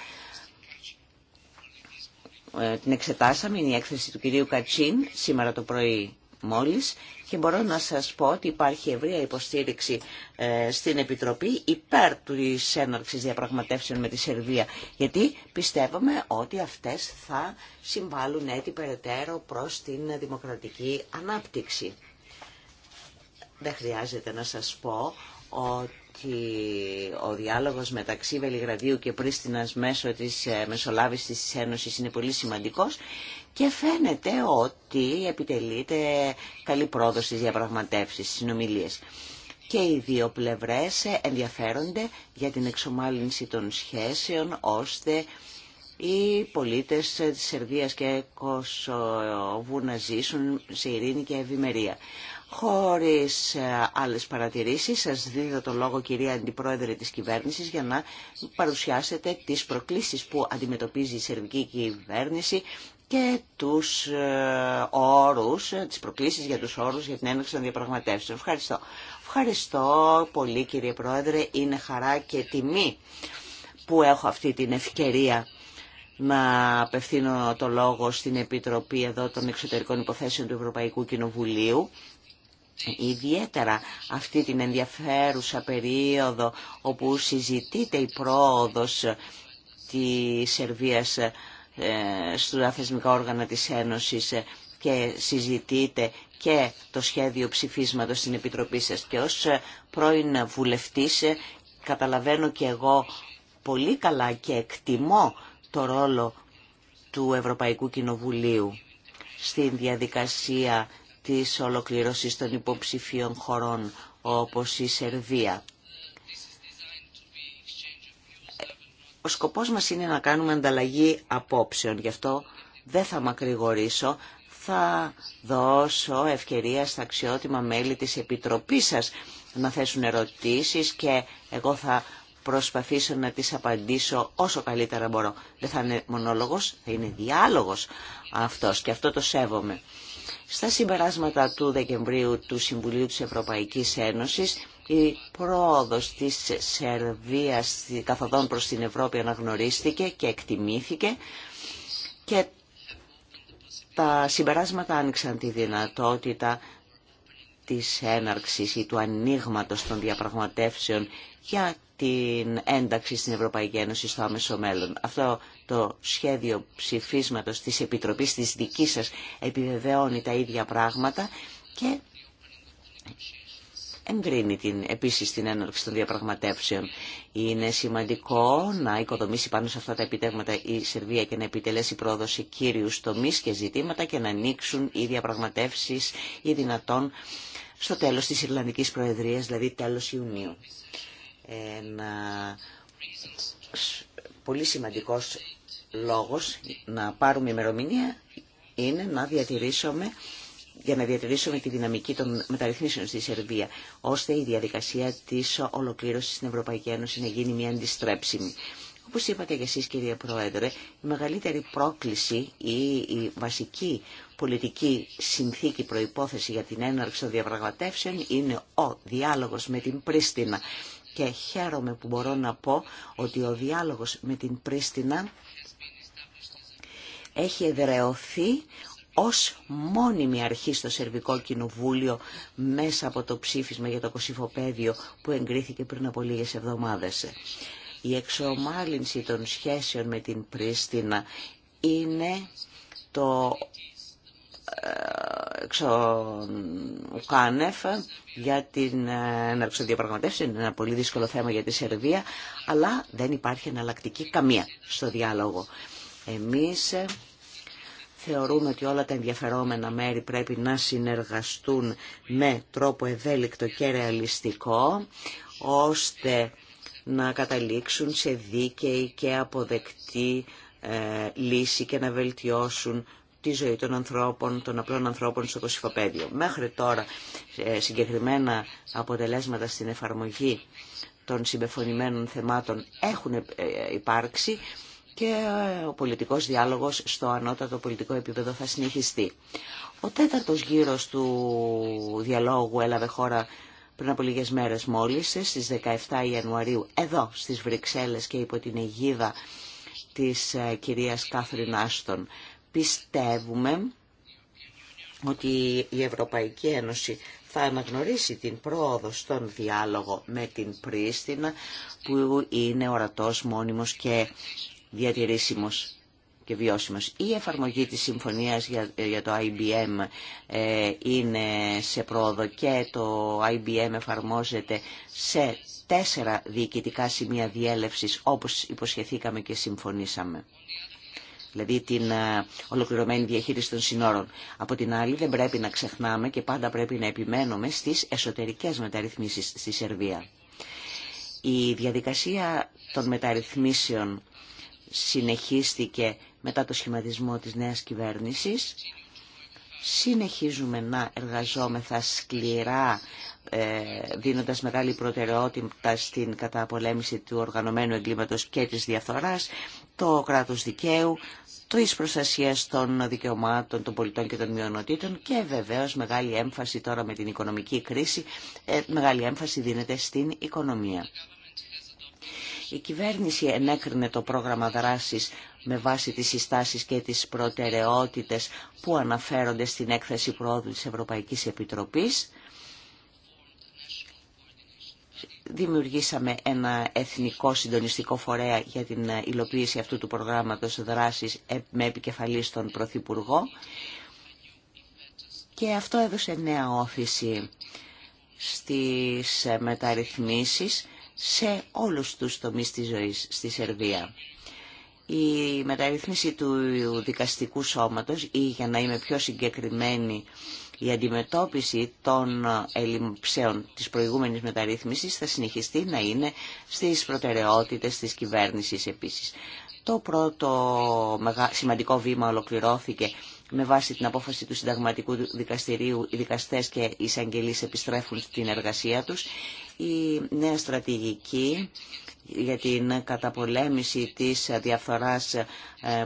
Ε, την εξετάσαμε, είναι η έκθεση του κυρίου Κατσίν, σήμερα το πρωί μόλις, και μπορώ να σας πω ότι υπάρχει ευρεία υποστήριξη ε, στην Επιτροπή υπέρ του έναρξης διαπραγματεύσεων με τη Σερβία, γιατί πιστεύουμε ότι αυτές θα συμβάλλουν έτσι περαιτέρω προς την δημοκρατική ανάπτυξη. Δεν χρειάζεται να σας πω ότι ότι ο διάλογος μεταξύ Βελιγραδίου και Πρίστινας μέσω της ε, Μεσολάβησης της Ένωσης είναι πολύ σημαντικός και φαίνεται ότι επιτελείται καλή πρόοδο στις διαπραγματεύσεις, στις συνομιλίες. Και οι δύο πλευρές ενδιαφέρονται για την εξομάλυνση των σχέσεων ώστε οι πολίτες της Σερβίας και Κωσοβού να ζήσουν σε ειρήνη και ευημερία. Χωρίς ε, άλλες παρατηρήσεις, σας δίνω το λόγο κυρία Αντιπρόεδρε της κυβέρνησης για να παρουσιάσετε τις προκλήσεις που αντιμετωπίζει η Σερβική κυβέρνηση και τους ε, όρους, ε, τις προκλήσεις για τους όρους για την έναρξη των διαπραγματεύσεων. Ευχαριστώ. Ευχαριστώ πολύ κύριε Πρόεδρε. Είναι χαρά και τιμή που έχω αυτή την ευκαιρία να απευθύνω το λόγο στην Επιτροπή εδώ των Εξωτερικών Υποθέσεων του Ευρωπαϊκού Κοινοβουλίου ιδιαίτερα αυτή την ενδιαφέρουσα περίοδο όπου συζητείται η πρόοδος της Σερβίας ε, στα θεσμικά όργανα της Ένωσης ε, και συζητείται και το σχέδιο ψηφίσματος στην Επιτροπή σας. Και ως ε, πρώην βουλευτής καταλαβαίνω και εγώ πολύ καλά και εκτιμώ το ρόλο του Ευρωπαϊκού Κοινοβουλίου στην διαδικασία της ολοκλήρωσης των υποψηφίων χωρών όπως η Σερβία. Ο σκοπός μας είναι να κάνουμε ανταλλαγή απόψεων, γι' αυτό δεν θα μακρηγορήσω, θα δώσω ευκαιρία στα αξιότιμα μέλη της Επιτροπής σας να θέσουν ερωτήσεις και εγώ θα προσπαθήσω να τις απαντήσω όσο καλύτερα μπορώ. Δεν θα είναι μονόλογος, θα είναι διάλογος αυτός και αυτό το σέβομαι. Στα συμπεράσματα του Δεκεμβρίου του Συμβουλίου της Ευρωπαϊκής Ένωσης, η πρόοδος της Σερβίας καθοδόν προς την Ευρώπη αναγνωρίστηκε και εκτιμήθηκε και τα συμπεράσματα άνοιξαν τη δυνατότητα της έναρξης ή του ανοίγματο των διαπραγματεύσεων για την ένταξη στην Ευρωπαϊκή Ένωση στο άμεσο μέλλον. Αυτό το σχέδιο ψηφίσματος της Επιτροπής της δικής σας επιβεβαιώνει τα ίδια πράγματα και εγκρίνει την, επίσης την έναρξη των διαπραγματεύσεων. Είναι σημαντικό να οικοδομήσει πάνω σε αυτά τα επιτέγματα η Σερβία και να επιτελέσει πρόοδο σε κύριους τομείς και ζητήματα και να ανοίξουν οι διαπραγματεύσεις ή δυνατόν στο τέλος της Ιρλανδικής Προεδρίας, δηλαδή τέλος Ιουνίου. Ένα πολύ σημαντικός λόγος να πάρουμε ημερομηνία είναι να διατηρήσουμε για να διατηρήσουμε τη δυναμική των μεταρρυθμίσεων στη Σερβία, ώστε η διαδικασία της ολοκλήρωσης στην Ευρωπαϊκή Ένωση να γίνει μια αντιστρέψιμη. Όπως είπατε και εσείς κύριε Πρόεδρε, η μεγαλύτερη πρόκληση ή η βασική πολιτική συνθήκη προϋπόθεση για την έναρξη των διαπραγματεύσεων είναι ο διάλογο με την Πρίστινα. Και χαίρομαι που μπορώ να πω ότι ο διάλογος με την Πρίστινα έχει εδρεωθεί ως μόνιμη αρχή στο Σερβικό Κοινοβούλιο μέσα από το ψήφισμα για το κοσυφοπαίδιο που εγκρίθηκε πριν από λίγες εβδομάδες. Η εξομάλυνση των σχέσεων με την Πρίστινα είναι το ε, εξοκάνευ για την έναρξη ε, Είναι ένα πολύ δύσκολο θέμα για τη Σερβία, αλλά δεν υπάρχει εναλλακτική καμία στο διάλογο. Εμείς ε, Θεωρούμε ότι όλα τα ενδιαφερόμενα μέρη πρέπει να συνεργαστούν με τρόπο ευέλικτο και ρεαλιστικό, ώστε να καταλήξουν σε δίκαιη και αποδεκτή ε, λύση και να βελτιώσουν τη ζωή των ανθρώπων, των απλών ανθρώπων στο κοσυφοπαίδιο. Μέχρι τώρα ε, συγκεκριμένα αποτελέσματα στην εφαρμογή των συμπεφωνημένων θεμάτων έχουν ε, υπάρξει και ε, ο πολιτικός διάλογος στο ανώτατο πολιτικό επίπεδο θα συνεχιστεί. Ο τέταρτος γύρος του διαλόγου έλαβε χώρα πριν από λίγες μέρες μόλις, στις 17 Ιανουαρίου, εδώ στις Βρυξέλλες και υπό την αιγίδα της ε, κυρίας Κάθριν Άστον. Πιστεύουμε ότι η Ευρωπαϊκή Ένωση θα αναγνωρίσει την πρόοδο στον διάλογο με την Πρίστινα που είναι ορατός, μόνιμος και διατηρήσιμος και βιώσιμος. Η εφαρμογή της συμφωνίας για, το IBM ε, είναι σε πρόοδο και το IBM εφαρμόζεται σε τέσσερα διοικητικά σημεία διέλευσης όπως υποσχεθήκαμε και συμφωνήσαμε. Δηλαδή την ε, ολοκληρωμένη διαχείριση των συνόρων. Από την άλλη δεν πρέπει να ξεχνάμε και πάντα πρέπει να επιμένουμε στις εσωτερικές μεταρρυθμίσεις στη Σερβία. Η διαδικασία των μεταρρυθμίσεων συνεχίστηκε μετά το σχηματισμό της νέας κυβέρνησης. Συνεχίζουμε να εργαζόμεθα σκληρά ε, δίνοντας μεγάλη προτεραιότητα στην καταπολέμηση του οργανωμένου εγκλήματος και της διαφθοράς, το κράτος δικαίου, τη προστασία των δικαιωμάτων των πολιτών και των μειονοτήτων και βεβαίως μεγάλη έμφαση τώρα με την οικονομική κρίση, ε, μεγάλη έμφαση δίνεται στην οικονομία. Η κυβέρνηση ενέκρινε το πρόγραμμα δράσης με βάση τις συστάσεις και τις προτεραιότητες που αναφέρονται στην έκθεση πρόοδου της Ευρωπαϊκής Επιτροπής. Δημιουργήσαμε ένα εθνικό συντονιστικό φορέα για την υλοποίηση αυτού του προγράμματος δράσης ε, με επικεφαλή στον Πρωθυπουργό και αυτό έδωσε νέα όφηση στις μεταρρυθμίσεις σε όλους τους τομείς της ζωής στη Σερβία. Η μεταρρύθμιση του δικαστικού σώματος ή για να είμαι πιο συγκεκριμένη η αντιμετώπιση των ελλειμψέων της προηγούμενης μεταρρύθμισης θα συνεχιστεί να είναι στις προτεραιότητες της κυβέρνησης επίσης. Το πρώτο σημαντικό βήμα ολοκληρώθηκε με βάση την απόφαση του Συνταγματικού Δικαστηρίου οι δικαστές και οι εισαγγελείς επιστρέφουν στην εργασία τους. Η νέα στρατηγική για την καταπολέμηση της διαφθοράς ε,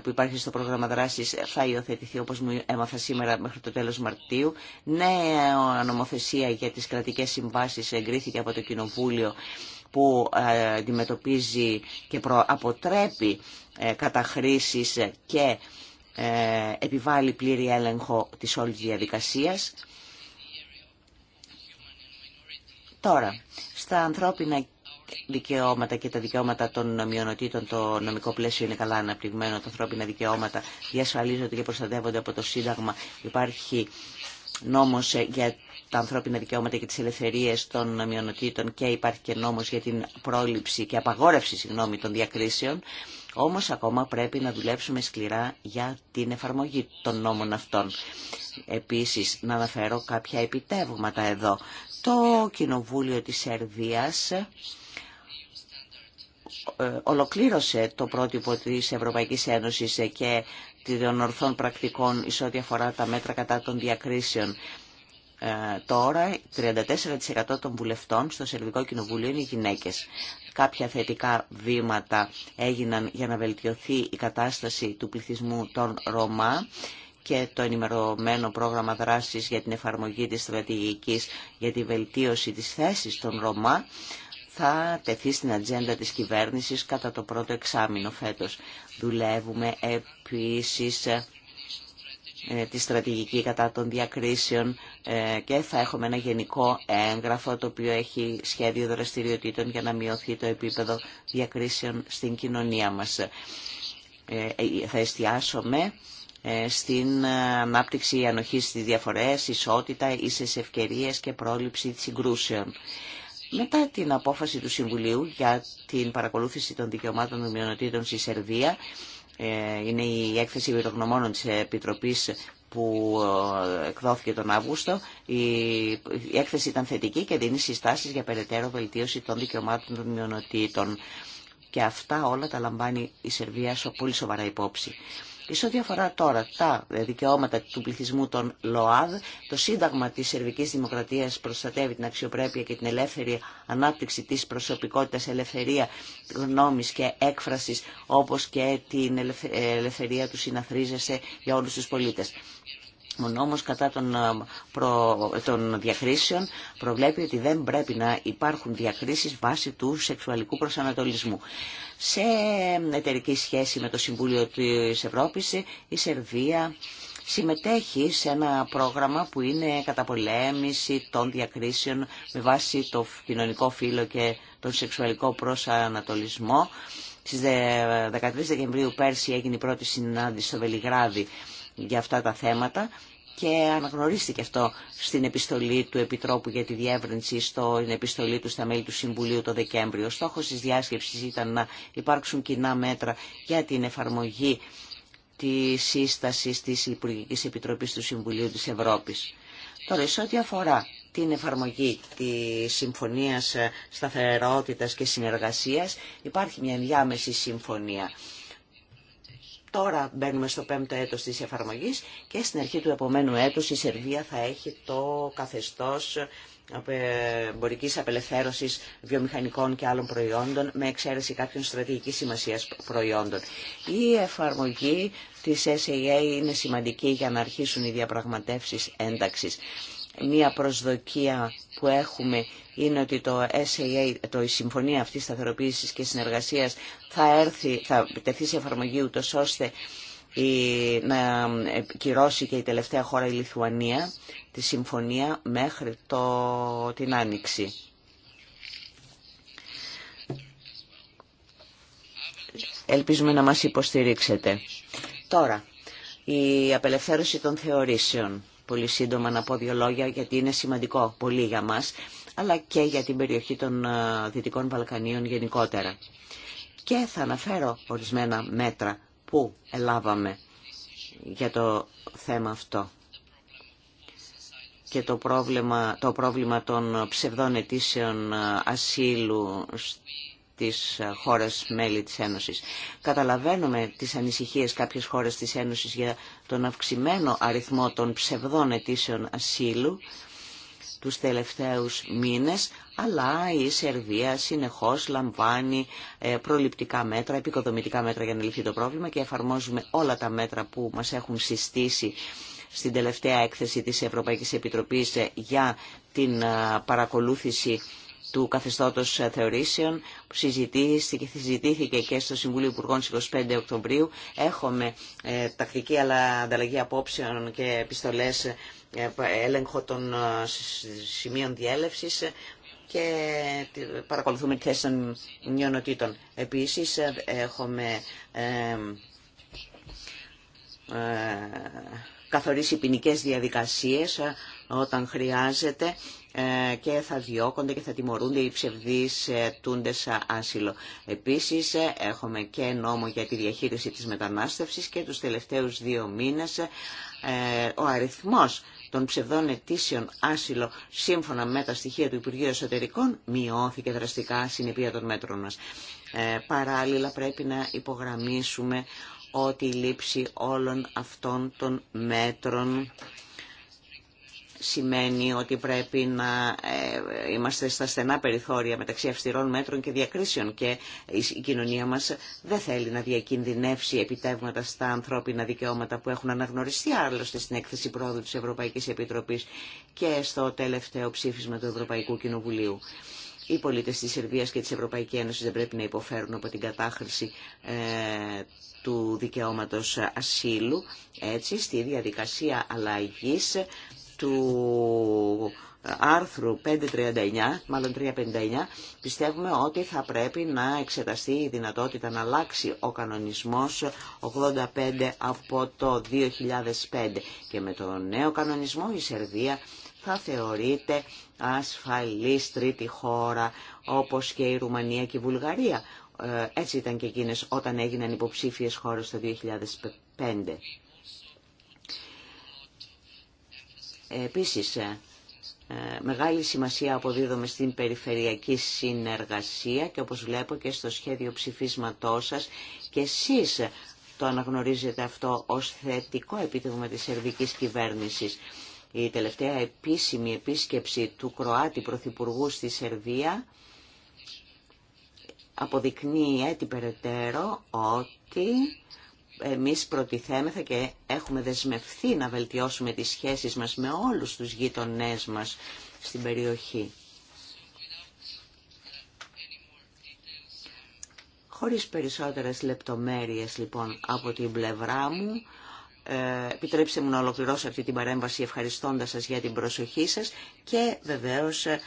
που υπάρχει στο πρόγραμμα δράσης θα υιοθετηθεί όπως μου έμαθα σήμερα μέχρι το τέλος Μαρτίου. Νέα νομοθεσία για τις κρατικές συμβάσεις εγκρίθηκε από το Κοινοβούλιο που ε, αντιμετωπίζει και αποτρέπει ε, καταχρήσεις και επιβάλλει πλήρη έλεγχο της όλης διαδικασίας. Τώρα, στα ανθρώπινα δικαιώματα και τα δικαιώματα των μειονοτήτων, το νομικό πλαίσιο είναι καλά αναπτυγμένο, τα ανθρώπινα δικαιώματα διασφαλίζονται και προστατεύονται από το Σύνταγμα. Υπάρχει νόμος ε, για τα ανθρώπινα δικαιώματα και τις ελευθερίες των μειονοτήτων και υπάρχει και νόμος για την πρόληψη και απαγόρευση συγγνώμη, των διακρίσεων. Όμως ακόμα πρέπει να δουλέψουμε σκληρά για την εφαρμογή των νόμων αυτών. Επίσης να αναφέρω κάποια επιτεύγματα εδώ το Κοινοβούλιο της Σερβίας ε, ολοκλήρωσε το πρότυπο της Ευρωπαϊκής Ένωσης ε, και των ορθών πρακτικών εις ό,τι αφορά τα μέτρα κατά των διακρίσεων. Ε, τώρα 34% των βουλευτών στο Σερβικό Κοινοβούλιο είναι γυναίκες. Κάποια θετικά βήματα έγιναν για να βελτιωθεί η κατάσταση του πληθυσμού των Ρωμά και το ενημερωμένο πρόγραμμα δράσης για την εφαρμογή της στρατηγικής για τη βελτίωση της θέσης των Ρωμά θα τεθεί στην ατζέντα της κυβέρνησης κατά το πρώτο εξάμεινο φέτος. Δουλεύουμε επίσης ε, τη στρατηγική κατά των διακρίσεων ε, και θα έχουμε ένα γενικό έγγραφο το οποίο έχει σχέδιο δραστηριοτήτων για να μειωθεί το επίπεδο διακρίσεων στην κοινωνία μας. Ε, θα εστιάσουμε ε, στην ε, ανάπτυξη ανοχής στις διαφορές, ισότητα, ίσες ευκαιρίες και πρόληψη συγκρούσεων. Μετά την απόφαση του Συμβουλίου για την παρακολούθηση των δικαιωμάτων των μειονοτήτων στη Σερβία, ε, είναι η έκθεση βιρογνωμόνων της Επιτροπής που εκδόθηκε τον Αύγουστο. Η έκθεση ήταν θετική και δίνει συστάσεις για περαιτέρω βελτίωση των δικαιωμάτων των μειονοτήτων. Και αυτά όλα τα λαμβάνει η Σερβία πολύ σοβαρά υπόψη. Σε ό,τι αφορά τώρα τα δικαιώματα του πληθυσμού των ΛΟΑΔ, το Σύνταγμα της Σερβικής Δημοκρατίας προστατεύει την αξιοπρέπεια και την ελεύθερη ανάπτυξη της προσωπικότητας, ελευθερία γνώμης και έκφρασης, όπως και την ε, ελευθερία του συναθρίζεσαι για όλους τους πολίτες. Ο νόμος κατά των, ε, προ... διακρίσεων προβλέπει ότι δεν πρέπει να υπάρχουν διακρίσεις βάσει του σεξουαλικού προσανατολισμού. Σε εταιρική σχέση με το Συμβούλιο της Ευρώπης, η Σερβία συμμετέχει σε ένα πρόγραμμα που είναι καταπολέμηση των διακρίσεων με βάση το κοινωνικό φύλλο και τον σεξουαλικό προσανατολισμό. Στις 13 ε, Δεκεμβρίου πέρσι έγινε η πρώτη συνάντηση στο Βελιγράδι για αυτά τα θέματα και αναγνωρίστηκε αυτό στην επιστολή του Επιτρόπου για τη διεύρυνση, στην επιστολή του στα μέλη του Συμβουλίου το Δεκέμβριο. Ο στόχος της διάσκεψης ήταν να υπάρξουν κοινά μέτρα για την εφαρμογή τη σύσταση της Υπουργικής Επιτροπής του Συμβουλίου της Ευρώπης. Τώρα, σε ό,τι αφορά την εφαρμογή της Συμφωνίας Σταθερότητας και Συνεργασίας, υπάρχει μια ενδιάμεση συμφωνία. Τώρα μπαίνουμε στο πέμπτο έτος της εφαρμογής και στην αρχή του επομένου έτους η Σερβία θα έχει το καθεστώς εμπορική απελευθέρωσης βιομηχανικών και άλλων προϊόντων με εξαίρεση κάποιων στρατηγικής σημασίας προϊόντων. Η εφαρμογή της SAA είναι σημαντική για να αρχίσουν οι διαπραγματεύσεις ένταξης. Μία προσδοκία που έχουμε είναι ότι το SAA, το, η συμφωνία αυτή σταθεροποίηση και συνεργασία θα, έρθει, θα τεθεί σε εφαρμογή ούτω ώστε η, να κυρώσει και η τελευταία χώρα η Λιθουανία τη συμφωνία μέχρι το, την Άνοιξη. Ελπίζουμε να μας υποστηρίξετε. Τώρα, η απελευθέρωση των θεωρήσεων. Πολύ σύντομα να πω δύο λόγια γιατί είναι σημαντικό πολύ για μας αλλά και για την περιοχή των ε, Δυτικών Βαλκανίων γενικότερα. Και θα αναφέρω ορισμένα μέτρα που ελάβαμε για το θέμα αυτό και το πρόβλημα, το πρόβλημα των ψευδών αιτήσεων ε, ασύλου της ε, χώρες μέλη της Ένωσης. Καταλαβαίνουμε τις ανησυχίες κάποιες χώρες της Ένωσης για τον αυξημένο αριθμό των ψευδών αιτήσεων ασύλου τους τελευταίους μήνες, αλλά η Σερβία συνεχώς λαμβάνει ε, προληπτικά μέτρα, επικοδομητικά μέτρα για να λυθεί το πρόβλημα και εφαρμόζουμε όλα τα μέτρα που μας έχουν συστήσει στην τελευταία έκθεση της Ευρωπαϊκής Επιτροπής ε, για την ε, παρακολούθηση του καθεστώτος ε, θεωρήσεων που συζητήθηκε και στο Συμβούλιο Υπουργών στις 25 Οκτωβρίου. Έχουμε ε, τακτική αλλά ανταλλαγή απόψεων και επιστολές ε, έλεγχο των ε, σημείων διέλευσης και παρακολουθούμε τη θέση των μειονοτήτων. Επίσης έχουμε καθορίσει ποινικέ διαδικασίες όταν χρειάζεται ε, και θα διώκονται και θα τιμωρούνται οι ψευδείς ε, τούντες ε, άσυλο. Επίσης έχουμε και νόμο για τη διαχείριση της μετανάστευσης και τους τελευταίους δύο μήνες ο αριθμός των ψευδών αιτήσεων άσυλο σύμφωνα με τα στοιχεία του Υπουργείου Εσωτερικών μειώθηκε δραστικά συνεπία των μέτρων μας. παράλληλα πρέπει να υπογραμμίσουμε ότι η λήψη όλων αυτών των μέτρων σημαίνει ότι πρέπει να ε, είμαστε στα στενά περιθώρια μεταξύ αυστηρών μέτρων και διακρίσεων και η κοινωνία μας δεν θέλει να διακινδυνεύσει επιτεύγματα στα ανθρώπινα δικαιώματα που έχουν αναγνωριστεί άλλωστε στην έκθεση πρόοδου της Ευρωπαϊκής Επιτροπής και στο τελευταίο ψήφισμα του Ευρωπαϊκού Κοινοβουλίου. Οι πολίτες της Σερβίας και της Ευρωπαϊκής Ένωσης δεν πρέπει να υποφέρουν από την κατάχρηση ε, του δικαιώματος ασύλου. Έτσι, στη διαδικασία αλλαγή του άρθρου 539, μάλλον 359, πιστεύουμε ότι θα πρέπει να εξεταστεί η δυνατότητα να αλλάξει ο κανονισμός 85 από το 2005. Και με το νέο κανονισμό η Σερβία θα θεωρείται ασφαλής τρίτη χώρα, όπως και η Ρουμανία και η Βουλγαρία. Ε, έτσι ήταν και εκείνες όταν έγιναν υποψήφιες χώρες το 2005. Επίσης, ε, μεγάλη σημασία αποδίδομαι στην περιφερειακή συνεργασία και όπως βλέπω και στο σχέδιο ψηφίσματός σας και εσείς το αναγνωρίζετε αυτό ως θετικό επίτευγμα της σερβικής κυβέρνησης. Η τελευταία επίσημη επίσκεψη του Κροάτη Πρωθυπουργού στη Σερβία αποδεικνύει έτσι περαιτέρω ότι εμείς προτιθέμεθα και έχουμε δεσμευθεί να βελτιώσουμε τις σχέσεις μας με όλους τους γείτονές μας στην περιοχή. Χωρίς περισσότερες λεπτομέρειες λοιπόν από την πλευρά μου, ε, επιτρέψτε μου να ολοκληρώσω αυτή την παρέμβαση ευχαριστώντας σας για την προσοχή σας και βεβαίως ε,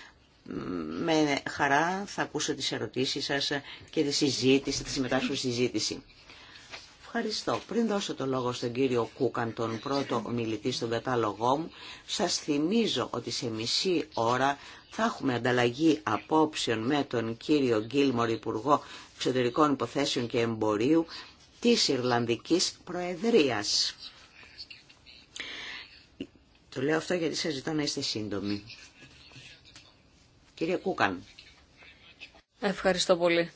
με χαρά θα ακούσω τις ερωτήσεις σας και τη συζήτηση, τη συμμετάσχω στη συζήτηση. Ευχαριστώ. Πριν δώσω το λόγο στον κύριο Κούκαν, τον πρώτο ομιλητή στον κατάλογό μου, σας θυμίζω ότι σε μισή ώρα θα έχουμε ανταλλαγή απόψεων με τον κύριο Γκίλμορ, Υπουργό Εξωτερικών Υποθέσεων και Εμπορίου της Ιρλανδικής Προεδρίας. Το λέω αυτό γιατί σας ζητώ να είστε σύντομοι. Κύριε Κούκαν. Ευχαριστώ πολύ.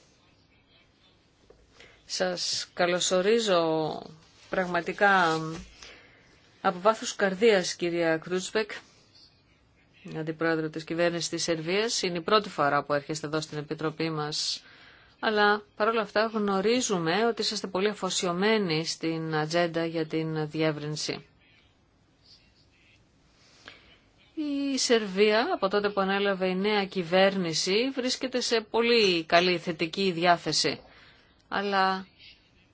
Σας καλωσορίζω πραγματικά από βάθους καρδίας, κυρία Κρούτσπεκ, αντιπρόεδρο της κυβέρνησης της Σερβίας. Είναι η πρώτη φορά που έρχεστε εδώ στην Επιτροπή μας, αλλά παρόλα αυτά γνωρίζουμε ότι είσαστε πολύ αφοσιωμένοι στην ατζέντα για την διεύρυνση. Η Σερβία από τότε που ανέλαβε η νέα κυβέρνηση βρίσκεται σε πολύ καλή θετική διάθεση αλλά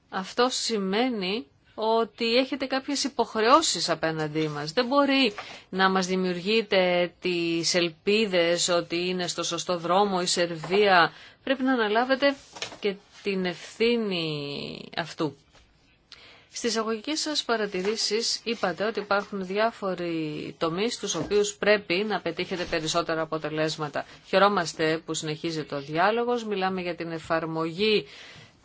αυτό σημαίνει ότι έχετε κάποιες υποχρεώσεις απέναντί μας. Δεν μπορεί να μας δημιουργείτε τις ελπίδες ότι είναι στο σωστό δρόμο η Σερβία. Πρέπει να αναλάβετε και την ευθύνη αυτού. Στις αγωγικές σας παρατηρήσεις είπατε ότι υπάρχουν διάφοροι τομείς στους οποίους πρέπει να πετύχετε περισσότερα αποτελέσματα. Χαιρόμαστε που συνεχίζεται ο διάλογος, μιλάμε για την εφαρμογή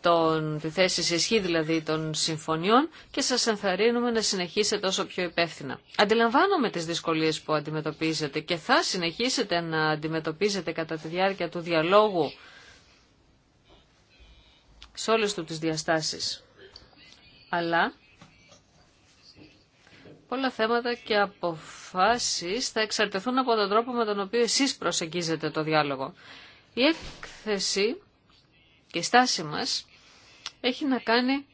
των τη θέση σε ισχύ δηλαδή των συμφωνιών και σας ενθαρρύνουμε να συνεχίσετε όσο πιο υπεύθυνα. Αντιλαμβάνομαι τις δυσκολίες που αντιμετωπίζετε και θα συνεχίσετε να αντιμετωπίζετε κατά τη διάρκεια του διαλόγου σε όλες του τις διαστάσεις. Αλλά πολλά θέματα και αποφάσεις θα εξαρτηθούν από τον τρόπο με τον οποίο εσείς προσεγγίζετε το διάλογο. Η έκθεση και η στάση μας έχει να κάνει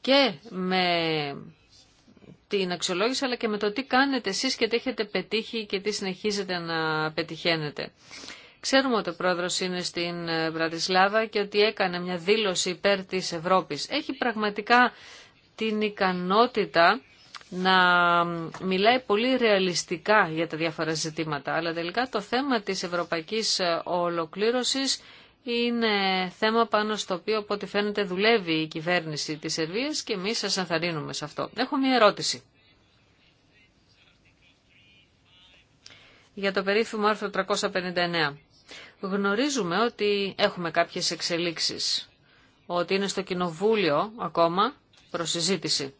και με την αξιολόγηση αλλά και με το τι κάνετε εσείς και τι έχετε πετύχει και τι συνεχίζετε να πετυχαίνετε. Ξέρουμε ότι ο πρόεδρος είναι στην Βρατισλάβα και ότι έκανε μια δήλωση υπέρ της Ευρώπης. Έχει πραγματικά την ικανότητα να μιλάει πολύ ρεαλιστικά για τα διάφορα ζητήματα. Αλλά τελικά το θέμα της ευρωπαϊκής ολοκλήρωσης είναι θέμα πάνω στο οποίο από ό,τι φαίνεται δουλεύει η κυβέρνηση της Σερβίας και εμείς σας ανθαρρύνουμε σε αυτό. Έχω μία ερώτηση. Για το περίφημο άρθρο 359. Γνωρίζουμε ότι έχουμε κάποιες εξελίξεις, ότι είναι στο Κοινοβούλιο ακόμα προσυζήτηση.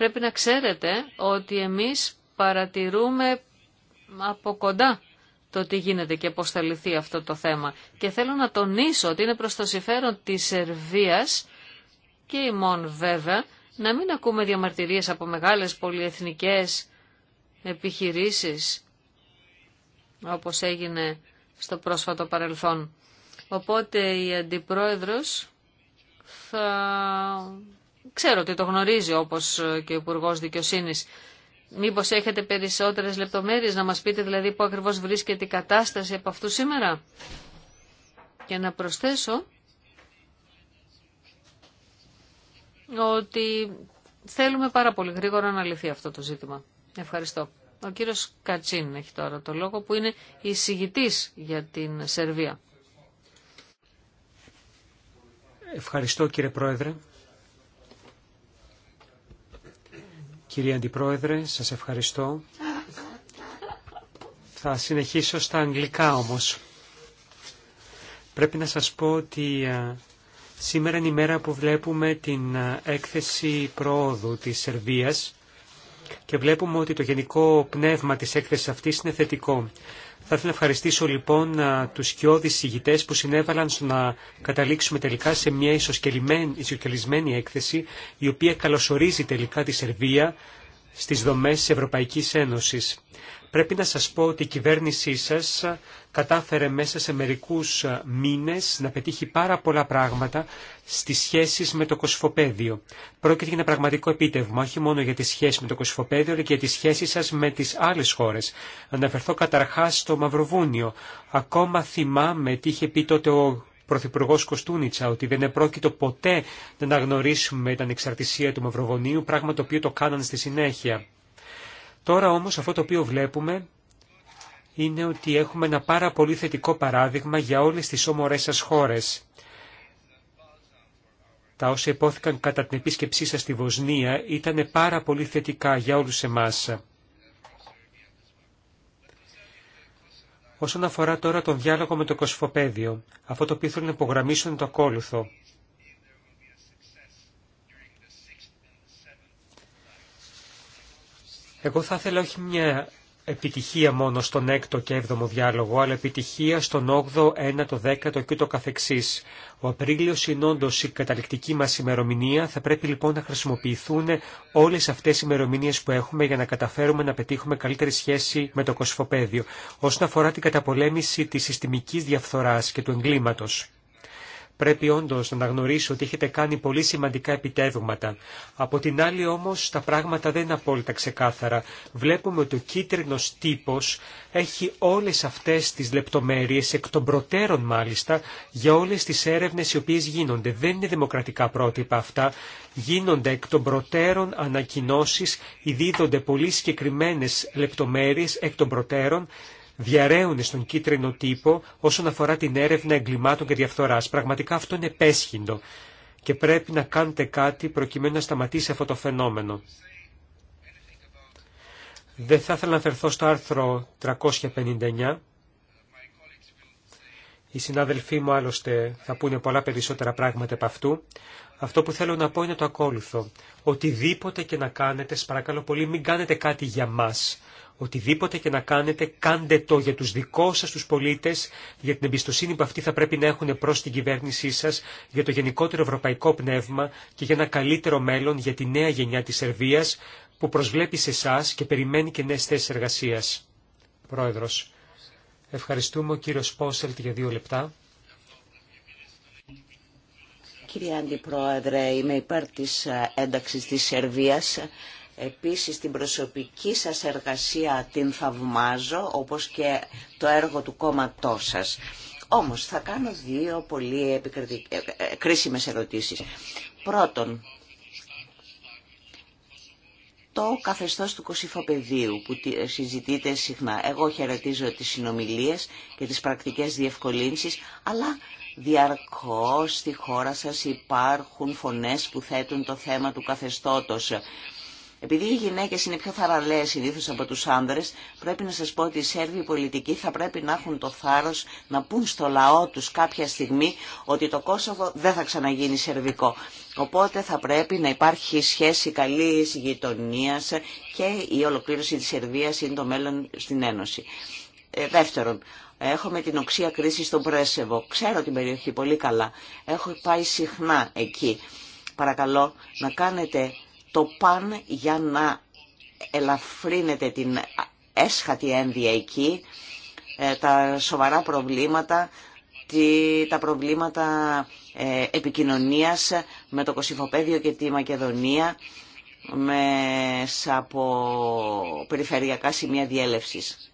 Πρέπει να ξέρετε ότι εμείς παρατηρούμε από κοντά το τι γίνεται και πώς θα λυθεί αυτό το θέμα. Και θέλω να τονίσω ότι είναι προς το συμφέρον της Σερβίας και ημών βέβαια να μην ακούμε διαμαρτυρίες από μεγάλες πολυεθνικές επιχειρήσεις όπως έγινε στο πρόσφατο παρελθόν. Οπότε η Αντιπρόεδρος θα Ξέρω ότι το γνωρίζει όπως και ο Υπουργός Δικαιοσύνης. Μήπως έχετε περισσότερες λεπτομέρειες να μας πείτε δηλαδή πού ακριβώς βρίσκεται η κατάσταση από αυτού σήμερα. Και να προσθέσω ότι θέλουμε πάρα πολύ γρήγορα να λυθεί αυτό το ζήτημα. Ευχαριστώ. Ο κύριος Κατσίν έχει τώρα το λόγο που είναι εισηγητής για την Σερβία. Ευχαριστώ κύριε Πρόεδρε. Κύριε Αντιπρόεδρε, σας ευχαριστώ. Θα συνεχίσω στα αγγλικά όμως. Πρέπει να σας πω ότι σήμερα είναι η μέρα που βλέπουμε την έκθεση προόδου της Σερβίας και βλέπουμε ότι το γενικό πνεύμα της έκθεσης αυτής είναι θετικό. Θα ήθελα να ευχαριστήσω λοιπόν του σκιώδει ηγητέ που συνέβαλαν στο να καταλήξουμε τελικά σε μια ισοκελισμένη έκθεση η οποία καλωσορίζει τελικά τη Σερβία στις δομές τη Ευρωπαϊκής Ένωσης. Πρέπει να σας πω ότι η κυβέρνησή σας κατάφερε μέσα σε μερικούς μήνες να πετύχει πάρα πολλά πράγματα στις σχέσεις με το κοσφοπέδιο. Πρόκειται για ένα πραγματικό επίτευγμα, όχι μόνο για τις σχέσεις με το κοσφοπέδιο, αλλά και για τις σχέσεις σας με τις άλλες χώρες. Αναφερθώ καταρχάς στο Μαυροβούνιο. Ακόμα θυμάμαι τι είχε πει τότε ο Πρωθυπουργό Κοστούνιτσα ότι δεν επρόκειτο ποτέ να αναγνωρίσουμε την ανεξαρτησία του Μαυροβονίου, πράγμα το οποίο το κάνανε στη συνέχεια. Τώρα όμως αυτό το οποίο βλέπουμε είναι ότι έχουμε ένα πάρα πολύ θετικό παράδειγμα για όλες τις όμορές σας χώρες. Τα όσα υπόθηκαν κατά την επίσκεψή σας στη Βοσνία ήταν πάρα πολύ θετικά για όλους εμάς. Όσον αφορά τώρα τον διάλογο με το κοσφοπέδιο, αυτό το οποίο θέλω να υπογραμμίσω το ακόλουθο. Εγώ θα ήθελα όχι μια επιτυχία μόνο στον 6ο και 7ο διάλογο, αλλά επιτυχία στον 8ο, 9ο, 10ο και ούτω καθεξής. Ο Απρίλιος 8 ο το ο 10 ο και το καθεξης ο απριλιος ειναι οντω η καταληκτική μας ημερομηνία, θα πρέπει λοιπόν να χρησιμοποιηθούν όλες αυτές οι ημερομηνίες που έχουμε για να καταφέρουμε να πετύχουμε καλύτερη σχέση με το κοσφοπέδιο, όσον αφορά την καταπολέμηση της συστημικής διαφθοράς και του εγκλήματος. Πρέπει όντω να αναγνωρίσω ότι έχετε κάνει πολύ σημαντικά επιτεύγματα. Από την άλλη όμω, τα πράγματα δεν είναι απόλυτα ξεκάθαρα. Βλέπουμε ότι ο κίτρινο τύπο έχει όλε αυτέ τι λεπτομέρειε εκ των προτέρων μάλιστα, για όλε τι έρευνε, οι οποίε γίνονται. Δεν είναι δημοκρατικά πρότυπα αυτά. Γίνονται εκ των προτέρων ανακοινώσεις, δίδονται πολύ συγκεκριμένε λεπτομέρειε, εκ των προτέρων διαραίουν στον κίτρινο τύπο όσον αφορά την έρευνα εγκλημάτων και διαφθοράς. Πραγματικά αυτό είναι επέσχυντο και πρέπει να κάνετε κάτι προκειμένου να σταματήσει αυτό το φαινόμενο. Δεν θα ήθελα να αφαιρθώ στο άρθρο 359. Οι συνάδελφοί μου άλλωστε θα πούνε πολλά περισσότερα πράγματα από αυτού. Αυτό που θέλω να πω είναι το ακόλουθο. Οτιδήποτε και να κάνετε, παρακαλώ πολύ, μην κάνετε κάτι για μας. Οτιδήποτε και να κάνετε, κάντε το για τους δικούς σας τους πολίτες, για την εμπιστοσύνη που αυτοί θα πρέπει να έχουν προς την κυβέρνησή σας, για το γενικότερο ευρωπαϊκό πνεύμα και για ένα καλύτερο μέλλον για τη νέα γενιά της Σερβίας που προσβλέπει σε εσά και περιμένει και νέες θέσεις εργασίας. Πρόεδρος, ευχαριστούμε ο κύριος Πόσελτ για δύο λεπτά. Κύριε Αντιπρόεδρε, είμαι υπέρ της ε, ένταξης της Σερβίας. Επίσης την προσωπική σας εργασία την θαυμάζω, όπως και το έργο του κόμματό σας. Όμως θα κάνω δύο πολύ επικριτικ... Ε, ε, κρίσιμες ερωτήσεις. Πρώτον, το καθεστώς του κοσυφοπεδίου που συζητείτε συχνά. Εγώ χαιρετίζω τις συνομιλίες και τις πρακτικές διευκολύνσεις, αλλά Διαρκώς στη χώρα σας υπάρχουν φωνές που θέτουν το θέμα του καθεστώτος. Επειδή οι γυναίκες είναι πιο θαραλέες συνήθως από τους άνδρες, πρέπει να σας πω ότι οι Σέρβοι πολιτικοί θα πρέπει να έχουν το θάρρος να πούν στο λαό τους κάποια στιγμή ότι το Κόσοβο δεν θα ξαναγίνει σερβικό. Οπότε θα πρέπει να υπάρχει σχέση καλής γειτονία και η ολοκλήρωση της Σερβίας είναι το μέλλον στην Ένωση. Ε, δεύτερον, Έχουμε την οξία κρίση στον Πρέσεβο. Ξέρω την περιοχή πολύ καλά. Έχω πάει συχνά εκεί. Παρακαλώ να κάνετε το παν για να ελαφρύνετε την έσχατη ένδια εκεί, ε, τα σοβαρά προβλήματα, τα προβλήματα ε, επικοινωνίας με το Κωσυφοπέδιο και τη Μακεδονία μέσα από περιφερειακά σημεία διέλευσης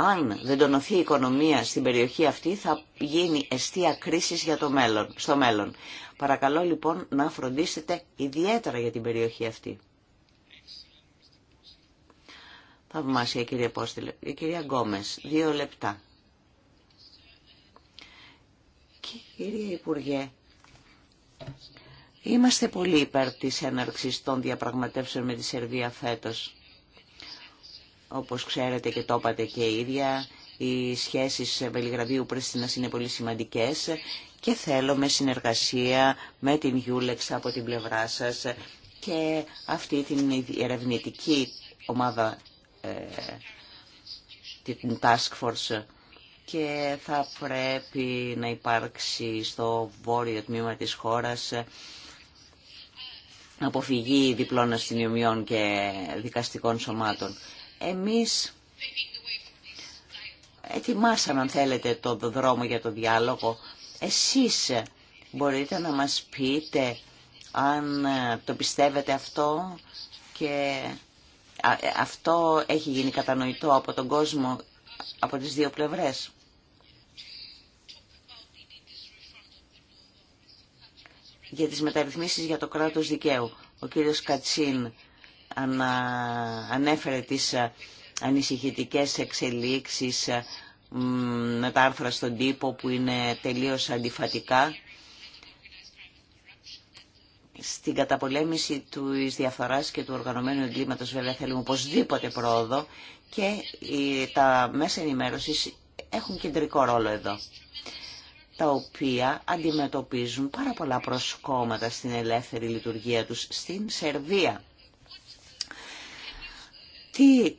αν δεν τονωθεί η οικονομία στην περιοχή αυτή θα γίνει εστία κρίσης για το μέλλον, στο μέλλον. Παρακαλώ λοιπόν να φροντίσετε ιδιαίτερα για την περιοχή αυτή. Θαυμάσια κύριε Πόστηλε. Η κυρία Γκόμες, δύο λεπτά. Κύριε Υπουργέ, είμαστε πολύ υπέρ της έναρξης των διαπραγματεύσεων με τη Σερβία φέτος. Όπως ξέρετε και το είπατε και ίδια, οι σχέσεις Βελιγραδίου Μελιγραβίου-Πρέστινας είναι πολύ σημαντικές και θέλω με συνεργασία με την Γιούλεξ από την πλευρά σας και αυτή την ερευνητική ομάδα, ε, την Task Force και θα πρέπει να υπάρξει στο βόρειο τμήμα της χώρας αποφυγή διπλών αστυνομιών και δικαστικών σωμάτων. Εμείς ετοιμάσαμε, αν θέλετε, το δρόμο για το διάλογο. Εσείς μπορείτε να μας πείτε αν το πιστεύετε αυτό και ε, αυτό έχει γίνει κατανοητό από τον κόσμο από τις δύο πλευρές. Για τις μεταρρυθμίσεις για το κράτος δικαίου. Ο κύριος Κατσίν ανέφερε τις ε, ανησυχητικές εξελίξεις ε, με τα άρθρα στον τύπο που είναι τελείως αντιφατικά στην καταπολέμηση του διαφθοράς και του οργανωμένου εγκλήματος βέβαια θέλουμε οπωσδήποτε πρόοδο και τα μέσα ενημέρωσης έχουν κεντρικό ρόλο εδώ τα οποία αντιμετωπίζουν πάρα πολλά προσκόμματα στην ελεύθερη λειτουργία τους στην Σερβία. Τι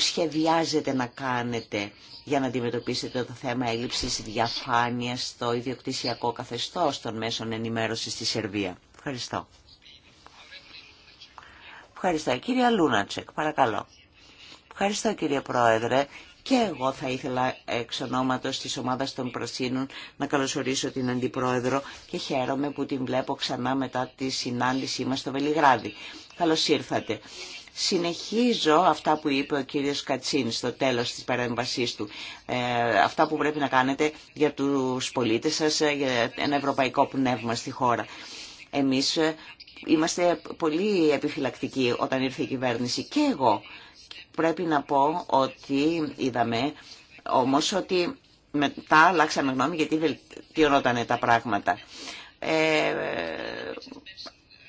σχεδιάζετε να κάνετε για να αντιμετωπίσετε το θέμα έλλειψης διαφάνειας στο ιδιοκτησιακό καθεστώς των μέσων ενημέρωσης στη Σερβία. Ευχαριστώ. Ευχαριστώ. Κυρία Λούνατσεκ, παρακαλώ. Ευχαριστώ κύριε Πρόεδρε. Και εγώ θα ήθελα εξ ονόματος της ομάδας των Πρασίνων να καλωσορίσω την Αντιπρόεδρο και χαίρομαι που την βλέπω ξανά μετά τη συνάντησή μας στο Βελιγράδι. Καλώς ήρθατε. Συνεχίζω αυτά που είπε ο κύριος Κατσίν στο τέλος της παρέμβασής του. Ε, αυτά που πρέπει να κάνετε για τους πολίτες σας, ε, για ένα ευρωπαϊκό πνεύμα στη χώρα. Εμείς ε, είμαστε πολύ επιφυλακτικοί όταν ήρθε η κυβέρνηση και εγώ. Πρέπει να πω ότι είδαμε όμως ότι μετά αλλάξαμε γνώμη γιατί βελτιωνόταν τα πράγματα. Ε,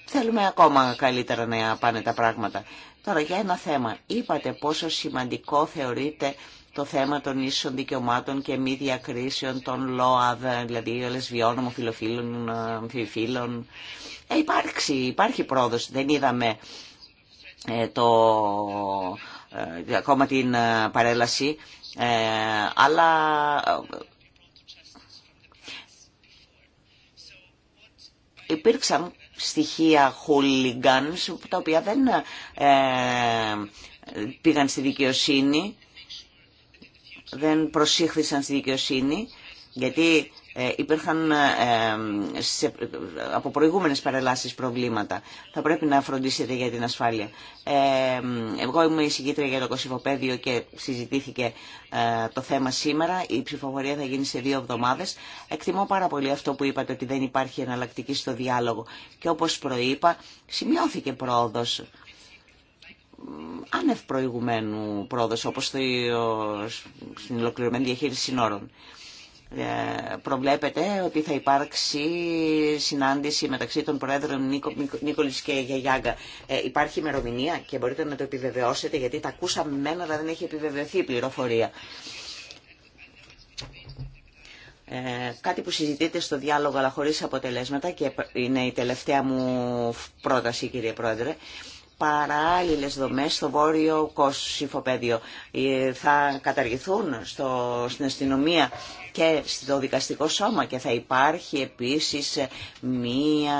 θέλουμε ακόμα καλύτερα να πάνε τα πράγματα. Τώρα για ένα θέμα. Είπατε πόσο σημαντικό θεωρείτε το θέμα των ίσων δικαιωμάτων και μη διακρίσεων των ΛΟΑΔ, δηλαδή λεσβιών, ομοφιλοφίλων, αμφιφίλων. Ε, υπάρξει, υπάρχει πρόοδος. Δεν είδαμε ε, το, ε, ακόμα την ε, παρέλαση, ε, αλλά... Υπήρξαν στοιχεία hooligans, τα οποία δεν ε, πήγαν στη δικαιοσύνη, δεν προσήχθησαν στη δικαιοσύνη, γιατί ε, υπήρχαν ε, από προηγούμενες παρελάσεις προβλήματα. Θα πρέπει να φροντίσετε για την ασφάλεια. Ε, εγώ είμαι εισηγήτρια για το κοσυφοπαίδιο και συζητήθηκε το θέμα σήμερα. Η ψηφοφορία θα γίνει σε δύο εβδομάδες. Εκτιμώ πάρα πολύ αυτό που είπατε ότι δεν υπάρχει εναλλακτική στο διάλογο. Και όπως προείπα, σημειώθηκε πρόοδος άνευ προηγουμένου πρόοδος όπως στην ολοκληρωμένη διαχείριση συνόρων. Ε, προβλέπεται ότι θα υπάρξει συνάντηση μεταξύ των Προέδρων Νίκο, Νίκολης και Γιαγιάγκα. Ε, υπάρχει ημερομηνία και μπορείτε να το επιβεβαιώσετε γιατί τα ακούσαμε μένα αλλά δεν έχει επιβεβαιωθεί η πληροφορία. Ε, κάτι που συζητείται στο διάλογο αλλά χωρίς αποτελέσματα και είναι η τελευταία μου πρόταση κύριε Πρόεδρε παράλληλες δομές στο βόρειο κοσυφοπέδιο. Ε, θα καταργηθούν στο, στην αστυνομία και στο δικαστικό σώμα και θα υπάρχει επίσης μία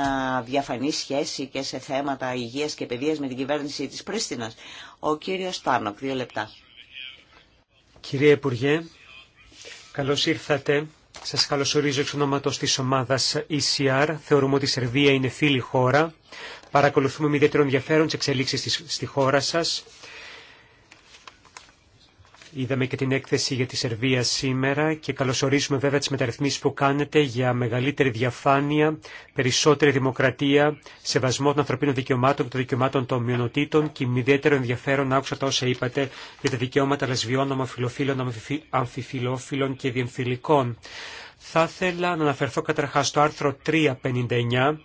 διαφανή σχέση και σε θέματα υγείας και παιδείας με την κυβέρνηση της Πρίστινας. Ο κύριος Τάνοκ, δύο λεπτά. Κύριε Υπουργέ, καλώς ήρθατε σας καλωσορίζω εξ ονόματος της ομάδας ECR. Θεωρούμε ότι η Σερβία είναι φίλη χώρα. Παρακολουθούμε με ιδιαίτερο ενδιαφέρον τις εξελίξεις στη χώρα σας. Είδαμε και την έκθεση για τη Σερβία σήμερα και καλωσορίζουμε βέβαια τις μεταρρυθμίσεις που κάνετε για μεγαλύτερη διαφάνεια, περισσότερη δημοκρατία, σεβασμό των ανθρωπίνων δικαιωμάτων και των δικαιωμάτων των μειονοτήτων και με ιδιαίτερο ενδιαφέρον άκουσα τα όσα είπατε για τα δικαιώματα λεσβιών, ομοφιλοφίλων, αμφιφιλόφιλων και διεμφυλικών. Θα ήθελα να αναφερθώ καταρχάς στο άρθρο 359.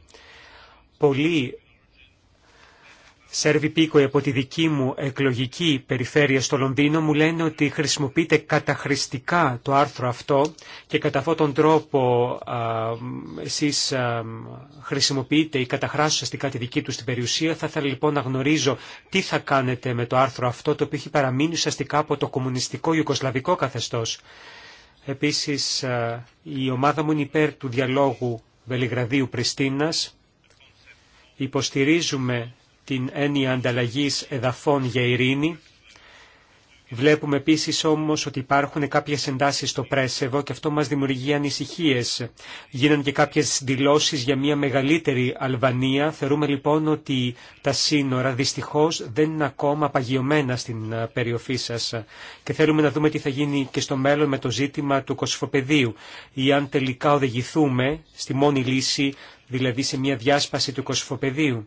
Πολλοί Σέρβι Πίκοι από τη δική μου εκλογική περιφέρεια στο Λονδίνο μου λένε ότι χρησιμοποιείται καταχρηστικά το άρθρο αυτό και κατά αυτόν τον τρόπο α, εσείς χρησιμοποιείτε ή καταχράσουσαστικά τη δική του στην περιουσία. Θα ήθελα λοιπόν να γνωρίζω τι θα κάνετε με το άρθρο αυτό το οποίο έχει παραμείνει ουσιαστικά από το κομμουνιστικό Ιουκοσλαβικό καθεστώς. Επίσης η ομάδα μου είναι υπέρ του διαλόγου Βελιγραδίου Πριστίνας. Υποστηρίζουμε την έννοια ανταλλαγής εδαφών για ειρήνη. Βλέπουμε επίσης όμως ότι υπάρχουν κάποιες εντάσεις στο Πρέσεβο και αυτό μας δημιουργεί ανησυχίες. Γίνανε και κάποιες δηλώσεις για μια μεγαλύτερη Αλβανία. Θεωρούμε λοιπόν ότι τα σύνορα δυστυχώς δεν είναι ακόμα παγιωμένα στην ε, περιοχή σας και θέλουμε να δούμε τι θα γίνει και στο μέλλον με το ζήτημα του κοσφοπεδίου ή αν τελικά οδηγηθούμε στη μόνη λύση, δηλαδή σε μια διάσπαση του κοσφοπεδίου.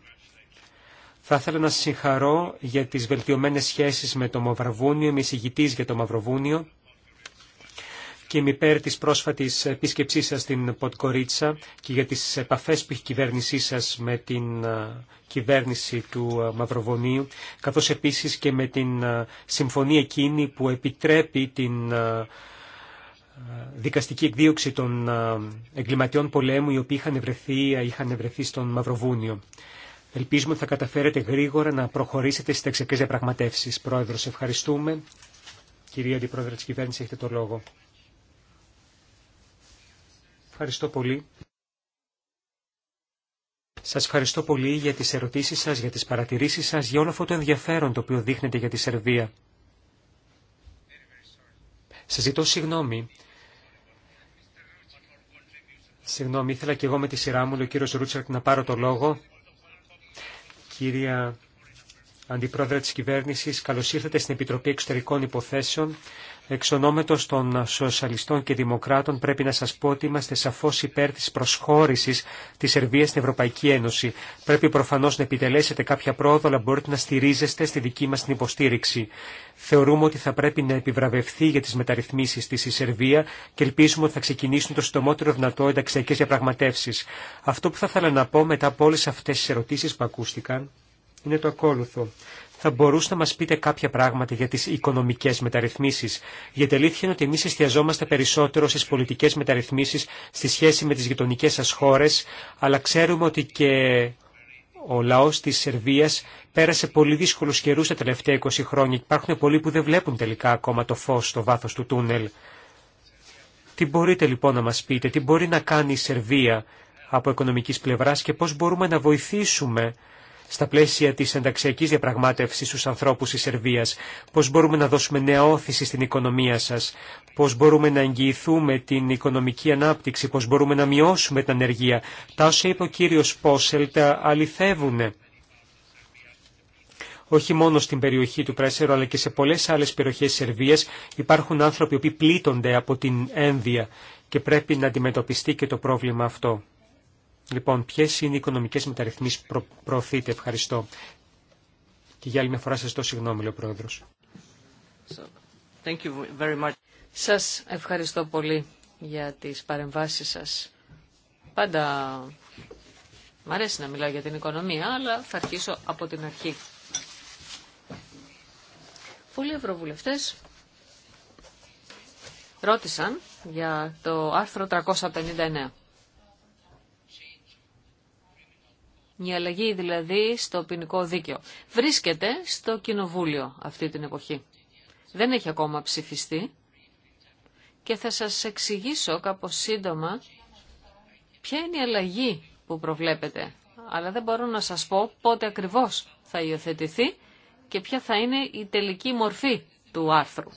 Θα ήθελα να συγχαρώ για τις βελτιωμένες σχέσεις με το Μαυροβούνιο, είμαι εισηγητής για το Μαυροβούνιο και είμαι υπέρ της πρόσφατης επίσκεψής σας στην Ποτκορίτσα και για τις επαφές που έχει η κυβέρνησή σας με την κυβέρνηση του Μαυροβουνίου, καθώς επίσης και με την συμφωνία εκείνη που επιτρέπει την δικαστική εκδίωξη των εγκληματιών πολέμου οι οποίοι είχαν βρεθεί, είχαν βρεθεί στον Μαυροβούνιο. Ελπίζουμε ότι θα καταφέρετε γρήγορα να προχωρήσετε στι ταξιακέ διαπραγματεύσει. Πρόεδρο, ευχαριστούμε. Κυρία Αντιπρόεδρε τη Κυβέρνηση, έχετε το λόγο. Ευχαριστώ πολύ. Σας ευχαριστώ πολύ για τις ερωτήσεις σας, για τις παρατηρήσεις σας, για όλο αυτό το ενδιαφέρον το οποίο δείχνετε για τη Σερβία. Σα ζητώ συγγνώμη. Συγγνώμη, ήθελα και εγώ με τη σειρά μου, ο κύριο Ρούτσαρτ, να πάρω το λόγο. Κύρια Αντιπρόεδρε της Κυβέρνησης, καλώς ήρθατε στην Επιτροπή Εξωτερικών Υποθέσεων. Εξ ονόμετος των Σοσιαλιστών και Δημοκράτων πρέπει να σας πω ότι είμαστε σαφώς υπέρ της προσχώρησης της Σερβίας στην Ευρωπαϊκή Ένωση. Πρέπει προφανώς να επιτελέσετε κάποια πρόοδο, αλλά μπορείτε να στηρίζεστε στη δική μας την υποστήριξη. Θεωρούμε ότι θα πρέπει να επιβραβευθεί για τις μεταρρυθμίσεις της η Σερβία και ελπίζουμε ότι θα ξεκινήσουν το συντομότερο δυνατό ενταξιακές διαπραγματεύσεις. Αυτό που θα ήθελα να πω μετά από όλες αυτές τις ερωτήσεις που ακούστηκαν είναι το ακόλουθο θα μπορούσε να μα πείτε κάποια πράγματα για τι οικονομικέ μεταρρυθμίσει. Γιατί αλήθεια είναι ότι εμεί εστιαζόμαστε περισσότερο στι πολιτικέ μεταρρυθμίσει στη σχέση με τι γειτονικέ σα χώρε, αλλά ξέρουμε ότι και ο λαό τη Σερβία πέρασε πολύ δύσκολου καιρού τα τελευταία 20 χρόνια. και Υπάρχουν πολλοί που δεν βλέπουν τελικά ακόμα το φω στο βάθο του τούνελ. Τι μπορείτε λοιπόν να μα πείτε, τι μπορεί να κάνει η Σερβία από οικονομική πλευρά και πώ μπορούμε να βοηθήσουμε στα πλαίσια της ενταξιακής διαπραγμάτευσης στους ανθρώπους της Σερβίας, πώς μπορούμε να δώσουμε νέα όθηση στην οικονομία σας, πώς μπορούμε να εγγυηθούμε την οικονομική ανάπτυξη, πώς μπορούμε να μειώσουμε την ανεργία. Τα όσα είπε ο κύριος τα αληθεύουν όχι μόνο στην περιοχή του Πρέσερο αλλά και σε πολλές άλλες περιοχές Σερβίας υπάρχουν άνθρωποι που πλήττονται από την ένδια και πρέπει να αντιμετωπιστεί και το πρόβλημα αυτό. Λοιπόν, ποιε είναι οι οικονομικέ μεταρρυθμίσει που προωθείτε. Ευχαριστώ. Και για άλλη μια φορά σα το συγγνώμη, λέει ο Πρόεδρο. Σα ευχαριστώ πολύ για τι παρεμβάσει σα. Πάντα μ' αρέσει να μιλάω για την οικονομία, αλλά θα αρχίσω από την αρχή. Πολλοί ευρωβουλευτέ ρώτησαν για το άρθρο 359. Μια αλλαγή δηλαδή στο ποινικό δίκαιο. Βρίσκεται στο Κοινοβούλιο αυτή την εποχή. Δεν έχει ακόμα ψηφιστεί και θα σας εξηγήσω κάπως σύντομα ποια είναι η αλλαγή που προβλέπετε. Αλλά δεν μπορώ να σας πω πότε ακριβώς θα υιοθετηθεί και ποια θα είναι η τελική μορφή του άρθρου.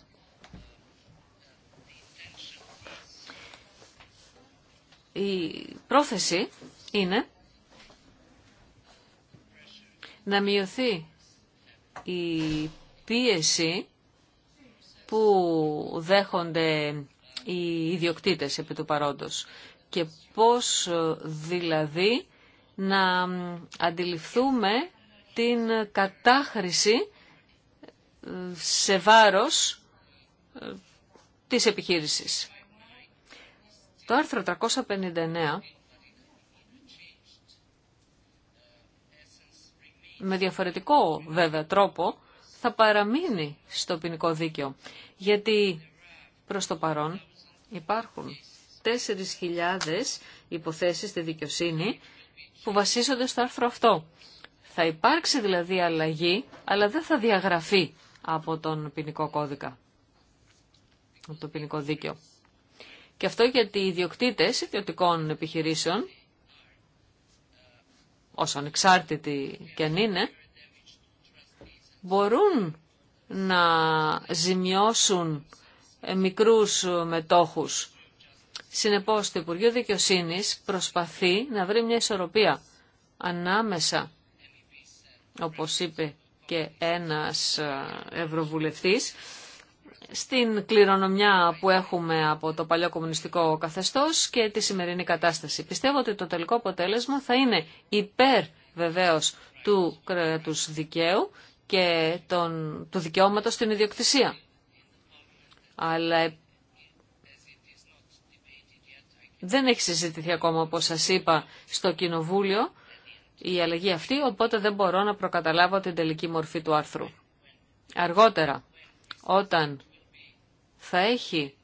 Η πρόθεση είναι να μειωθεί η πίεση που δέχονται οι ιδιοκτήτες επί του παρόντος και πώς δηλαδή να αντιληφθούμε την κατάχρηση ε, σε βάρος ε, της επιχείρησης. Το άρθρο 359 με διαφορετικό βέβαια τρόπο, θα παραμείνει στο ποινικό δίκαιο. Γιατί προς το παρόν υπάρχουν 4.000 υποθέσεις στη δικαιοσύνη που βασίζονται στο άρθρο αυτό. Θα υπάρξει δηλαδή αλλαγή, αλλά δεν θα διαγραφεί από τον ποινικό κώδικα, από το ποινικό δίκαιο. Και αυτό γιατί οι ιδιοκτήτες ιδιωτικών επιχειρήσεων όσο ανεξάρτητοι και αν είναι, μπορούν να ζημιώσουν ε, μικρούς ε, μετόχους. Συνεπώς το Υπουργείο Δικαιοσύνης προσπαθεί να βρει μια ισορροπία ανάμεσα, όπως είπε και ένας ε, ευρωβουλευτής, στην κληρονομιά που έχουμε από το παλιό κομμουνιστικό καθεστώς και τη σημερινή κατάσταση. Πιστεύω ότι το τελικό αποτέλεσμα θα είναι υπέρ βεβαίως του κράτους δικαίου και τον, του δικαιώματος στην ιδιοκτησία. Αλλά ε, δεν έχει συζητηθεί ακόμα, όπως σας είπα, στο Κοινοβούλιο η αλλαγή αυτή, οπότε δεν μπορώ να προκαταλάβω την τελική μορφή του άρθρου. Αργότερα, όταν θα έχει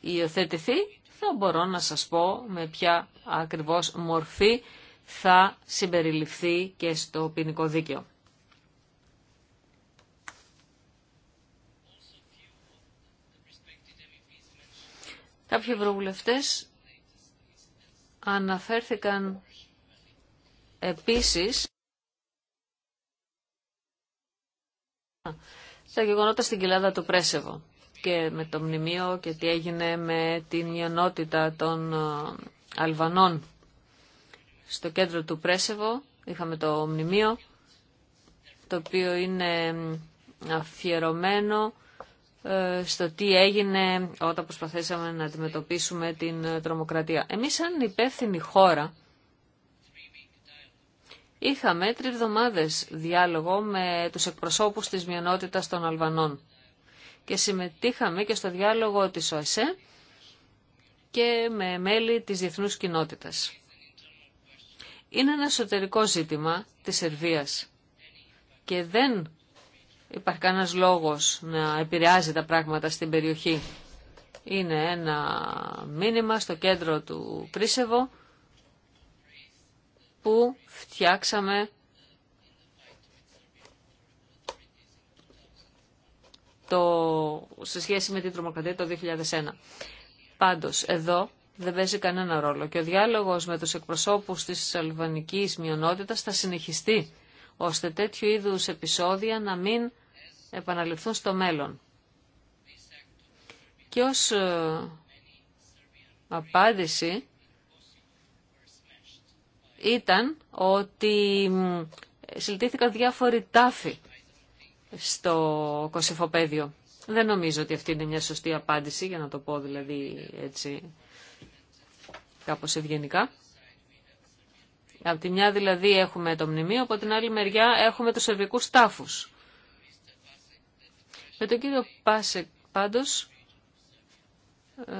υιοθετηθεί, θα μπορώ να σας πω με ποια ακριβώς μορφή θα συμπεριληφθεί και στο ποινικό δίκαιο. Κάποιοι ευρωβουλευτές αναφέρθηκαν επίσης στα γεγονότα στην κοιλάδα του Πρέσεβο και με το μνημείο και τι έγινε με την μειονότητα των ε, Αλβανών. Στο κέντρο του Πρέσεβο είχαμε το μνημείο, το οποίο είναι αφιερωμένο ε, στο τι έγινε όταν προσπαθήσαμε να αντιμετωπίσουμε την ε, τρομοκρατία. Εμείς σαν υπεύθυνη χώρα Είχαμε τρει εβδομάδε διάλογο με τους εκπροσώπους της Μιανότητας των Αλβανών και συμμετείχαμε και στο διάλογο της ΟΕΣΕ και με μέλη της διεθνού κοινότητας. Είναι ένα εσωτερικό ζήτημα της Σερβίας και δεν υπάρχει κανένα λόγος να επηρεάζει τα πράγματα στην περιοχή. Είναι ένα μήνυμα στο κέντρο του Πρίσεβο που φτιάξαμε το, σε σχέση με την τρομοκρατία το 2001. Πάντως, εδώ δεν παίζει κανένα ρόλο και ο διάλογος με τους εκπροσώπους της αλβανικής μειονότητας θα συνεχιστεί, ώστε τέτοιου είδους επεισόδια να μην επαναληφθούν στο μέλλον. Και ως ε, απάντηση ήταν ότι συλλητήθηκαν διάφοροι τάφοι στο κοσυφοπέδιο. Δεν νομίζω ότι αυτή είναι μια σωστή απάντηση, για να το πω δηλαδή έτσι κάπως ευγενικά. Από τη μια δηλαδή έχουμε το μνημείο, από την άλλη μεριά έχουμε τους ευρικούς τάφους. Με τον κύριο Πάσεκ πάντως ε,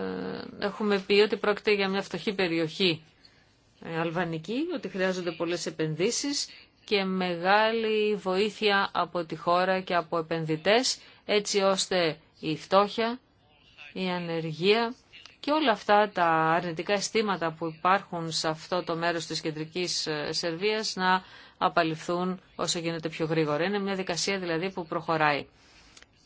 έχουμε πει ότι πρόκειται για μια φτωχή περιοχή ε, αλβανική, ότι χρειάζονται πολλές επενδύσεις και μεγάλη βοήθεια από τη χώρα και από επενδυτές, έτσι ώστε η φτώχεια, η ανεργία και όλα αυτά τα αρνητικά αισθήματα που υπάρχουν σε αυτό το μέρος της κεντρικής ε, Σερβίας να απαλληφθούν όσο γίνεται πιο γρήγορα. Είναι μια δικασία δηλαδή που προχωράει.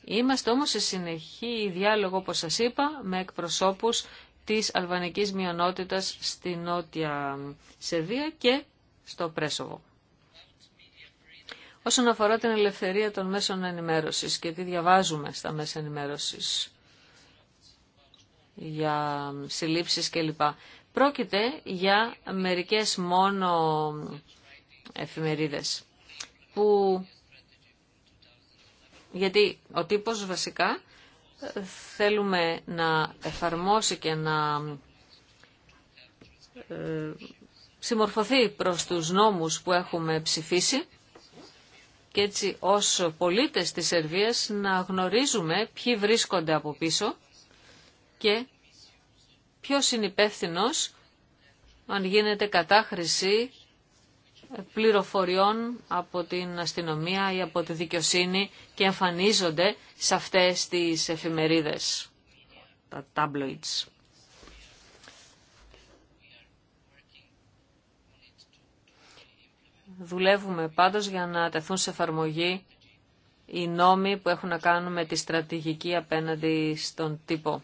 Είμαστε όμως σε συνεχή διάλογο, όπως σας είπα, με εκπροσώπους της αλβανικής μειονότητας στη Νότια Σερβία και στο Πρέσοβο. Όσον αφορά την ελευθερία των μέσων ενημέρωσης και τι διαβάζουμε στα μέσα ενημέρωσης για συλλήψεις κλπ. Πρόκειται για μερικές μόνο εφημερίδες που γιατί ο τύπος βασικά θέλουμε να εφαρμόσει και να ε, συμμορφωθεί προς τους νόμους που έχουμε ψηφίσει και έτσι ως πολίτες της Σερβίας να γνωρίζουμε ποιοι βρίσκονται από πίσω και ποιος είναι υπεύθυνο αν γίνεται κατάχρηση πληροφοριών από την αστυνομία ή από τη δικαιοσύνη και εμφανίζονται σε αυτές τις εφημερίδες, τα tabloids. Δουλεύουμε πάντως για να τεθούν σε εφαρμογή οι νόμοι που έχουν να κάνουν με τη στρατηγική απέναντι στον τύπο.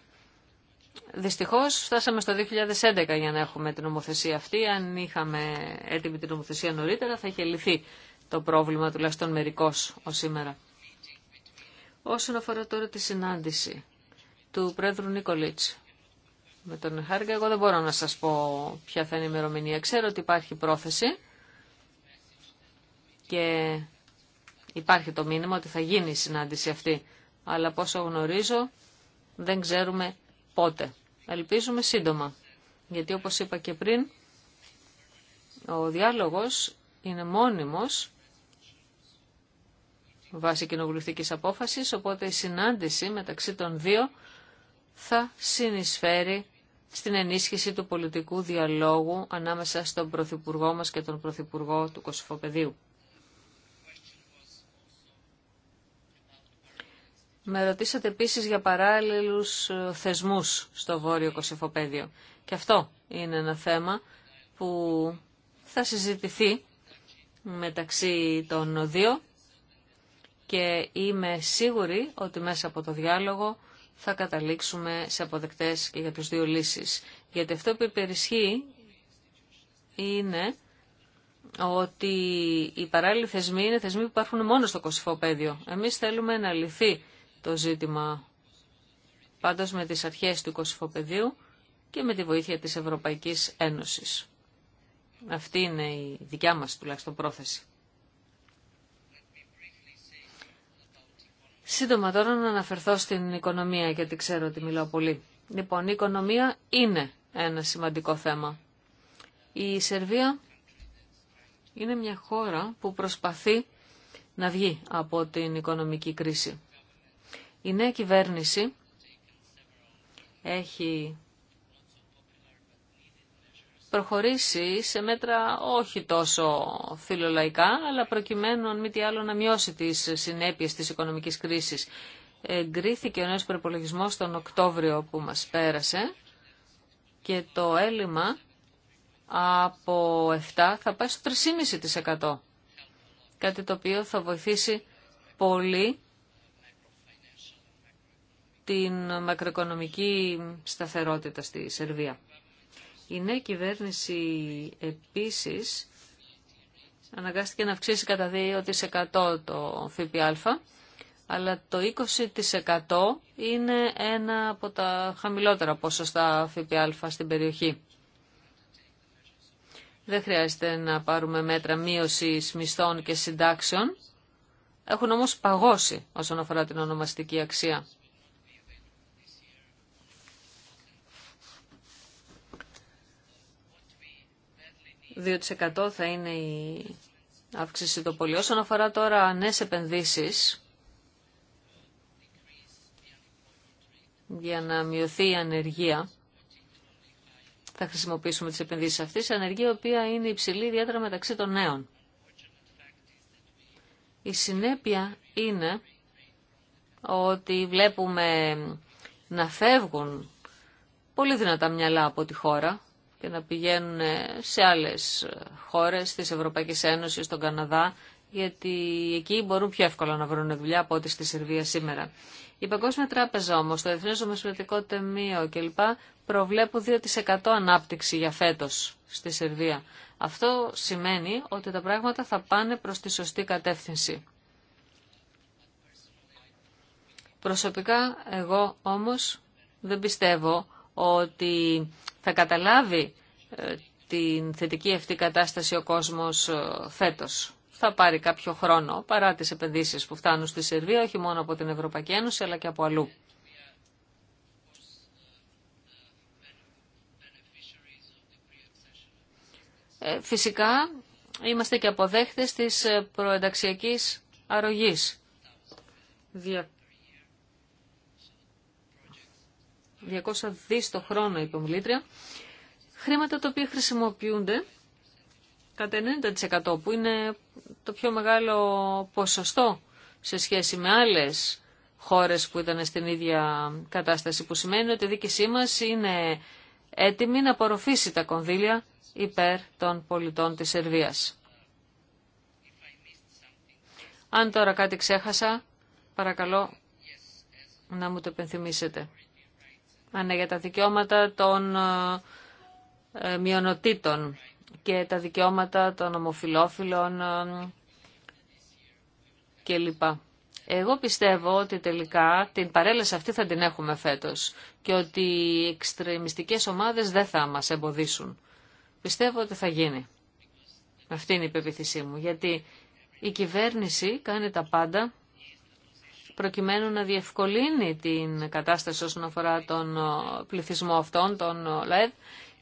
Δυστυχώ, φτάσαμε στο 2011 για να έχουμε την νομοθεσία αυτή. Αν είχαμε έτοιμη την νομοθεσία νωρίτερα θα είχε λυθεί το πρόβλημα τουλάχιστον μερικώ ω σήμερα. Όσον αφορά τώρα τη συνάντηση του πρόεδρου Νίκολίτ με τον Χάργα, εγώ δεν μπορώ να σας πω ποια θα είναι η ημερομηνία. Ξέρω ότι υπάρχει πρόθεση και υπάρχει το μήνυμα ότι θα γίνει η συνάντηση αυτή. Αλλά πόσο γνωρίζω δεν ξέρουμε πότε. Ελπίζουμε σύντομα. Γιατί όπως είπα και πριν, ο διάλογος είναι μόνιμος βάσει κοινοβουλευτικής απόφασης, οπότε η συνάντηση μεταξύ των δύο θα συνεισφέρει στην ενίσχυση του πολιτικού διαλόγου ανάμεσα στον Πρωθυπουργό μας και τον Πρωθυπουργό του Κωσυφοπεδίου. Με ρωτήσατε επίσης για παράλληλους ε, θεσμούς στο Βόρειο Κωσυφοπαίδιο. Και αυτό είναι ένα θέμα που θα συζητηθεί μεταξύ των δύο και είμαι σίγουρη ότι μέσα από το διάλογο θα καταλήξουμε σε αποδεκτές και για τους δύο λύσεις. Γιατί αυτό που υπερισχύει είναι ότι οι παράλληλοι θεσμοί είναι θεσμοί που υπάρχουν μόνο στο Κωσυφοπαίδιο. Εμείς θέλουμε να λυθεί το ζήτημα πάντως με τις αρχές του Κωσυφοπεδίου και με τη βοήθεια της Ευρωπαϊκής Ένωσης. Αυτή είναι η δικιά μας τουλάχιστον πρόθεση. Σύντομα τώρα να αναφερθώ στην οικονομία γιατί ξέρω ότι μιλάω πολύ. Λοιπόν, η οικονομία είναι ένα σημαντικό θέμα. Η Σερβία είναι μια χώρα που προσπαθεί να βγει από την οικονομική κρίση. Η νέα κυβέρνηση έχει προχωρήσει σε μέτρα όχι τόσο φιλολαϊκά, αλλά προκειμένου αν μη τι άλλο να μειώσει τις συνέπειες της οικονομικής κρίσης. Εγκρίθηκε ο νέος προπολογισμό τον Οκτώβριο που μας πέρασε και το έλλειμμα από 7 θα πάει στο 3,5%. Κάτι το οποίο θα βοηθήσει πολύ την μακροοικονομική σταθερότητα στη Σερβία. Η νέα κυβέρνηση επίσης αναγκάστηκε να αυξήσει κατά 2% το ΦΠΑ, αλλά το 20% είναι ένα από τα χαμηλότερα ποσοστά ΦΠΑ στην περιοχή. Δεν χρειάζεται να πάρουμε μέτρα μείωσης μισθών και συντάξεων. Έχουν όμως παγώσει όσον αφορά την ονομαστική αξία. 2% θα είναι η αύξηση το πολύ. Όσον αφορά τώρα νέες επενδύσεις, για να μειωθεί η ανεργία, θα χρησιμοποιήσουμε τις επενδύσεις αυτής, ανεργία η οποία είναι υψηλή ιδιαίτερα μεταξύ των νέων. Η συνέπεια είναι ότι βλέπουμε να φεύγουν πολύ δυνατά μυαλά από τη χώρα, και να πηγαίνουν σε άλλες χώρες της Ευρωπαϊκής Ένωσης, στον Καναδά, γιατί εκεί μπορούν πιο εύκολα να βρουν δουλειά από ό,τι στη Σερβία σήμερα. Η Παγκόσμια Τράπεζα όμως, το Εθνές Ομοσπονδιακό Τεμείο κλπ. προβλέπουν 2% ανάπτυξη για φέτος στη Σερβία. Αυτό σημαίνει ότι τα πράγματα θα πάνε προς τη σωστή κατεύθυνση. Προσωπικά εγώ όμως δεν πιστεύω ότι θα καταλάβει ε, την θετική αυτή κατάσταση ο κόσμος ε, φέτος. Θα πάρει κάποιο χρόνο παρά τις επενδύσεις που φτάνουν στη Σερβία, όχι μόνο από την Ευρωπαϊκή Ένωση αλλά και από αλλού. Ε, φυσικά είμαστε και αποδέχτες της προενταξιακής αρρωγής. 200 δις το χρόνο, είπε χρήματα τα οποία χρησιμοποιούνται κατά 90% που είναι το πιο μεγάλο ποσοστό σε σχέση με άλλες χώρες που ήταν στην ίδια κατάσταση που σημαίνει ότι η δίκησή μας είναι έτοιμη να απορροφήσει τα κονδύλια υπέρ των πολιτών της Σερβίας. Αν τώρα κάτι ξέχασα, παρακαλώ να μου το επενθυμίσετε. Ανέ ναι, για τα δικαιώματα των ε, ε, μειονοτήτων και τα δικαιώματα των ομοφιλόφιλων ε, κλπ. Εγώ πιστεύω ότι τελικά την παρέλαση αυτή θα την έχουμε φέτος και ότι οι εξτρεμιστικές ομάδες δεν θα μας εμποδίσουν. Πιστεύω ότι θα γίνει. Αυτή είναι η πεποίθησή μου, γιατί η κυβέρνηση κάνει τα πάντα προκειμένου να διευκολύνει την κατάσταση όσον αφορά τον ε, πληθυσμό αυτών, τον ε, ΛΑΕΔ,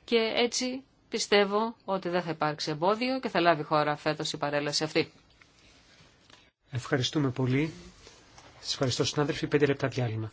και έτσι πιστεύω ότι δεν θα υπάρξει εμπόδιο και θα λάβει χώρα φέτος η παρέλαση αυτή. Ευχαριστούμε πολύ. Σας ευχαριστώ συνάδελφοι. Πέντε λεπτά διάλειμμα.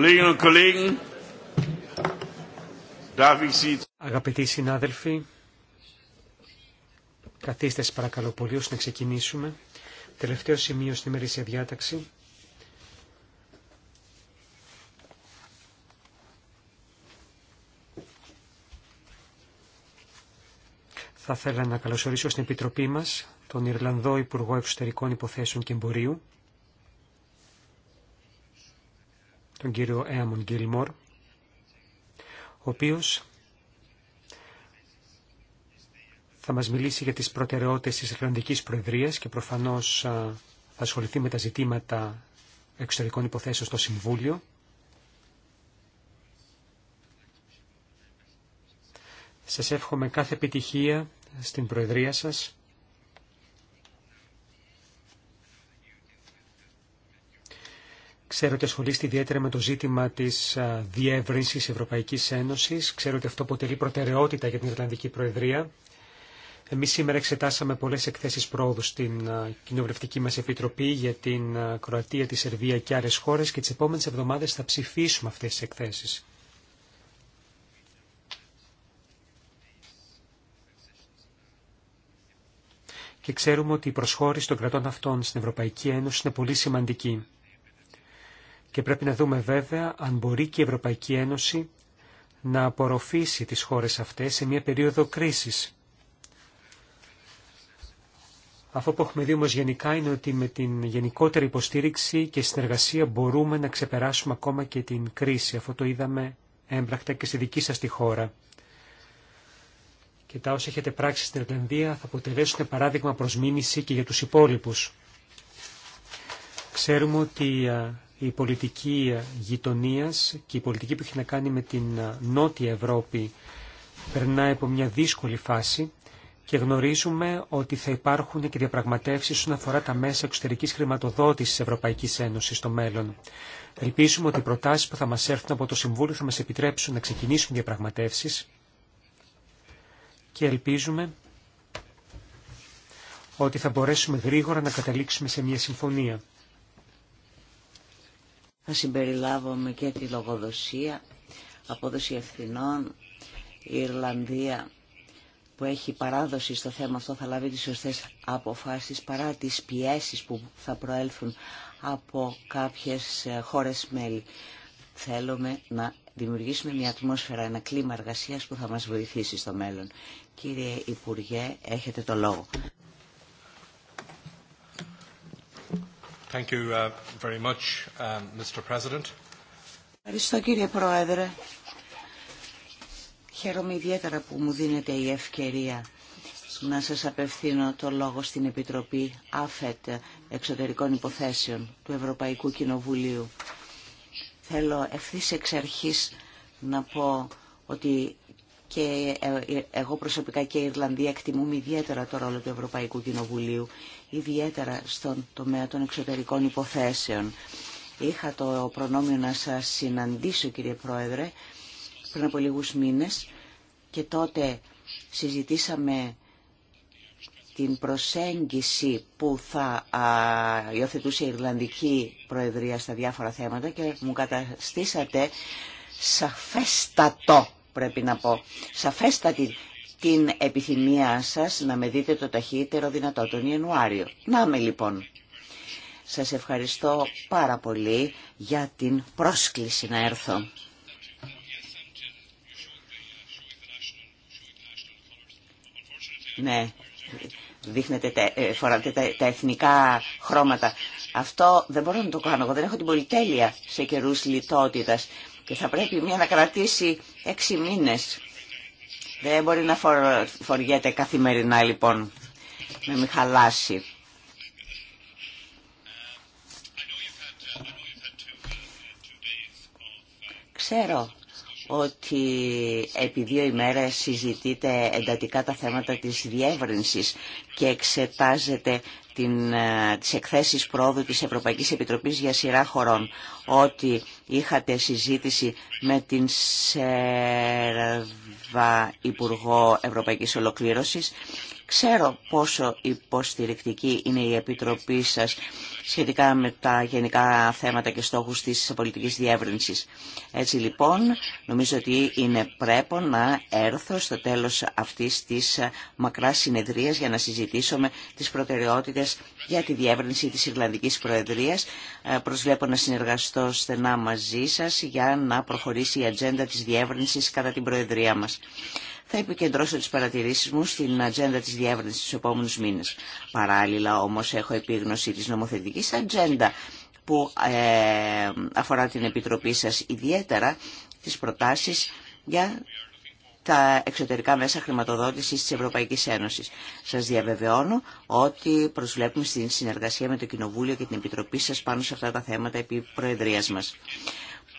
Kolleginnen Kollegen, darf ich Sie... Αγαπητοί συνάδελφοι, καθίστε παρακαλώ πολύ ώστε να ξεκινήσουμε. Τελευταίο σημείο στη ημερήσια διάταξη. Θα ήθελα να καλωσορίσω στην Επιτροπή μας τον Ιρλανδό Υπουργό Εξωτερικών Υποθέσεων και Εμπορίου, τον κύριο Έαμον Γκίλμορ, ο οποίος θα μας μιλήσει για τις προτεραιότητες της Ιρλανδικής Προεδρίας και προφανώς θα ασχοληθεί με τα ζητήματα εξωτερικών υποθέσεων στο Συμβούλιο. Σας εύχομαι κάθε επιτυχία στην Προεδρία σας Ξέρω ότι ασχολείστε ιδιαίτερα με το ζήτημα τη διεύρυνση Ευρωπαϊκή Ένωση. Ξέρω ότι αυτό αποτελεί προτεραιότητα για την Ιρλανδική Προεδρία. Εμεί σήμερα εξετάσαμε πολλέ εκθέσει πρόοδου στην Κοινοβουλευτική μα Επιτροπή για την Κροατία, τη Σερβία και άλλε χώρε και τι επόμενε εβδομάδε θα ψηφίσουμε αυτέ τι εκθέσει. Και ξέρουμε ότι η προσχώρηση των κρατών αυτών στην Ευρωπαϊκή Ένωση είναι πολύ σημαντική. Και πρέπει να δούμε βέβαια αν μπορεί και η Ευρωπαϊκή Ένωση να απορροφήσει τις χώρες αυτές σε μια περίοδο κρίσης. Αυτό που έχουμε δει όμως γενικά είναι ότι με την γενικότερη υποστήριξη και συνεργασία μπορούμε να ξεπεράσουμε ακόμα και την κρίση. Αυτό το είδαμε έμπρακτα και στη δική σας τη χώρα. Και τα όσα έχετε πράξει στην Ιρλανδία θα αποτελέσουν παράδειγμα προς μίμηση και για τους υπόλοιπους. Ξέρουμε ότι η πολιτική γειτονίας και η πολιτική που έχει να κάνει με την Νότια Ευρώπη περνάει από μια δύσκολη φάση και γνωρίζουμε ότι θα υπάρχουν και διαπραγματεύσεις όσον αφορά τα μέσα εξωτερικής χρηματοδότησης της Ευρωπαϊκής Ένωσης στο μέλλον. Ελπίζουμε ότι οι προτάσεις που θα μας έρθουν από το Συμβούλιο θα μας επιτρέψουν να ξεκινήσουν διαπραγματεύσεις και ελπίζουμε ότι θα μπορέσουμε γρήγορα να καταλήξουμε σε μια συμφωνία. Θα συμπεριλάβουμε και τη λογοδοσία, απόδοση ευθυνών, η Ιρλανδία που έχει παράδοση στο θέμα αυτό θα λάβει τις σωστές αποφάσεις παρά τις πιέσεις που θα προέλθουν από κάποιες ε, χώρες μέλη. Θέλουμε να δημιουργήσουμε μια ατμόσφαιρα, ένα κλίμα εργασίας που θα μας βοηθήσει στο μέλλον. Κύριε Υπουργέ, έχετε το λόγο. Thank you uh, very much, Mr. Um, President. Ευχαριστώ κύριε Πρόεδρε. Χαίρομαι ιδιαίτερα που μου δίνεται η ευκαιρία να σας απευθύνω το λόγο στην Επιτροπή ΑΦΕΤ Εξωτερικών Υποθέσεων του Ευρωπαϊκού Κοινοβουλίου. Θέλω ευθύς εξ αρχής να πω ότι και ε, ε, εγώ προσωπικά και η Ιρλανδία εκτιμούμε ιδιαίτερα το ρόλο του Ευρωπαϊκού Κοινοβουλίου ιδιαίτερα στον τομέα των εξωτερικών υποθέσεων. Είχα το προνόμιο να σας συναντήσω κύριε Πρόεδρε πριν από λίγους μήνες και τότε συζητήσαμε την προσέγγιση που θα υιοθετούσε η Ιρλανδική Προεδρία στα διάφορα θέματα και μου καταστήσατε σαφέστατο πρέπει να πω, σαφέστατη την επιθυμία σας να με δείτε το ταχύτερο δυνατό τον Ιανουάριο. Να με λοιπόν. Σας ευχαριστώ πάρα πολύ για την πρόσκληση να έρθω. Ναι, δείχνετε, ε, φοράτε τα, τα εθνικά χρώματα. Αυτό δεν μπορώ να το κάνω. Εγώ δεν έχω την πολυτέλεια σε καιρούς λιτότητας. Και θα πρέπει μία να κρατήσει έξι μήνες δεν μπορεί να φοριέται καθημερινά λοιπόν, να μην χαλάσει. Ξέρω ότι επί δύο ημέρες συζητείται εντατικά τα θέματα της διεύρυνσης και εξετάζετε την, ε, τις εκθέσεις πρόοδου της Ευρωπαϊκής Επιτροπής για σειρά χωρών. Ότι είχατε συζήτηση με την Σέρβα Υπουργό Ευρωπαϊκής Ολοκλήρωσης Ξέρω πόσο υποστηρικτική είναι η Επιτροπή σας σχετικά με τα γενικά θέματα και στόχους της πολιτικής διεύρυνσης. Έτσι λοιπόν, νομίζω ότι είναι πρέπον να έρθω στο τέλος αυτής της μακράς συνεδρίας για να συζητήσουμε τις προτεραιότητες για τη διεύρυνση της Ιρλανδικής Προεδρίας. Ε, προσβλέπω να συνεργαστώ στενά μαζί σας για να προχωρήσει η ατζέντα της διεύρυνσης κατά την Προεδρία μας. Θα επικεντρώσω τις παρατηρήσεις μου στην ατζέντα της διεύρυνσης στους επόμενους μήνες. Παράλληλα όμως έχω επίγνωση της νομοθετικής ατζέντα που ε, αφορά την Επιτροπή σας ιδιαίτερα τις προτάσεις για τα εξωτερικά μέσα χρηματοδότησης της Ευρωπαϊκής Ένωσης. Σας διαβεβαιώνω ότι προσβλέπουμε στην συνεργασία με το Κοινοβούλιο και την Επιτροπή σας πάνω σε αυτά τα θέματα επί Προεδρίας μας.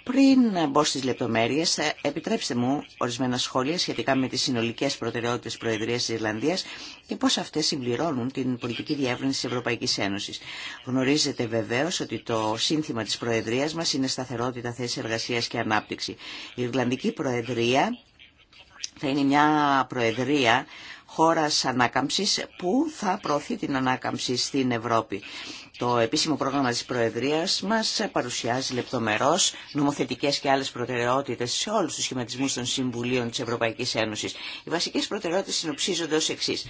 Πριν μπω στι λεπτομέρειες, ε, επιτρέψτε μου ορισμένα σχόλια σχετικά με τις συνολικές προτεραιότητε Προεδρία τη Ιρλανδίας και πώς αυτές συμπληρώνουν την πολιτική διεύρυνση της Ευρωπαϊκής Ένωσης. Γνωρίζετε βεβαίω ότι το σύνθημα της Προεδρίας μας είναι σταθερότητα θέση εργασία και ανάπτυξη. Η Ιρλανδική Προεδρία θα είναι μια Προεδρία χώρα ανάκαμψη που θα προωθεί την ανάκαμψη στην Ευρώπη. Το επίσημο πρόγραμμα της Προεδρίας μας παρουσιάζει λεπτομερώς νομοθετικές και άλλες προτεραιότητες σε όλους τους σχηματισμούς των Συμβουλίων της Ευρωπαϊκής Ένωσης. Οι βασικές προτεραιότητες συνοψίζονται ως εξής.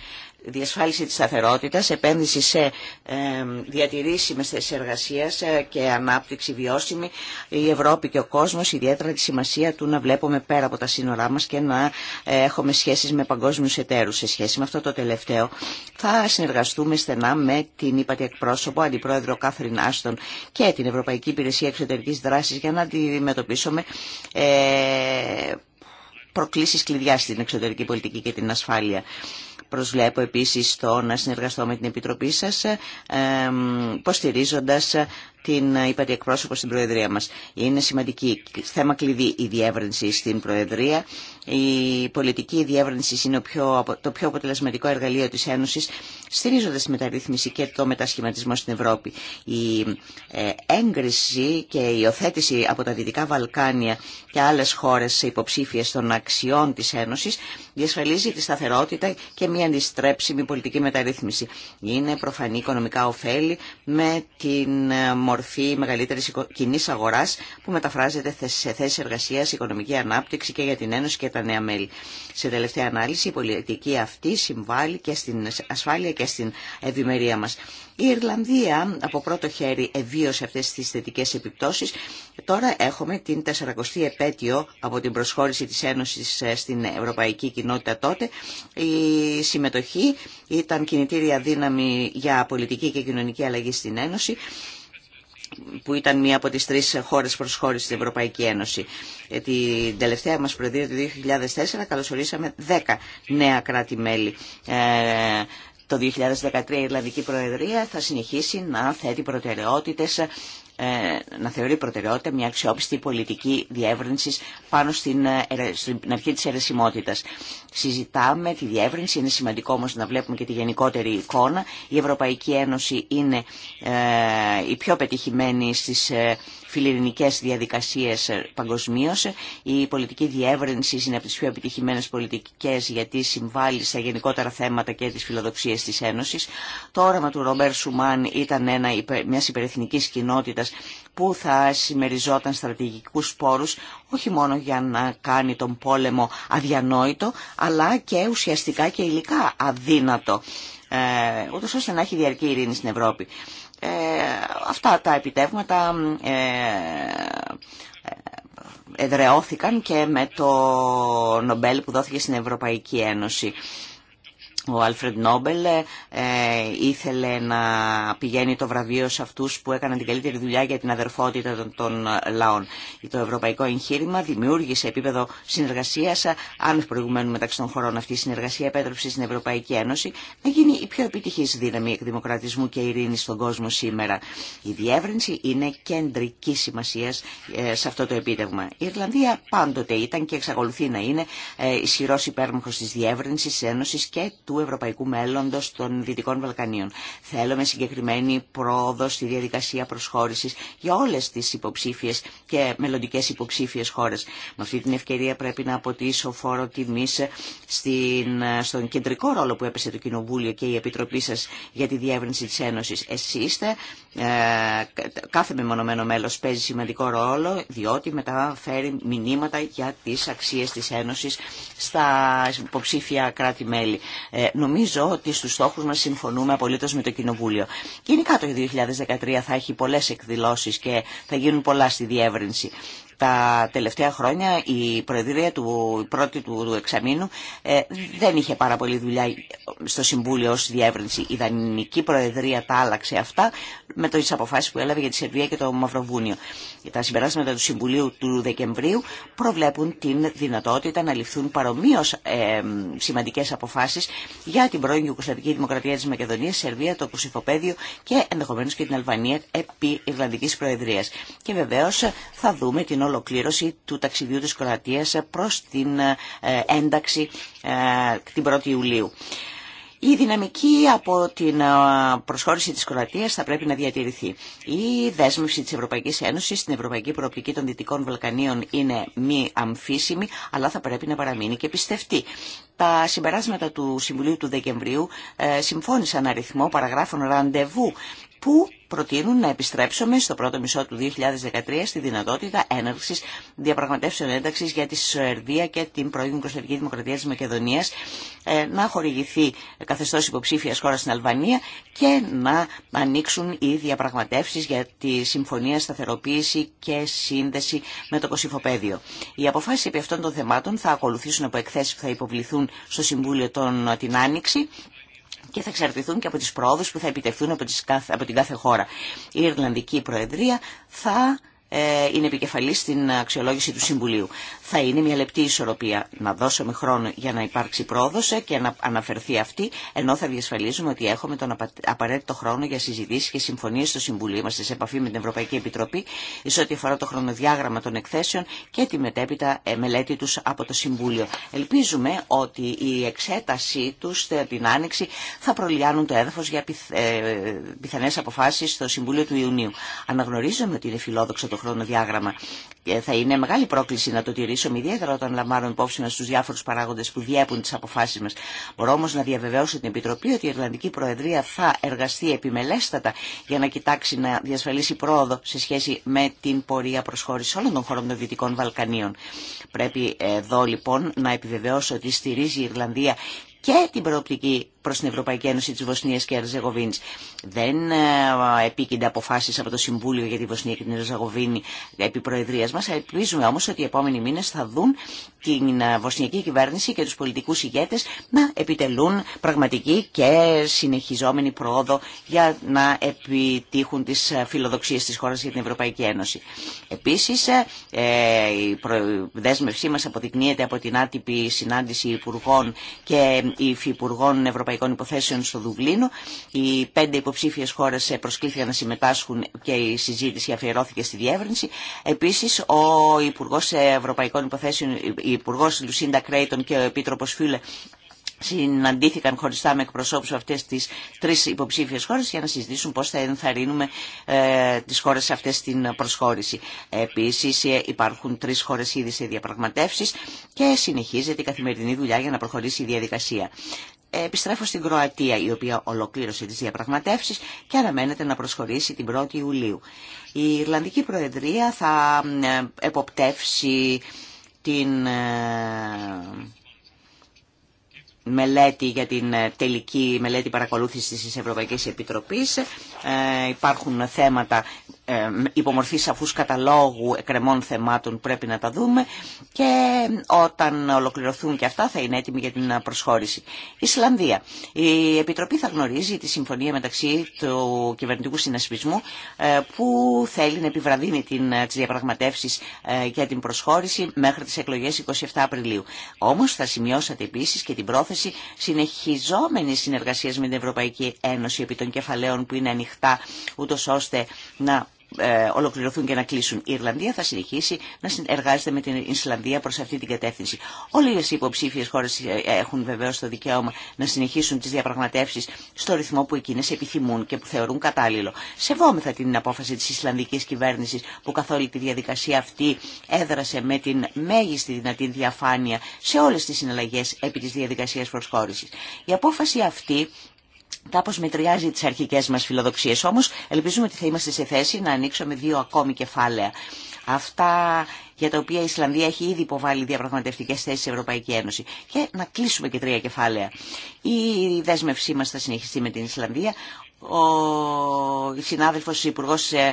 Διασφάλιση της σταθερότητας, επένδυση σε ε, διατηρήσιμες θέσεις εργασίας ε, και ανάπτυξη βιώσιμη. Η Ευρώπη και ο κόσμος, ιδιαίτερα τη σημασία του να βλέπουμε πέρα από τα σύνορά μας και να ε, έχουμε σχέσεις με παγκόσμιους εταίρους. Σε σχέση με αυτό το τελευταίο θα συνεργαστούμε στενά με την ύπατη εκπρόσωπο, Πρόεδρο Κάθριν Άστον και την Ευρωπαϊκή Υπηρεσία Εξωτερικής Δράσης για να αντιμετωπίσουμε ε, προκλήσεις κλειδιά στην εξωτερική πολιτική και την ασφάλεια. Προσβλέπω επίσης το να συνεργαστώ με την Επιτροπή σας, ε, ε, υποστηρίζοντα την ε, είπατε εκπρόσωπο στην Προεδρία μας. Είναι σημαντική θέμα κλειδί η διεύρυνση στην Προεδρία. Η πολιτική διεύρυνση είναι το πιο αποτελεσματικό εργαλείο της Ένωσης, στηρίζοντας τη μεταρρύθμιση και το μετασχηματισμό στην Ευρώπη. Η ε, έγκριση και η υιοθέτηση από τα Δυτικά Βαλκάνια και άλλες χώρες υποψήφιες των αξιών της Ένωσης διασφαλίζει τη σταθερότητα και μια αντιστρέψιμη πολιτική μεταρρύθμιση. Είναι προφανή οικονομικά ωφέλη με την ε, μορφή μεγαλύτερη κοινή αγορά που μεταφράζεται σε θέσει εργασία, οικονομική ανάπτυξη και για την Ένωση και τα νέα μέλη. Σε τελευταία ανάλυση η πολιτική αυτή συμβάλλει και στην ασφάλεια και στην ευημερία μα. Η Ιρλανδία από πρώτο χέρι ευίωσε αυτέ τι θετικέ επιπτώσει. Τώρα έχουμε την 40η επέτειο από την προσχώρηση της Ένωσης ε, στην Ευρωπαϊκή Κοινότητα τότε. Η συμμετοχή ήταν κινητήρια δύναμη για πολιτική τη Ένωση στην Ένωση που ήταν μία από τις τρεις χώρες προσχώρησης στην Ευρωπαϊκή Ένωση. Ε, Την τελευταία μας προεδρία του 2004 καλωσορίσαμε 10 νέα κράτη-μέλη. Ε, το 2013 η Ιρλανδική Προεδρία θα συνεχίσει να θέτει προτεραιότητες ε, να θεωρεί προτεραιότητα μια αξιόπιστη πολιτική διεύρυνση πάνω στην, ε, αρχή τη αιρεσιμότητα. Συζητάμε τη διεύρυνση, είναι σημαντικό όμω να βλέπουμε και τη γενικότερη εικόνα. Η Ευρωπαϊκή Ένωση είναι ε, η πιο πετυχημένη στις φιλελληνικές διαδικασίες παγκοσμίω. Η πολιτική διεύρυνση είναι από τι πιο επιτυχημένε πολιτικέ γιατί συμβάλλει στα γενικότερα θέματα και τι φιλοδοξίε τη Ένωση. Το όραμα του Ρομπέρ Σουμάν ήταν ένα, μια υπερεθνικής που θα συμμεριζόταν στρατηγικούς πόρους όχι μόνο για να κάνει τον πόλεμο αδιανόητο αλλά και ουσιαστικά και υλικά αδύνατο ε, ούτως ώστε να έχει διαρκή ειρήνη στην Ευρώπη. Ε, αυτά τα επιτεύγματα ε, ε, εδρεώθηκαν και με το Νομπέλ που δόθηκε στην Ευρωπαϊκή Ένωση. Ο Άλφρεντ Νόμπελ ε, ήθελε να πηγαίνει το βραβείο σε αυτούς που έκαναν την καλύτερη δουλειά για την αδερφότητα των, των λαών. Το ευρωπαϊκό εγχείρημα δημιούργησε επίπεδο συνεργασίας, αν προηγουμένου μεταξύ των χωρών αυτή η συνεργασία επέτρεψε στην Ευρωπαϊκή Ένωση να γίνει η πιο επιτυχής δύναμη εκδημοκρατισμού και ειρήνης στον κόσμο σήμερα. Η διεύρυνση είναι κεντρική σημασία ε, σε αυτό το επίτευγμα. Η Ιρλανδία πάντοτε ήταν και εξακολουθεί να είναι ε, ισχυρό υπέρμαχο τη διεύρυνσης, Ένωση και του ευρωπαϊκού μέλλοντος των Δυτικών Βαλκανίων. Θέλουμε συγκεκριμένη πρόοδο στη διαδικασία προσχώρηση για όλε τι υποψήφιε και μελλοντικέ υποψήφιε χώρε. Με αυτή την ευκαιρία πρέπει να αποτίσω φόρο τιμή στον κεντρικό ρόλο που έπεσε το Κοινοβούλιο και η Επιτροπή σα για τη διεύρυνση τη Ένωση. Εσείς είστε, ε, κάθε μεμονωμένο μέλος παίζει σημαντικό ρόλο, διότι μεταφέρει μηνύματα για τι αξίε τη Ένωση στα υποψήφια κράτη-μέλη. Ε, ε, νομίζω ότι στους στόχους μας συμφωνούμε απολύτως με το Κοινοβούλιο. Γενικά το 2013 θα έχει πολλές εκδηλώσεις και θα γίνουν πολλά στη διεύρυνση. Τα τελευταία χρόνια η Προεδρία του πρώτη του εξαμήνου ε, δεν είχε πάρα πολύ δουλειά στο Συμβούλιο ως διεύρυνση. Η Δανεινική Προεδρία τα άλλαξε αυτά με το αποφάσεις που έλαβε για τη Σερβία και το Μαυροβούνιο. Τα συμπεράσματα του Συμβουλίου του Δεκεμβρίου προβλέπουν την δυνατότητα να ληφθούν παρομοίως ε, σημαντικές αποφάσεις για την πρώην Ιουκοσλαβική Δημοκρατία της Μακεδονίας, Σερβία, το Κουσυφοπαίδιο και ενδεχομένως και την Αλβανία επί Ιρλανδικής Προεδρίας. Και βεβαίως θα δούμε την ολοκλήρωση του ταξιδιού της Κροατίας προς την ε, ένταξη ε, την 1η Ιουλίου. Η δυναμική από την ε, προσχώρηση της Κροατίας θα πρέπει να διατηρηθεί. Η δέσμευση της Ευρωπαϊκής Ένωσης στην Ευρωπαϊκή Προοπτική των Δυτικών Βαλκανίων είναι μη αμφίσιμη, αλλά θα πρέπει να παραμείνει και πιστευτή. Τα συμπεράσματα του Συμβουλίου του Δεκεμβρίου συμφώνησαν αριθμό παραγράφων ραντεβού που προτείνουν να επιστρέψουμε στο πρώτο μισό του 2013 στη δυνατότητα έναρξη διαπραγματεύσεων ένταξη για τη ΣΟΕΡΔΙΑ και την πρώην Κωνσταντική Δημοκρατία της Μακεδονίας ε, να χορηγηθεί καθεστώ υποψήφια χώρα στην Αλβανία και να ανοίξουν οι διαπραγματεύσει για τη Συμφωνία Σταθεροποίηση και Σύνδεση με το Κωσυφοπαίδιο. Οι αποφάσει επί αυτών των θεμάτων θα ακολουθήσουν από εκθέσει που θα υποβληθούν στο Συμβούλιο των, την Άνοιξη και θα εξαρτηθούν και από τις πρόοδους που θα επιτευχθούν από, την κάθε χώρα. Η Ιρλανδική Προεδρία θα ε, είναι επικεφαλής στην αξιολόγηση του Συμβουλίου. Θα είναι μια λεπτή ισορροπία να δώσουμε χρόνο για να υπάρξει πρόοδος ε, και να αναφερθεί αυτή, ενώ θα διασφαλίζουμε ότι έχουμε τον απαραίτητο χρόνο για συζητήσεις και συμφωνίες στο Συμβουλίο. Είμαστε σε επαφή με την Ευρωπαϊκή Επιτροπή σε ό,τι αφορά το χρονοδιάγραμμα των εκθέσεων και τη μετέπειτα ε, μελέτη τους από το Συμβούλιο. Ελπίζουμε ότι η εξέτασή τους την Άνοιξη θα προλιάνουν το έδαφος για πιθανές αποφάσεις στο Συμβούλιο του Ιουνίου. Αναγνωρίζουμε ότι είναι φιλόδοξο το θα είναι μεγάλη πρόκληση να το τηρήσουμε, ιδιαίτερα όταν λαμβάνω υπόψη μα του διάφορου παράγοντε που διέπουν τι αποφάσει μα. Μπορώ όμω να διαβεβαιώσω την Επιτροπή ότι η Ιρλανδική Προεδρία θα εργαστεί επιμελέστατα για να κοιτάξει να διασφαλίσει πρόοδο σε σχέση με την πορεία προσχώρηση όλων των χωρών των Δυτικών Βαλκανίων. Πρέπει εδώ λοιπόν να επιβεβαιώσω ότι στηρίζει η Ιρλανδία και την προοπτική προς την Ευρωπαϊκή Ένωση της Βοσνίας και Ερζεγοβίνης. Δεν ε, επίκυνται αποφάσεις από το Συμβούλιο για τη Βοσνία και την Ερζεγοβίνη επί προεδρίας μας. Ελπίζουμε όμως ότι οι επόμενοι μήνες θα δουν την ε, βοσνιακή κυβέρνηση και τους πολιτικούς ηγέτες να επιτελούν πραγματική και συνεχιζόμενη πρόοδο για να επιτύχουν τις ε, φιλοδοξίες της χώρας για την Ευρωπαϊκή Ένωση. Επίσης, η δέσμευσή μας αποδεικνύεται από την άτυπη συνάντηση υπουργών και υφυπουργών Ευρωπαϊκής Ευρωπαϊκών Υποθέσεων στο Δουβλίνο. Οι πέντε υποψήφιε χώρε ε, προσκλήθηκαν να συμμετάσχουν και η συζήτηση αφιερώθηκε στη διεύρυνση. Επίση, ο Υπουργό Ευρωπαϊκών Υποθέσεων, η Υπουργό Λουσίντα Κρέιτον και ο Επίτροπο Φίλε συναντήθηκαν χωριστά με εκπροσώπου αυτέ τι τρει υποψήφιε χώρε για να συζητήσουν πώ θα ενθαρρύνουμε ε, τις χώρες αυτέ στην προσχώρηση. Επίση, ε, υπάρχουν τρει χώρε ήδη σε διαπραγματεύσει και συνεχίζεται η καθημερινή δουλειά για να προχωρήσει η διαδικασία επιστρέφω στην Κροατία, η οποία ολοκλήρωσε τις διαπραγματεύσεις και αναμένεται να προσχωρήσει την 1η Ιουλίου. Η Ιρλανδική Προεδρία θα ε, εποπτεύσει την ε, μελέτη για την ε, τελική μελέτη παρακολούθησης της Ευρωπαϊκής Επιτροπής. Υπάρχουν θέματα υπομορφή σαφού καταλόγου εκκρεμών θεμάτων πρέπει να τα δούμε και όταν ολοκληρωθούν και αυτά θα είναι έτοιμοι για την προσχώρηση. Ισλανδία. Η Επιτροπή θα γνωρίζει τη συμφωνία μεταξύ του κυβερνητικού συνασπισμού ε, που θέλει να επιβραδύνει ε, τις διαπραγματεύσεις ε, για την προσχώρηση μέχρι τις εκλογές 27 Απριλίου. Όμως θα σημειώσατε επίσης και την πρόθεση συνεχιζόμενης συνεργασίας με την Ευρωπαϊκή Ένωση επί των κεφαλαίων που είναι ανοιχτά ούτω ώστε να ε, ολοκληρωθούν και να κλείσουν. Η Ιρλανδία θα συνεχίσει να συνεργάζεται με την Ισλανδία προ αυτή την κατεύθυνση. Όλες οι υποψήφιε χώρε ε, έχουν βεβαίω το δικαίωμα να συνεχίσουν τι διαπραγματεύσει στο ρυθμό που εκείνες επιθυμούν και που θεωρούν κατάλληλο. Σεβόμεθα την απόφαση τη Ισλανδική κυβέρνηση, που καθ' όλη τη διαδικασία αυτή έδρασε με την μέγιστη δυνατή διαφάνεια σε όλε τι συναλλαγέ επί τη διαδικασία προσχώρηση. Η απόφαση αυτή κάπως μετριάζει τις αρχικές μας φιλοδοξίες. Όμως ελπίζουμε ότι θα είμαστε σε θέση να ανοίξουμε δύο ακόμη κεφάλαια. Αυτά για τα οποία η Ισλανδία έχει ήδη υποβάλει διαπραγματευτικέ θέσει στην Ευρωπαϊκή Ένωση. Και να κλείσουμε και τρία κεφάλαια. Η δέσμευσή μα θα συνεχιστεί με την Ισλανδία ο συνάδελφος υπουργό ε,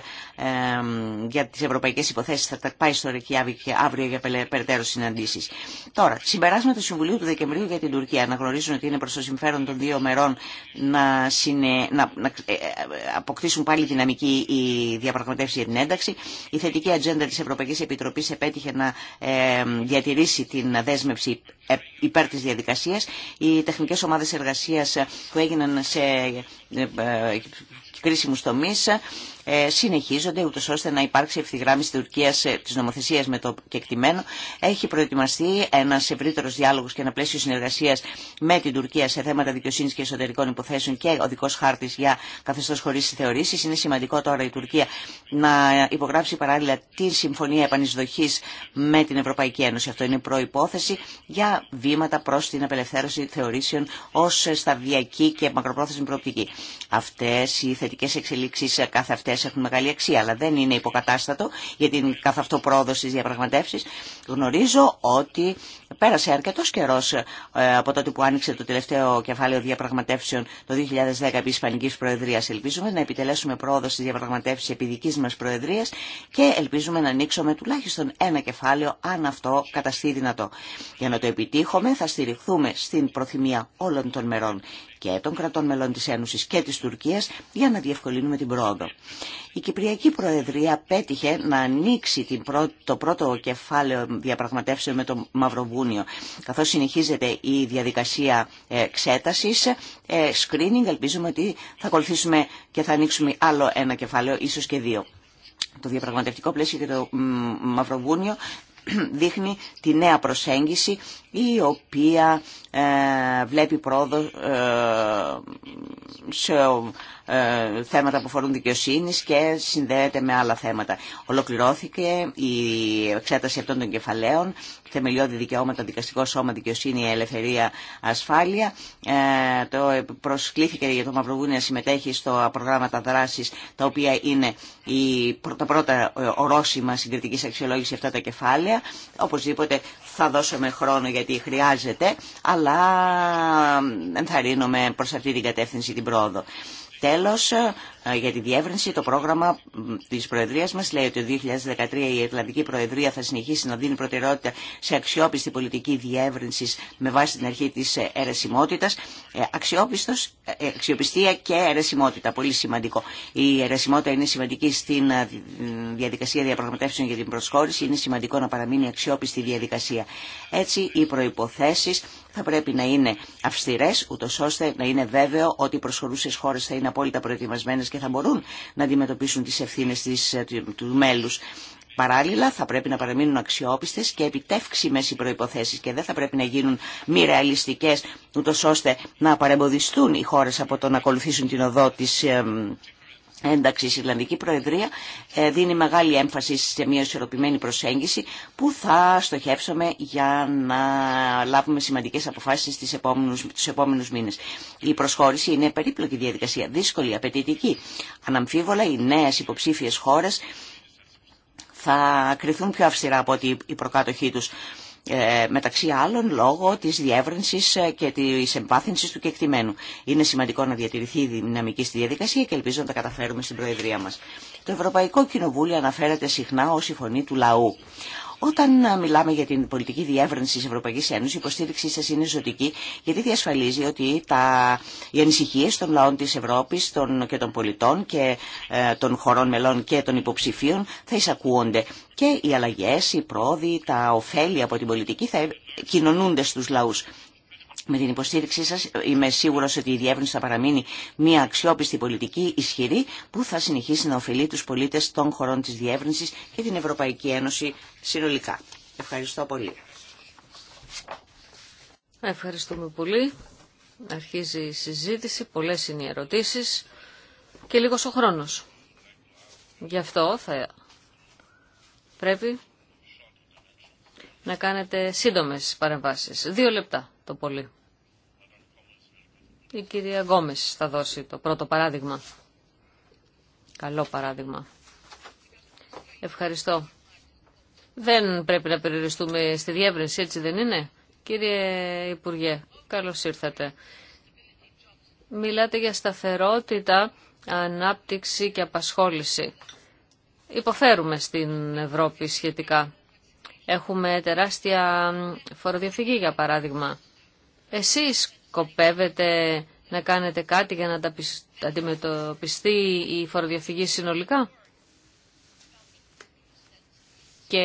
για τις ευρωπαϊκές υποθέσεις θα τα πάει στο Ρεκιάβη αύριο για περαιτέρω συναντήσεις. Τώρα, συμπεράσματα του Συμβουλίου του Δεκεμβρίου για την Τουρκία να γνωρίζουν ότι είναι προς το συμφέρον των δύο μερών να, συνε... να... να ε, ε, αποκτήσουν πάλι δυναμική η διαπραγματεύση για την ένταξη. Η θετική ατζέντα της Ευρωπαϊκής Επιτροπής επέτυχε να διατηρήσει την δέσμευση υπέρ της διαδικασίας. Οι τεχνικές ομάδες εργασίας που έγιναν σε κρίσιμους τομείς ε, συνεχίζονται ούτως ώστε να υπάρξει ευθυγράμμιση Τουρκίας ε, της νομοθεσίας με το κεκτημένο. Έχει προετοιμαστεί ένας ευρύτερος διάλογος και ένα πλαίσιο συνεργασίας με την Τουρκία σε θέματα δικαιοσύνης και εσωτερικών υποθέσεων και οδικός χάρτης για καθεστώς χωρίς θεωρήσεις. Είναι σημαντικό τώρα η Τουρκία να υπογράψει παράλληλα τη Συμφωνία Επανεισδοχής με την Ευρωπαϊκή Ένωση. Αυτό είναι προϋπόθεση για βήματα προς την απελευθέρωση θεωρήσεων ως σταδιακή και μακροπρόθεσμη προοπτική. Αυτές οι εξελίξεις κάθε έχουν μεγάλη αξία, αλλά δεν είναι υποκατάστατο για την καθ' αυτό πρόοδο στις διαπραγματεύσεις. Γνωρίζω ότι πέρασε αρκετός καιρός ε, από τότε που άνοιξε το τελευταίο κεφάλαιο διαπραγματεύσεων το 2010 επί Ισπανική Προεδρίας. Ελπίζουμε να επιτελέσουμε πρόοδο στις διαπραγματεύσεις επί δικής μας Προεδρίας και ελπίζουμε να ανοίξουμε τουλάχιστον ένα κεφάλαιο αν αυτό καταστεί δυνατό. Για να το επιτύχουμε θα στηριχθούμε στην προθυμία όλων των μερών και των κρατών μελών της Ένωσης και της Τουρκίας για να διευκολύνουμε την πρόοδο. Η Κυπριακή Προεδρία πέτυχε να ανοίξει το πρώτο κεφάλαιο διαπραγματεύσεων με το Μαυροβούνιο. Καθώς συνεχίζεται η διαδικασία ε, εξέτασης, ε, screening, ελπίζουμε ότι θα ακολουθήσουμε και θα ανοίξουμε άλλο ένα κεφάλαιο, ίσως και δύο. Το διαπραγματευτικό πλαίσιο και το Μαυροβούνιο δείχνει τη νέα προσέγγιση η οποία ε, βλέπει πρόοδο ε, σε ε, θέματα που αφορούν δικαιοσύνη και συνδέεται με άλλα θέματα. Ολοκληρώθηκε η εξέταση αυτών των κεφαλαίων, θεμελιώδη δικαιώματα, δικαστικό σώμα, δικαιοσύνη, ελευθερία, ασφάλεια. Ε, το προσκλήθηκε για το Μαυροβούνιο να συμμετέχει στο προγράμματα δράση, τα οποία είναι η, τα πρώτα ε, ορόσημα συγκριτική αξιολόγηση αυτά τα κεφάλαια. Οπωσδήποτε θα δώσουμε χρόνο γιατί χρειάζεται, αλλά ενθαρρύνομαι προ αυτή την κατεύθυνση την πρόοδο. Τέλος, ε, για τη διεύρυνση. Το πρόγραμμα της Προεδρίας μας λέει ότι το 2013 η Ιρλανδική Προεδρία θα συνεχίσει να δίνει προτεραιότητα σε αξιόπιστη πολιτική διεύρυνση με βάση την αρχή της ε, αιρεσιμότητα, ε, Αξιόπιστος, αξιοπιστία και αιρεσιμότητα, πολύ σημαντικό. Η αιρεσιμότητα είναι σημαντική στην διαδικασία διαπραγματεύσεων για την προσχώρηση, είναι σημαντικό να παραμείνει αξιόπιστη διαδικασία. Έτσι οι προϋποθέσεις θα πρέπει να είναι αυστηρές, ούτω ώστε να είναι βέβαιο ότι οι προσχωρούσες θα είναι απόλυτα προετοιμασμένες και θα μπορούν να αντιμετωπίσουν τις ευθύνες της, ε, του μέλους. Παράλληλα, θα πρέπει να παραμείνουν αξιόπιστε και επιτεύξιμες οι προϋποθέσεις και δεν θα πρέπει να γίνουν μη ρεαλιστικέ, ούτω ώστε να παρεμποδιστούν οι χώρες από το να ακολουθήσουν την οδό τη Εντάξει, η Ιρλανδική Προεδρία ε, δίνει μεγάλη έμφαση σε μια ισορροπημένη προσέγγιση που θα στοχεύσουμε για να λάβουμε σημαντικές αποφάσεις στις επόμενους, τους επόμενους μήνες. Η προσχώρηση είναι περίπλοκη διαδικασία, δύσκολη, απαιτητική. Αναμφίβολα οι νέες υποψήφιες χώρες θα κρυθούν πιο αυστηρά από ότι οι προκάτοχή τους. Ε, μεταξύ άλλων λόγω της διεύρυνσης ε, και της εμπάθυνσης του κεκτημένου. Είναι σημαντικό να διατηρηθεί η δυναμική στη διαδικασία και ελπίζω να τα καταφέρουμε στην Προεδρία μας. Το Ευρωπαϊκό Κοινοβούλιο αναφέρεται συχνά ως η φωνή του λαού. Όταν μιλάμε για την πολιτική διεύρυνση τη Ευρωπαϊκή Ένωση, η υποστήριξή σα είναι ζωτική, γιατί διασφαλίζει ότι τα, οι ανησυχίε των λαών τη Ευρώπη και των πολιτών και ε, των χωρών μελών και των υποψηφίων θα εισακούονται. Και οι αλλαγέ, οι πρόοδοι, τα ωφέλη από την πολιτική θα ε, κοινωνούνται στου λαού με την υποστήριξή σας είμαι σίγουρος ότι η διεύρυνση θα παραμείνει μια αξιόπιστη πολιτική ισχυρή που θα συνεχίσει να ωφελεί τους πολίτες των χωρών της διεύρυνσης και την Ευρωπαϊκή Ένωση συνολικά. Ευχαριστώ πολύ. Ευχαριστούμε πολύ. Αρχίζει η συζήτηση, πολλές είναι οι ερωτήσεις και λίγος ο χρόνος. Γι' αυτό θα πρέπει να κάνετε σύντομες παρεμβάσεις. Δύο λεπτά το πολύ. Η κυρία Γκόμες θα δώσει το πρώτο παράδειγμα. Καλό παράδειγμα. Ευχαριστώ. Δεν πρέπει να περιοριστούμε στη διεύρυνση, έτσι δεν είναι. Κύριε Υπουργέ, καλώς ήρθατε. Μιλάτε για σταθερότητα, ανάπτυξη και απασχόληση. Υποφέρουμε στην Ευρώπη σχετικά. Έχουμε τεράστια φοροδιαφυγή, για παράδειγμα. Εσείς σκοπεύετε να κάνετε κάτι για να αντιμετωπιστεί η φοροδιαφυγή συνολικά και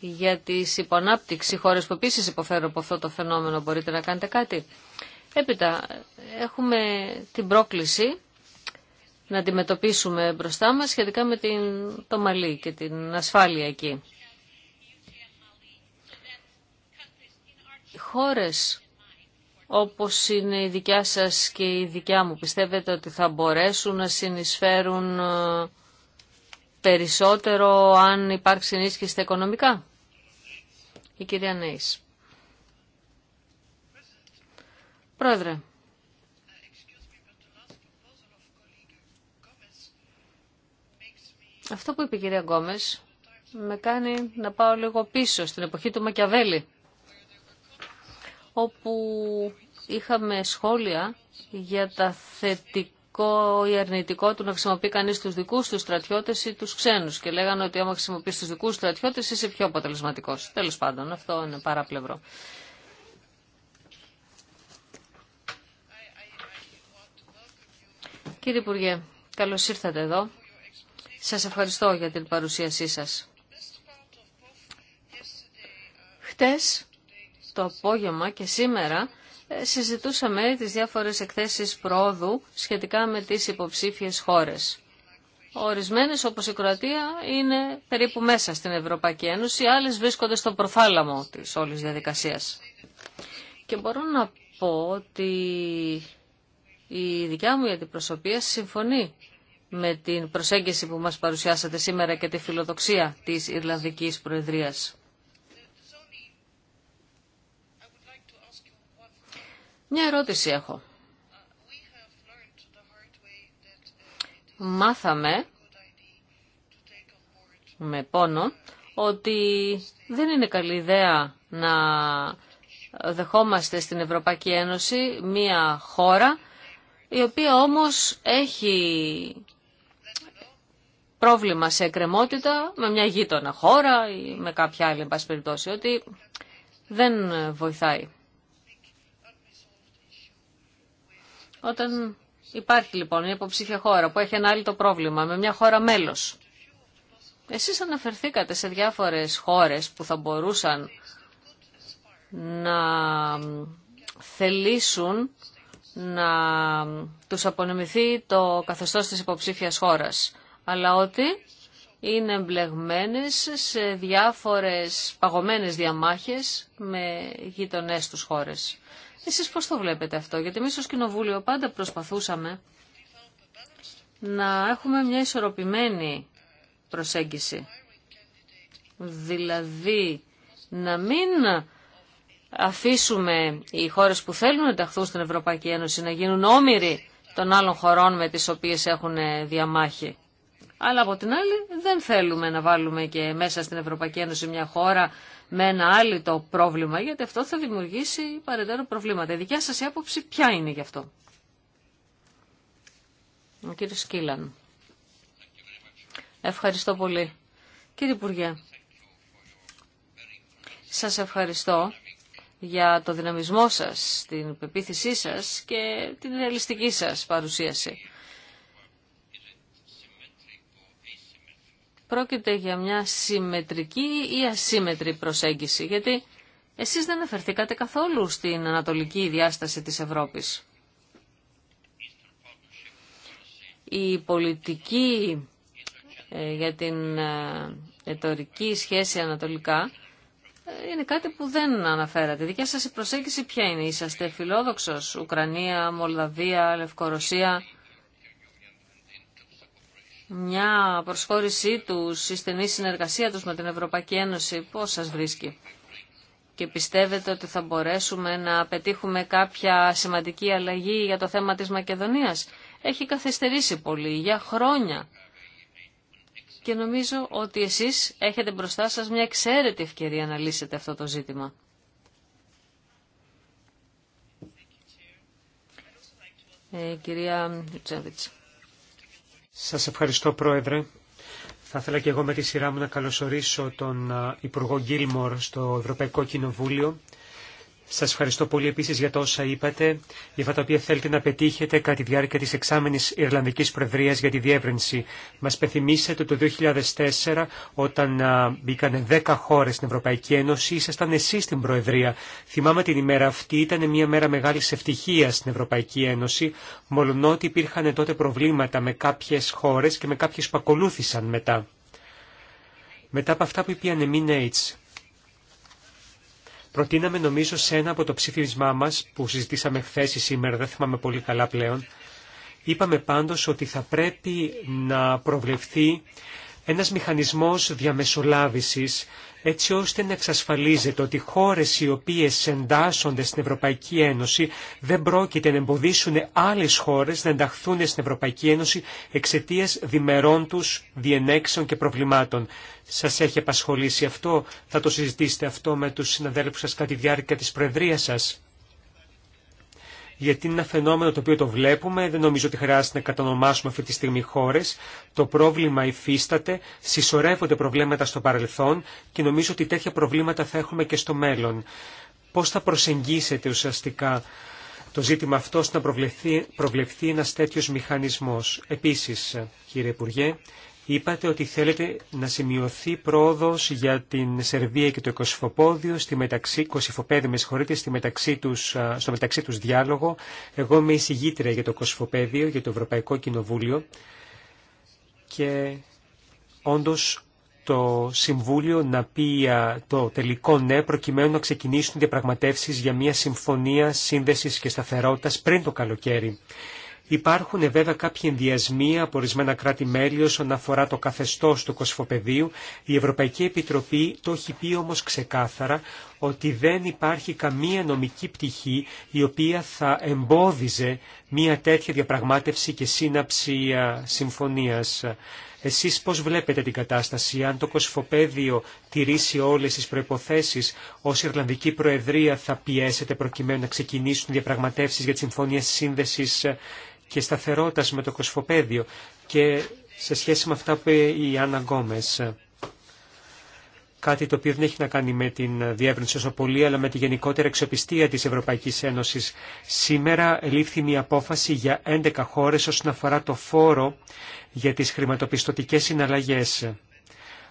για τις υπονάπτυξη χώρες που επίσης υποφέρουν από αυτό το φαινόμενο μπορείτε να κάνετε κάτι. Έπειτα έχουμε την πρόκληση να αντιμετωπίσουμε μπροστά μας σχετικά με την, το Μαλί και την ασφάλεια εκεί. χώρες όπως είναι η δικιά σας και η δικιά μου. Πιστεύετε ότι θα μπορέσουν να συνεισφέρουν ε, περισσότερο αν υπάρξει ενίσχυση στα οικονομικά. Η κυρία Νέης. Πρόεδρε. Αυτό που είπε η κυρία Γκόμες με κάνει να πάω λίγο πίσω στην εποχή του Μακιαβέλη όπου είχαμε σχόλια για τα θετικό ή αρνητικό του να χρησιμοποιεί κανείς τους δικούς του στρατιώτες ή τους ξένους και λέγανε ότι άμα χρησιμοποιείς τους δικούς στρατιώτες είσαι πιο αποτελεσματικός. Τέλος πάντων, αυτό είναι παράπλευρο. Κύριε Υπουργέ, καλώς ήρθατε εδώ. Σας ευχαριστώ για την παρουσίασή σας. Χτες το απόγευμα και σήμερα ε, συζητούσαμε τις διάφορες εκθέσεις πρόοδου σχετικά με τις υποψήφιες χώρες. Ορισμένες όπως η Κροατία είναι περίπου μέσα στην Ευρωπαϊκή Ένωση, άλλες βρίσκονται στο προφάλαμο της όλης διαδικασίας. Και μπορώ να πω ότι η δικιά μου η αντιπροσωπεία συμφωνεί με την προσέγγιση που μας παρουσιάσατε σήμερα και τη φιλοδοξία της Ιρλανδικής Προεδρίας. Μια ερώτηση έχω. Μάθαμε με πόνο ότι δεν είναι καλή ιδέα να δεχόμαστε στην Ευρωπαϊκή Ένωση μία χώρα η οποία όμως έχει πρόβλημα σε εκκρεμότητα με μια γείτονα χώρα ή με κάποια άλλη, εν ότι δεν βοηθάει. Όταν υπάρχει λοιπόν μια υποψήφια χώρα που έχει ένα άλλο το πρόβλημα με μια χώρα μέλος, εσείς αναφερθήκατε σε διάφορες χώρες που θα μπορούσαν να θελήσουν να τους απονεμηθεί το καθεστώς της υποψήφιας χώρας, αλλά ότι είναι εμπλεγμένες σε διάφορες παγωμένες διαμάχες με γείτονές τους χώρες. Εσείς πώς το βλέπετε αυτό, γιατί εμείς ως Κοινοβούλιο πάντα προσπαθούσαμε να έχουμε μια ισορροπημένη προσέγγιση. Δηλαδή, να μην αφήσουμε οι χώρες που θέλουν να ενταχθούν στην Ευρωπαϊκή Ένωση να γίνουν όμοιροι των άλλων χωρών με τις οποίες έχουν διαμάχη. Αλλά από την άλλη δεν θέλουμε να βάλουμε και μέσα στην Ευρωπαϊκή Ένωση μια χώρα με ένα άλλο το πρόβλημα, γιατί αυτό θα δημιουργήσει παρεντέρω προβλήματα. Η δικιά σας η άποψη ποια είναι γι' αυτό. Ο κύριος Σκύλαν. Ευχαριστώ πολύ. Κύριε Υπουργέ, σας ευχαριστώ για το δυναμισμό σας, την πεποίθησή σας και την ρεαλιστική σας παρουσίαση. πρόκειται για μια συμμετρική ή ασύμετρη προσέγγιση, γιατί εσείς δεν αναφερθήκατε καθόλου στην ανατολική διάσταση της Ευρώπης. Η ασυμμετρη προσεγγιση γιατι εσεις δεν αναφερθηκατε καθολου στην ανατολικη διασταση της ευρωπης η πολιτικη ε, για την ε, ετορική σχέση ανατολικά ε, είναι κάτι που δεν αναφέρατε. δικιά σας η προσέγγιση ποια είναι. Είσαστε φιλόδοξος. Ουκρανία, Μολδαβία, Λευκορωσία μια προσχώρησή του η στενή συνεργασία τους με την Ευρωπαϊκή Ένωση, πώς σας βρίσκει. Και πιστεύετε ότι θα μπορέσουμε να πετύχουμε κάποια σημαντική αλλαγή για το θέμα της Μακεδονίας. Έχει καθυστερήσει πολύ, για χρόνια. Και νομίζω ότι εσείς έχετε μπροστά σας μια εξαίρετη ευκαιρία να λύσετε αυτό το ζήτημα. Ε, κυρία σας ευχαριστώ Πρόεδρε. Θα ήθελα και εγώ με τη σειρά μου να καλωσορίσω τον Υπουργό Γκίλμορ στο Ευρωπαϊκό Κοινοβούλιο. Σας ευχαριστώ πολύ επίσης για τα όσα είπατε, για αυτά τα οποία θέλετε να πετύχετε κατά τη διάρκεια της εξάμενης Ιρλανδικής Προεδρίας για τη διεύρυνση. Μας πεθυμίσατε το 2004 όταν μπήκαν 10 χώρες στην Ευρωπαϊκή Ένωση, ήσασταν εσείς στην Προεδρία. Θυμάμαι την ημέρα αυτή, ήταν μια μέρα μεγάλης ευτυχίας στην Ευρωπαϊκή Ένωση, μολονότι υπήρχαν τότε προβλήματα με κάποιες χώρες και με κάποιες που ακολούθησαν μετά. Μετά από αυτά που είπε η προτείναμε νομίζω σε ένα από το ψήφισμά μας που συζητήσαμε χθε ή σήμερα, δεν θυμάμαι πολύ καλά πλέον, είπαμε πάντως ότι θα πρέπει να προβλεφθεί ένας μηχανισμός διαμεσολάβησης έτσι ώστε να εξασφαλίζεται ότι χώρες οι οποίες εντάσσονται στην Ευρωπαϊκή Ένωση δεν πρόκειται να εμποδίσουν άλλες χώρες να ενταχθούν στην Ευρωπαϊκή Ένωση εξαιτίας διμερών τους διενέξεων και προβλημάτων. Σας έχει απασχολήσει αυτό, θα το συζητήσετε αυτό με τους συναδέλφους σας κατά τη διάρκεια της Προεδρίας σας γιατί είναι ένα φαινόμενο το οποίο το βλέπουμε, δεν νομίζω ότι χρειάζεται να κατανομάσουμε αυτή τη στιγμή χώρε. Το πρόβλημα υφίσταται, συσσωρεύονται προβλήματα στο παρελθόν και νομίζω ότι τέτοια προβλήματα θα έχουμε και στο μέλλον. Πώ θα προσεγγίσετε ουσιαστικά το ζήτημα αυτό να προβλεφθεί, προβλεφθεί ένα τέτοιο μηχανισμό. Επίση, κύριε Υπουργέ, Είπατε ότι θέλετε να σημειωθεί πρόοδος για την Σερβία και το Κωσυφοπόδιο, στη μεταξύ, Κωσυφοπέδη με συγχωρείτε, στη μεταξύ τους, στο μεταξύ τους διάλογο. Εγώ είμαι εισηγήτρια για το Κωσυφοπέδιο, για το Ευρωπαϊκό Κοινοβούλιο και όντως το Συμβούλιο να πει το τελικό ναι προκειμένου να ξεκινήσουν διαπραγματεύσεις για μια συμφωνία σύνδεσης και σταθερότητας πριν το καλοκαίρι. Υπάρχουν βέβαια κάποιοι ενδιασμοί από ορισμένα κράτη-μέλη όσον αφορά το καθεστώ του κοσφοπεδίου. Η Ευρωπαϊκή Επιτροπή το έχει πει όμω ξεκάθαρα ότι δεν υπάρχει καμία νομική πτυχή η οποία θα εμπόδιζε μία τέτοια διαπραγμάτευση και σύναψη συμφωνίας. Εσείς πώς βλέπετε την κατάσταση, αν το κοσφοπέδιο τηρήσει όλες τις προϋποθέσεις, ως Ιρλανδική Προεδρία θα πιέσετε προκειμένου να ξεκινήσουν διαπραγματεύσεις για τη Συμφωνία Σύνδεσης και Σταθερότητας με το κοσφοπέδιο και σε σχέση με αυτά που είπε η Άννα Γκόμες κάτι το οποίο δεν έχει να κάνει με την διεύρυνση όσο πολύ, αλλά με τη γενικότερη εξοπιστία της Ευρωπαϊκής Ένωσης. Σήμερα λήφθη μια απόφαση για 11 χώρες όσον αφορά το φόρο για τις χρηματοπιστωτικές συναλλαγές.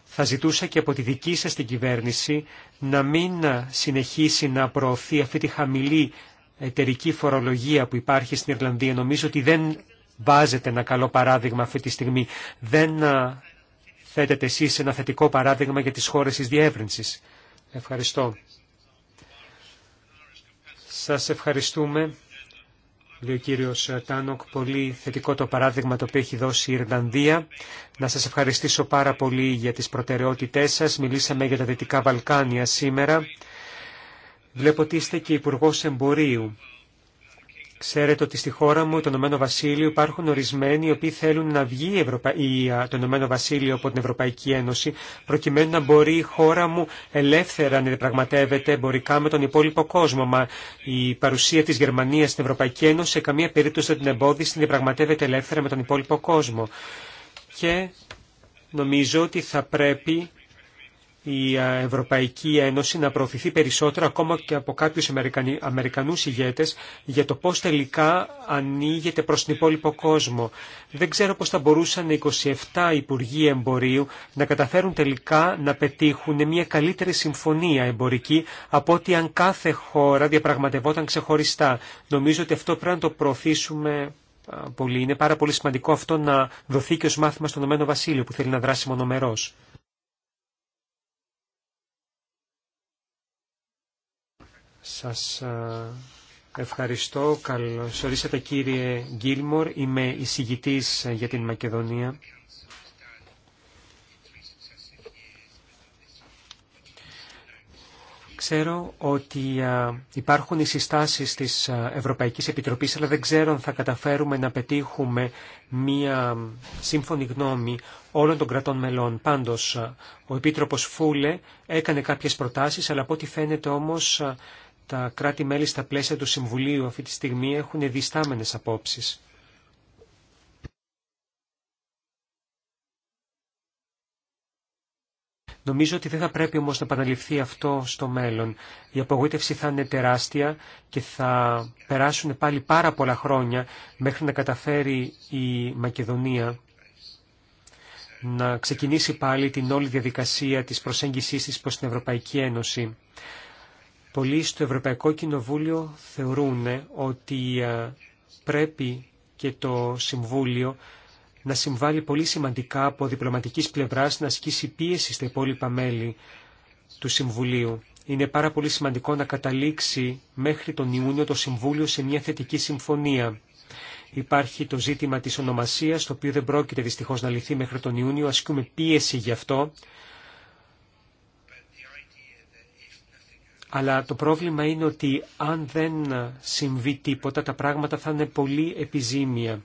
Θα ζητούσα και από τη δική σας την κυβέρνηση να μην συνεχίσει να προωθεί αυτή τη χαμηλή εταιρική φορολογία που υπάρχει στην Ιρλανδία. Νομίζω ότι δεν βάζεται ένα καλό παράδειγμα αυτή τη στιγμή. Δεν θέτετε εσείς ένα θετικό παράδειγμα για τις χώρες της διεύρυνσης. Ευχαριστώ. Σας ευχαριστούμε. Λέει ο κύριο Τάνοκ, πολύ θετικό το παράδειγμα το οποίο έχει δώσει η Ιρλανδία. Να σας ευχαριστήσω πάρα πολύ για τις προτεραιότητές σας. Μιλήσαμε για τα Δυτικά Βαλκάνια σήμερα. Βλέπω ότι είστε και υπουργό Εμπορίου. Ξέρετε ότι στη χώρα μου, το Ηνωμένο Βασίλειο, υπάρχουν ορισμένοι οι οποίοι θέλουν να βγει το Ηνωμένο Βασίλειο από την Ευρωπαϊκή Ένωση, προκειμένου να μπορεί η χώρα μου ελεύθερα να διαπραγματεύεται εμπορικά με τον υπόλοιπο κόσμο. Μα η παρουσία τη Γερμανία στην Ευρωπαϊκή Ένωση σε καμία περίπτωση δεν την εμπόδισε να διαπραγματεύεται ελεύθερα με τον υπόλοιπο κόσμο. Και νομίζω ότι θα πρέπει η Ευρωπαϊκή Ένωση να προωθηθεί περισσότερο ακόμα και από κάποιους Αμερικανούς ηγέτες για το πώς τελικά ανοίγεται προς την υπόλοιπο κόσμο. Δεν ξέρω πώς θα μπορούσαν οι 27 Υπουργοί Εμπορίου να καταφέρουν τελικά να πετύχουν μια καλύτερη συμφωνία εμπορική από ότι αν κάθε χώρα διαπραγματευόταν ξεχωριστά. Νομίζω ότι αυτό πρέπει να το προωθήσουμε πολύ. Είναι πάρα πολύ σημαντικό αυτό να δοθεί και ως μάθημα στον Ομένο Βασίλειο που θέλει να δράσει μονομερός. Σας ε, ευχαριστώ. Καλώς ορίσατε κύριε Γκίλμορ. Είμαι εισηγητής ε, για την Μακεδονία. Ξέρω ότι ε, υπάρχουν οι συστάσεις της Ευρωπαϊκής Επιτροπής, αλλά δεν ξέρω αν θα καταφέρουμε να πετύχουμε μία σύμφωνη γνώμη όλων των κρατών μελών. Πάντως, ο Επίτροπος Φούλε έκανε κάποιες προτάσεις, αλλά από ό,τι φαίνεται όμως τα κράτη-μέλη στα πλαίσια του Συμβουλίου αυτή τη στιγμή έχουν διστάμενες απόψεις. Νομίζω ότι δεν θα πρέπει όμως να επαναληφθεί αυτό στο μέλλον. Η απογοήτευση θα είναι τεράστια και θα περάσουν πάλι πάρα πολλά χρόνια μέχρι να καταφέρει η Μακεδονία να ξεκινήσει πάλι την όλη διαδικασία της προσέγγισής της προς την Ευρωπαϊκή Ένωση πολλοί στο Ευρωπαϊκό Κοινοβούλιο θεωρούν ότι ε, πρέπει και το Συμβούλιο να συμβάλλει πολύ σημαντικά από διπλωματικής πλευράς να ασκήσει πίεση στα υπόλοιπα μέλη του Συμβουλίου. Είναι πάρα πολύ σημαντικό να καταλήξει μέχρι τον Ιούνιο το Συμβούλιο σε μια θετική συμφωνία. Υπάρχει το ζήτημα της ονομασίας, το οποίο δεν πρόκειται δυστυχώς να λυθεί μέχρι τον Ιούνιο. Ασκούμε πίεση γι' αυτό. Αλλά το πρόβλημα είναι ότι αν δεν συμβεί τίποτα, τα πράγματα θα είναι πολύ επιζήμια.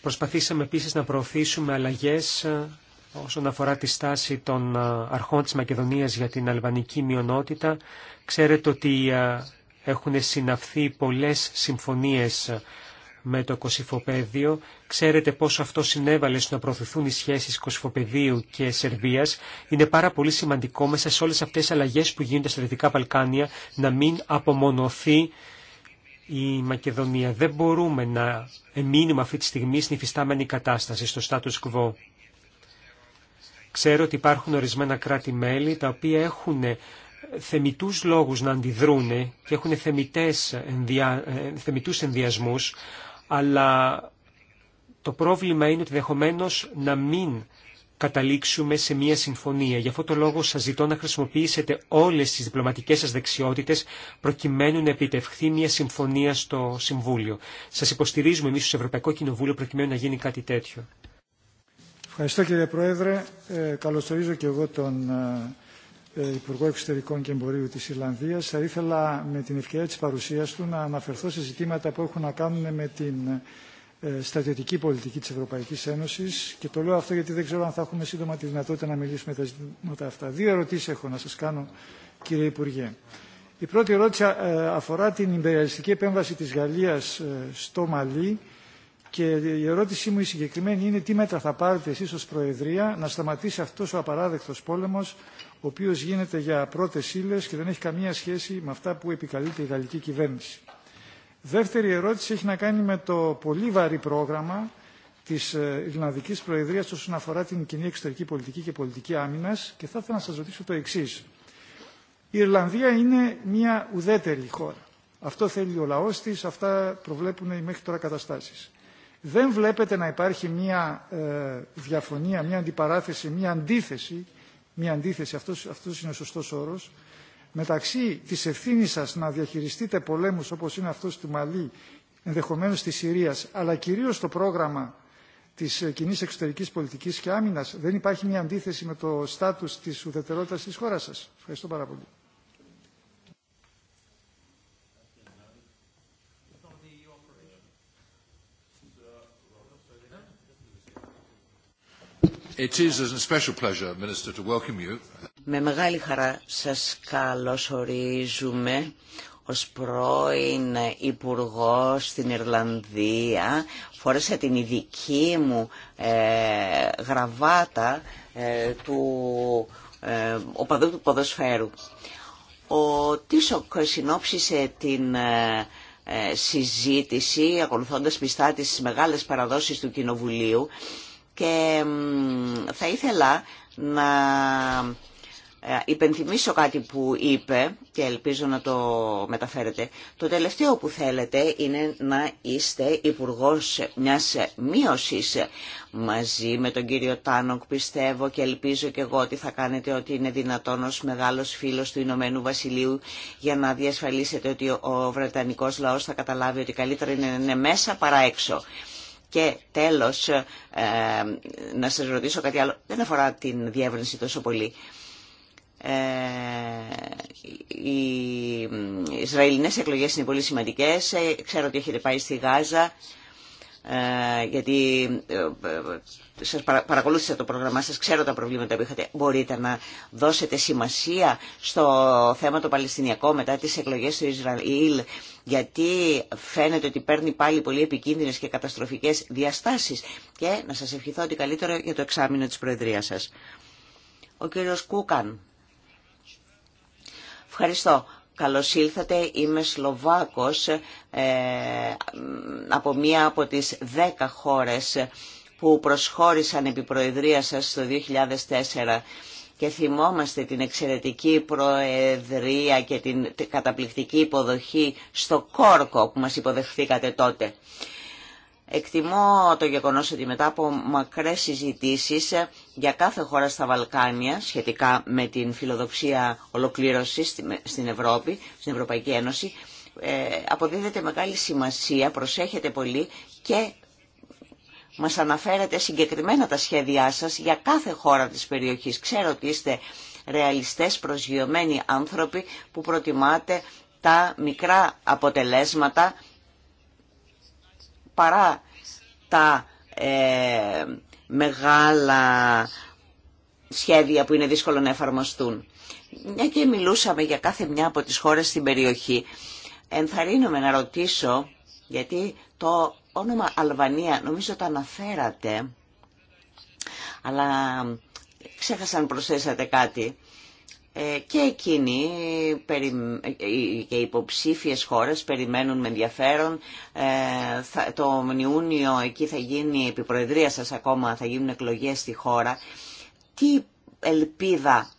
Προσπαθήσαμε επίσης να προωθήσουμε αλλαγές ε, όσον αφορά τη στάση των ε, αρχών της Μακεδονίας για την αλβανική μειονότητα. Ξέρετε ότι ε, έχουν συναυθεί πολλές συμφωνίες με το Κωσυφοπαίδιο. Ξέρετε πόσο αυτό συνέβαλε στο να προωθηθούν οι σχέσεις Κωσυφοπαιδίου και Σερβίας. Είναι πάρα πολύ σημαντικό μέσα σε όλες αυτές τις αλλαγές που γίνονται στα Δυτικά Βαλκάνια να μην απομονωθεί η Μακεδονία. Δεν μπορούμε να εμείνουμε αυτή τη στιγμή στην υφιστάμενη κατάσταση, στο status quo. Ξέρω ότι υπάρχουν ορισμένα κράτη-μέλη τα οποία έχουν θεμητούς λόγους να αντιδρούν και έχουν θεμητές ενδια... Ε, ενδιασμούς, αλλά το πρόβλημα είναι ότι δεχομένω να μην καταλήξουμε σε μια συμφωνία. Γι' αυτό το λόγο σας ζητώ να χρησιμοποιήσετε όλες τις διπλωματικές σας δεξιότητες προκειμένου να επιτευχθεί μια συμφωνία στο Συμβούλιο. Σας υποστηρίζουμε εμείς στο Ευρωπαϊκό Κοινοβούλιο προκειμένου να γίνει κάτι τέτοιο. Ευχαριστώ κύριε Πρόεδρε. Ε, καλωσορίζω και εγώ τον ε, ε, Υπουργό Εξωτερικών και Εμπορίου της Ιρλανδίας. Θα ήθελα με την ευκαιρία της παρουσίας του να αναφερθώ σε ζητήματα που έχουν να κάνουν με την ε, στρατιωτική πολιτική της Ευρωπαϊκής Ένωσης και το λέω αυτό γιατί δεν ξέρω αν θα έχουμε σύντομα τη δυνατότητα να μιλήσουμε τα ζητήματα αυτά. Δύο ερωτήσεις έχω να σας κάνω κύριε Υπουργέ. Η πρώτη ερώτηση ε, αφορά την υπεριαλιστική επέμβαση της Γαλλίας στο Μαλί και η ερώτησή μου η συγκεκριμένη είναι τι μέτρα θα πάρετε εσείς ως Προεδρία να σταματήσει αυτός ο απαράδεκτος πόλεμος ο οποίο γίνεται για πρώτε ύλε και δεν έχει καμία σχέση με αυτά που επικαλείται η γαλλική κυβέρνηση. Δεύτερη ερώτηση έχει να κάνει με το πολύ βαρύ πρόγραμμα τη ε, Ιρλανδική Προεδρία όσον αφορά την κοινή εξωτερική πολιτική και πολιτική άμυνα και θα ήθελα να σα ρωτήσω το εξή. Η Ιρλανδία είναι μια ουδέτερη χώρα. Αυτό θέλει ο λαό τη, αυτά προβλέπουν οι μέχρι τώρα καταστάσει. Δεν βλέπετε να υπάρχει μια ε, διαφωνία, μια αντιπαράθεση, μια αντίθεση μια αντίθεση, αυτός, αυτός είναι ο σωστός όρος, μεταξύ της ευθύνη σας να διαχειριστείτε πολέμους όπως είναι αυτός του Μαλή, ενδεχομένως της Συρίας, αλλά κυρίως το πρόγραμμα της κοινή εξωτερικής πολιτικής και άμυνας, δεν υπάρχει μια αντίθεση με το στάτους της ουδετερότητας της χώρας σας. Ευχαριστώ πάρα πολύ. Με μεγάλη χαρά σας καλωσορίζουμε ως πρώην υπουργό στην Ιρλανδία. Φόρεσα την ειδική μου ε, γραβάτα ε, του ε, οπαδού του ποδοσφαίρου. Ο Τίσοκ συνόψισε την ε, συζήτηση ακολουθώντας πιστά τις μεγάλες παραδόσεις του Κοινοβουλίου και θα ήθελα να ε, υπενθυμίσω κάτι που είπε και ελπίζω να το μεταφέρετε. Το τελευταίο που θέλετε είναι να είστε υπουργό μιας μείωσης μαζί με τον κύριο Τάνοκ πιστεύω και ελπίζω και εγώ ότι θα κάνετε ότι είναι δυνατόν ως μεγάλος φίλος του Ηνωμένου Βασιλείου για να διασφαλίσετε ότι ο Βρετανικός λαός θα καταλάβει ότι καλύτερα είναι μέσα παρά έξω. Και τέλος, ε, να σας ρωτήσω κάτι άλλο, δεν αφορά την διεύρυνση τόσο πολύ. Ε, οι Ισραηλινές εκλογές είναι πολύ σημαντικές. Ε, ξέρω ότι έχετε πάει στη Γάζα. Ε, γιατί ε, ε, σας παρακολούθησα το πρόγραμμά σας, ξέρω τα προβλήματα που είχατε. Μπορείτε να δώσετε σημασία στο θέμα το Παλαιστινιακό μετά τις εκλογές του Ισραήλ, γιατί φαίνεται ότι παίρνει πάλι πολύ επικίνδυνες και καταστροφικές διαστάσεις. Και να σας ευχηθώ ότι καλύτερο για το εξάμεινο της Προεδρίας σας. Ο κύριος Κούκαν. Ευχαριστώ. Καλώς ήλθατε, είμαι Σλοβάκος ε, από μία από τις δέκα χώρες που προσχώρησαν επί προεδρία σας το 2004 και θυμόμαστε την εξαιρετική προεδρία και την καταπληκτική υποδοχή στο Κόρκο που μας υποδεχθήκατε τότε. Εκτιμώ το γεγονός ότι μετά από μακρές συζητήσεις για κάθε χώρα στα Βαλκάνια σχετικά με την φιλοδοξία ολοκλήρωσης στην Ευρώπη, στην Ευρωπαϊκή Ένωση, ε, αποδίδεται μεγάλη σημασία, προσέχετε πολύ και μας αναφέρετε συγκεκριμένα τα σχέδιά σας για κάθε χώρα της περιοχής. Ξέρω ότι είστε ρεαλιστές προσγειωμένοι άνθρωποι που προτιμάτε τα μικρά αποτελέσματα παρά τα ε, μεγάλα σχέδια που είναι δύσκολο να εφαρμοστούν. Μια και μιλούσαμε για κάθε μια από τις χώρες στην περιοχή, ενθαρρύνομαι να ρωτήσω, γιατί το όνομα Αλβανία νομίζω το αναφέρατε, αλλά ξέχασα αν προσθέσατε κάτι. Ε, και εκείνοι ε, ε, και οι υποψήφιες χώρες περιμένουν με ενδιαφέρον. Το Ιούνιο εκεί θα γίνει η επιπροεδρία σας ακόμα, θα γίνουν εκλογές στη χώρα. Τι ελπίδα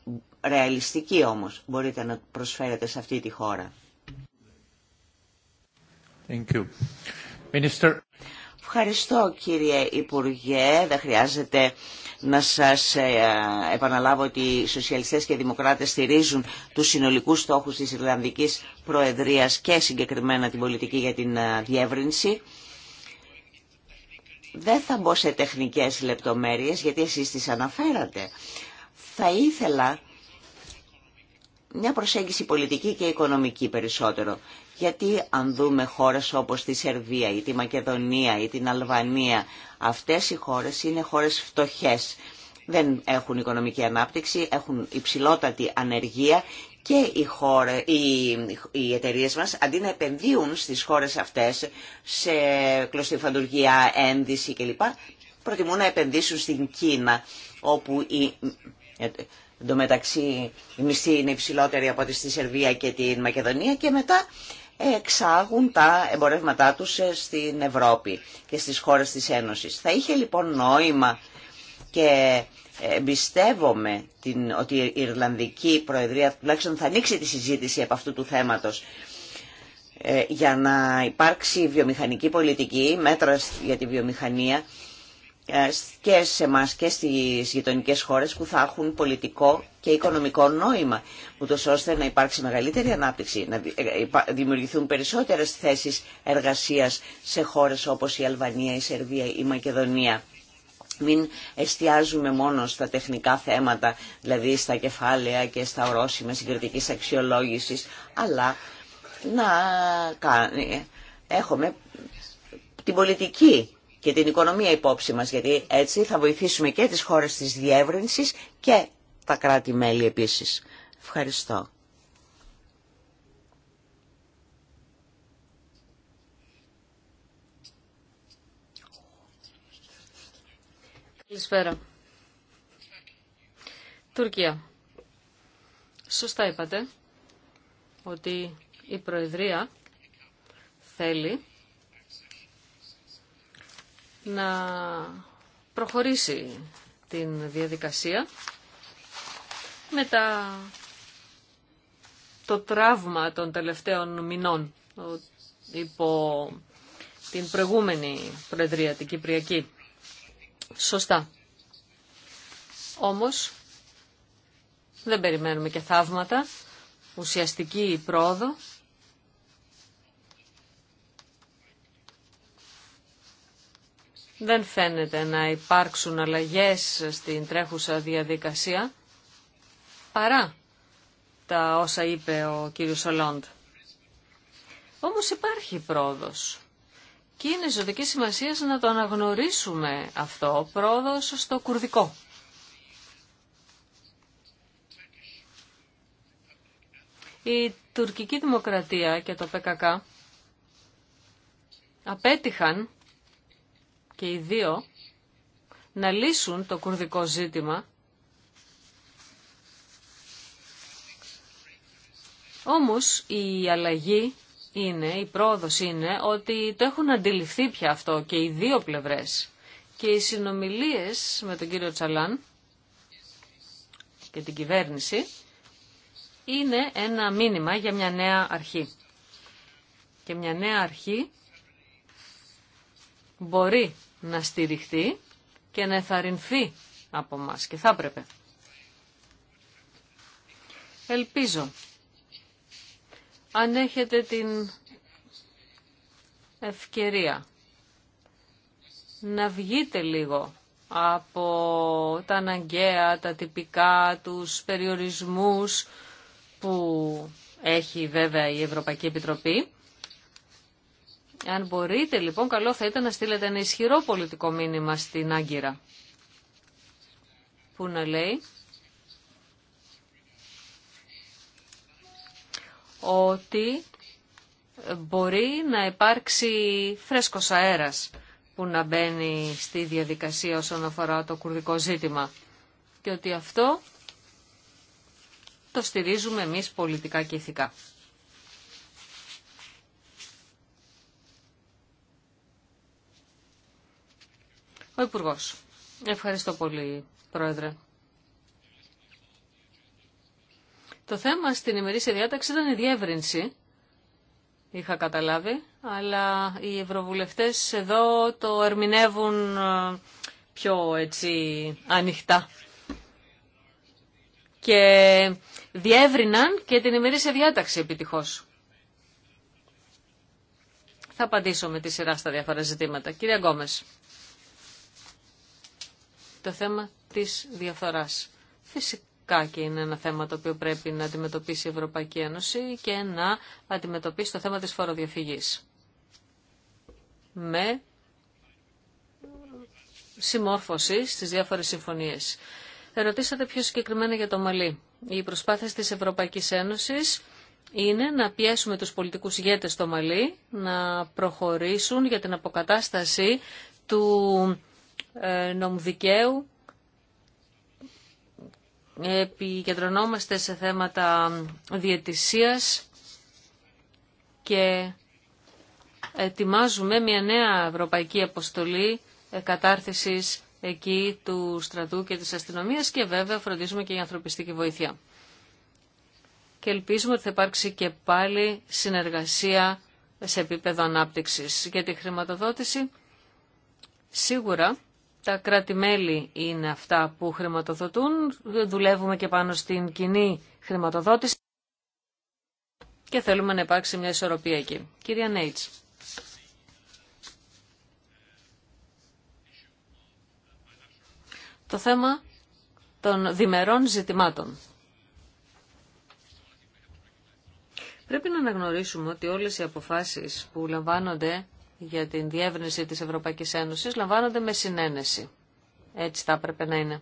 ρεαλιστική όμως μπορείτε να προσφέρετε σε αυτή τη χώρα. Thank you. Minister. Ευχαριστώ κύριε Υπουργέ, δεν χρειάζεται να σας ε, επαναλάβω ότι οι σοσιαλιστές και οι δημοκράτες στηρίζουν τους συνολικούς στόχους της Ιρλανδικής Προεδρίας και συγκεκριμένα την πολιτική για την ε, διεύρυνση. Δεν θα μπω σε τεχνικές λεπτομέρειες γιατί εσείς τις αναφέρατε. Θα ήθελα μια προσέγγιση πολιτική και οικονομική περισσότερο. Γιατί αν δούμε χώρες όπως τη Σερβία ή τη Μακεδονία ή την Αλβανία, αυτές οι χώρες είναι χώρες φτωχές. Δεν έχουν οικονομική ανάπτυξη, έχουν υψηλότατη ανεργία και οι, χώρες, οι, εταιρείες μας αντί να επενδύουν στις χώρες αυτές σε φαντουργία, ένδυση κλπ. Προτιμούν να επενδύσουν στην Κίνα όπου η, ε, εντωμεταξύ η μισθή είναι υψηλότερη από τη Σερβία και την Μακεδονία και μετά εξάγουν τα εμπορεύματά τους ε, στην Ευρώπη και στις χώρες της Ένωσης. Θα είχε λοιπόν νόημα και ε, εμπιστεύομαι την, ότι η Ιρλανδική Προεδρία τουλάχιστον θα ανοίξει τη συζήτηση από αυτού του θέματος ε, για να υπάρξει βιομηχανική πολιτική, μέτρα για τη βιομηχανία και σε εμά και στις γειτονικέ χώρες που θα έχουν πολιτικό και οικονομικό νόημα, ούτω ώστε να υπάρξει μεγαλύτερη ανάπτυξη, να ε, ε, δημιουργηθούν περισσότερες θέσεις εργασίας σε χώρες όπως η Αλβανία, η Σερβία, η Μακεδονία. Μην εστιάζουμε μόνο στα τεχνικά θέματα, δηλαδή στα κεφάλαια και στα ορόσημα συγκριτικής αξιολόγησης, αλλά να ε, έχουμε την πολιτική και την οικονομία υπόψη μας, γιατί έτσι θα βοηθήσουμε και τις χώρες της διεύρυνσης και τα κράτη-μέλη επίσης. Ευχαριστώ. Καλησπέρα. Τουρκία. Σωστά είπατε ότι η Προεδρία θέλει να προχωρήσει την διαδικασία τα το τραύμα των τελευταίων μηνών υπό την προηγούμενη Προεδρία, την Κυπριακή. Σωστά. Όμως δεν περιμένουμε και θαύματα, ουσιαστική πρόοδο δεν φαίνεται να υπάρξουν αλλαγές στην τρέχουσα διαδικασία παρά τα όσα είπε ο κύριος Ολόντ. Όμως υπάρχει πρόοδος και είναι ζωτική σημασία να το αναγνωρίσουμε αυτό πρόοδος στο κουρδικό. Η τουρκική δημοκρατία και το ΠΚΚ απέτυχαν και οι δύο να λύσουν το κουρδικό ζήτημα. Όμως η αλλαγή είναι, η πρόοδος είναι ότι το έχουν αντιληφθεί πια αυτό και οι δύο πλευρές. Και οι συνομιλίες με τον κύριο Τσαλάν και την κυβέρνηση είναι ένα μήνυμα για μια νέα αρχή. Και μια νέα αρχή μπορεί να στηριχθεί και να εθαρρυνθεί από μας και θα έπρεπε. Ελπίζω, αν έχετε την ευκαιρία να βγείτε λίγο από τα αναγκαία, τα τυπικά, τους περιορισμούς που έχει βέβαια η Ευρωπαϊκή Επιτροπή αν μπορείτε λοιπόν καλό θα ήταν να στείλετε ένα ισχυρό πολιτικό μήνυμα στην Άγκυρα που να λέει ότι μπορεί να υπάρξει φρέσκος αέρας που να μπαίνει στη διαδικασία όσον αφορά το κουρδικό ζήτημα και ότι αυτό το στηρίζουμε εμείς πολιτικά και ηθικά. Ο Υπουργό. Ευχαριστώ πολύ, Πρόεδρε. Το θέμα στην ημερήσια διάταξη ήταν η διεύρυνση, είχα καταλάβει, αλλά οι ευρωβουλευτές εδώ το ερμηνεύουν ε, πιο έτσι ανοιχτά. Και διεύρυναν και την ημερήσια διάταξη επιτυχώς. Θα απαντήσω με τη σειρά στα διάφορα ζητήματα. Κυρία Γκόμες το θέμα της διαφθοράς. Φυσικά και είναι ένα θέμα το οποίο πρέπει να αντιμετωπίσει η Ευρωπαϊκή Ένωση και να αντιμετωπίσει το θέμα της φοροδιαφυγής. Με συμμόρφωση στις διάφορες συμφωνίες. Ρωτήσατε πιο συγκεκριμένα για το Μαλί. Οι προσπάθεια της Ευρωπαϊκής Ένωσης είναι να πιέσουμε τους πολιτικούς ηγέτες στο Μαλί να προχωρήσουν για την αποκατάσταση του ε, νόμου δικαίου. Επικεντρωνόμαστε σε θέματα διαιτησίας και ετοιμάζουμε μια νέα ευρωπαϊκή αποστολή κατάρτιση εκεί του στρατού και της αστυνομίας και βέβαια φροντίζουμε και η ανθρωπιστική βοήθεια. Και ελπίζουμε ότι θα υπάρξει και πάλι συνεργασία σε επίπεδο ανάπτυξης για τη χρηματοδότηση. Σίγουρα τα κράτη-μέλη είναι αυτά που χρηματοδοτούν. Δουλεύουμε και πάνω στην κοινή χρηματοδότηση και θέλουμε να υπάρξει μια ισορροπία εκεί. Κυρία Νέιτς. Το θέμα των διμερών ζητημάτων. Πρέπει να αναγνωρίσουμε ότι όλες οι αποφάσεις που λαμβάνονται για την διεύρυνση της Ευρωπαϊκής Ένωσης λαμβάνονται με συνένεση. Έτσι θα έπρεπε να είναι.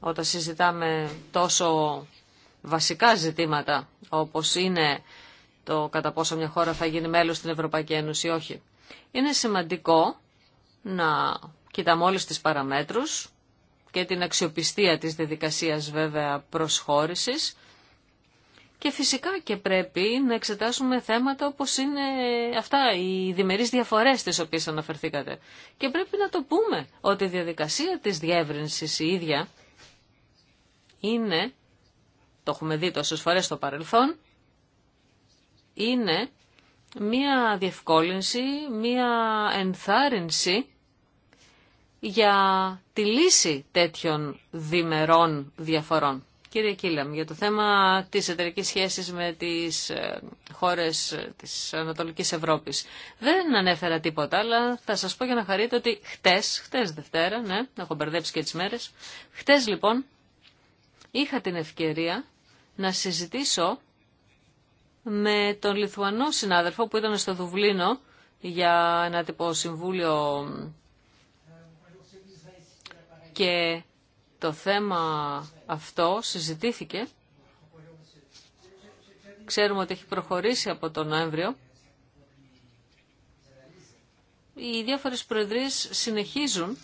Όταν συζητάμε τόσο βασικά ζητήματα όπως είναι το κατά πόσο μια χώρα θα γίνει μέλος στην Ευρωπαϊκή Ένωση ή όχι. Είναι σημαντικό να κοιτάμε όλες τις παραμέτρους και την αξιοπιστία της διαδικασίας βέβαια προσχώρησης και φυσικά και πρέπει να εξετάσουμε θέματα όπως είναι αυτά, οι διμερείς διαφορές τις οποίες αναφερθήκατε. Και πρέπει να το πούμε ότι η διαδικασία της διεύρυνσης η ίδια είναι, το έχουμε δει τόσες φορές στο παρελθόν, είναι μία διευκόλυνση, μία ενθάρρυνση για τη λύση τέτοιων διμερών διαφορών. Κύριε Κίλαμ, για το θέμα της εταιρικής σχέσης με τις ε, χώρες της Ανατολικής Ευρώπης. Δεν ανέφερα τίποτα, αλλά θα σας πω για να χαρείτε ότι χτες, χτες Δευτέρα, ναι, έχω μπερδέψει και τις μέρες, χτες λοιπόν είχα την ευκαιρία να συζητήσω με τον Λιθουανό συνάδελφο που ήταν στο Δουβλίνο για ένα τυπο συμβούλιο και το θέμα αυτό συζητήθηκε. Ξέρουμε ότι έχει προχωρήσει από τον Νοέμβριο. Οι διάφορες προεδρείς συνεχίζουν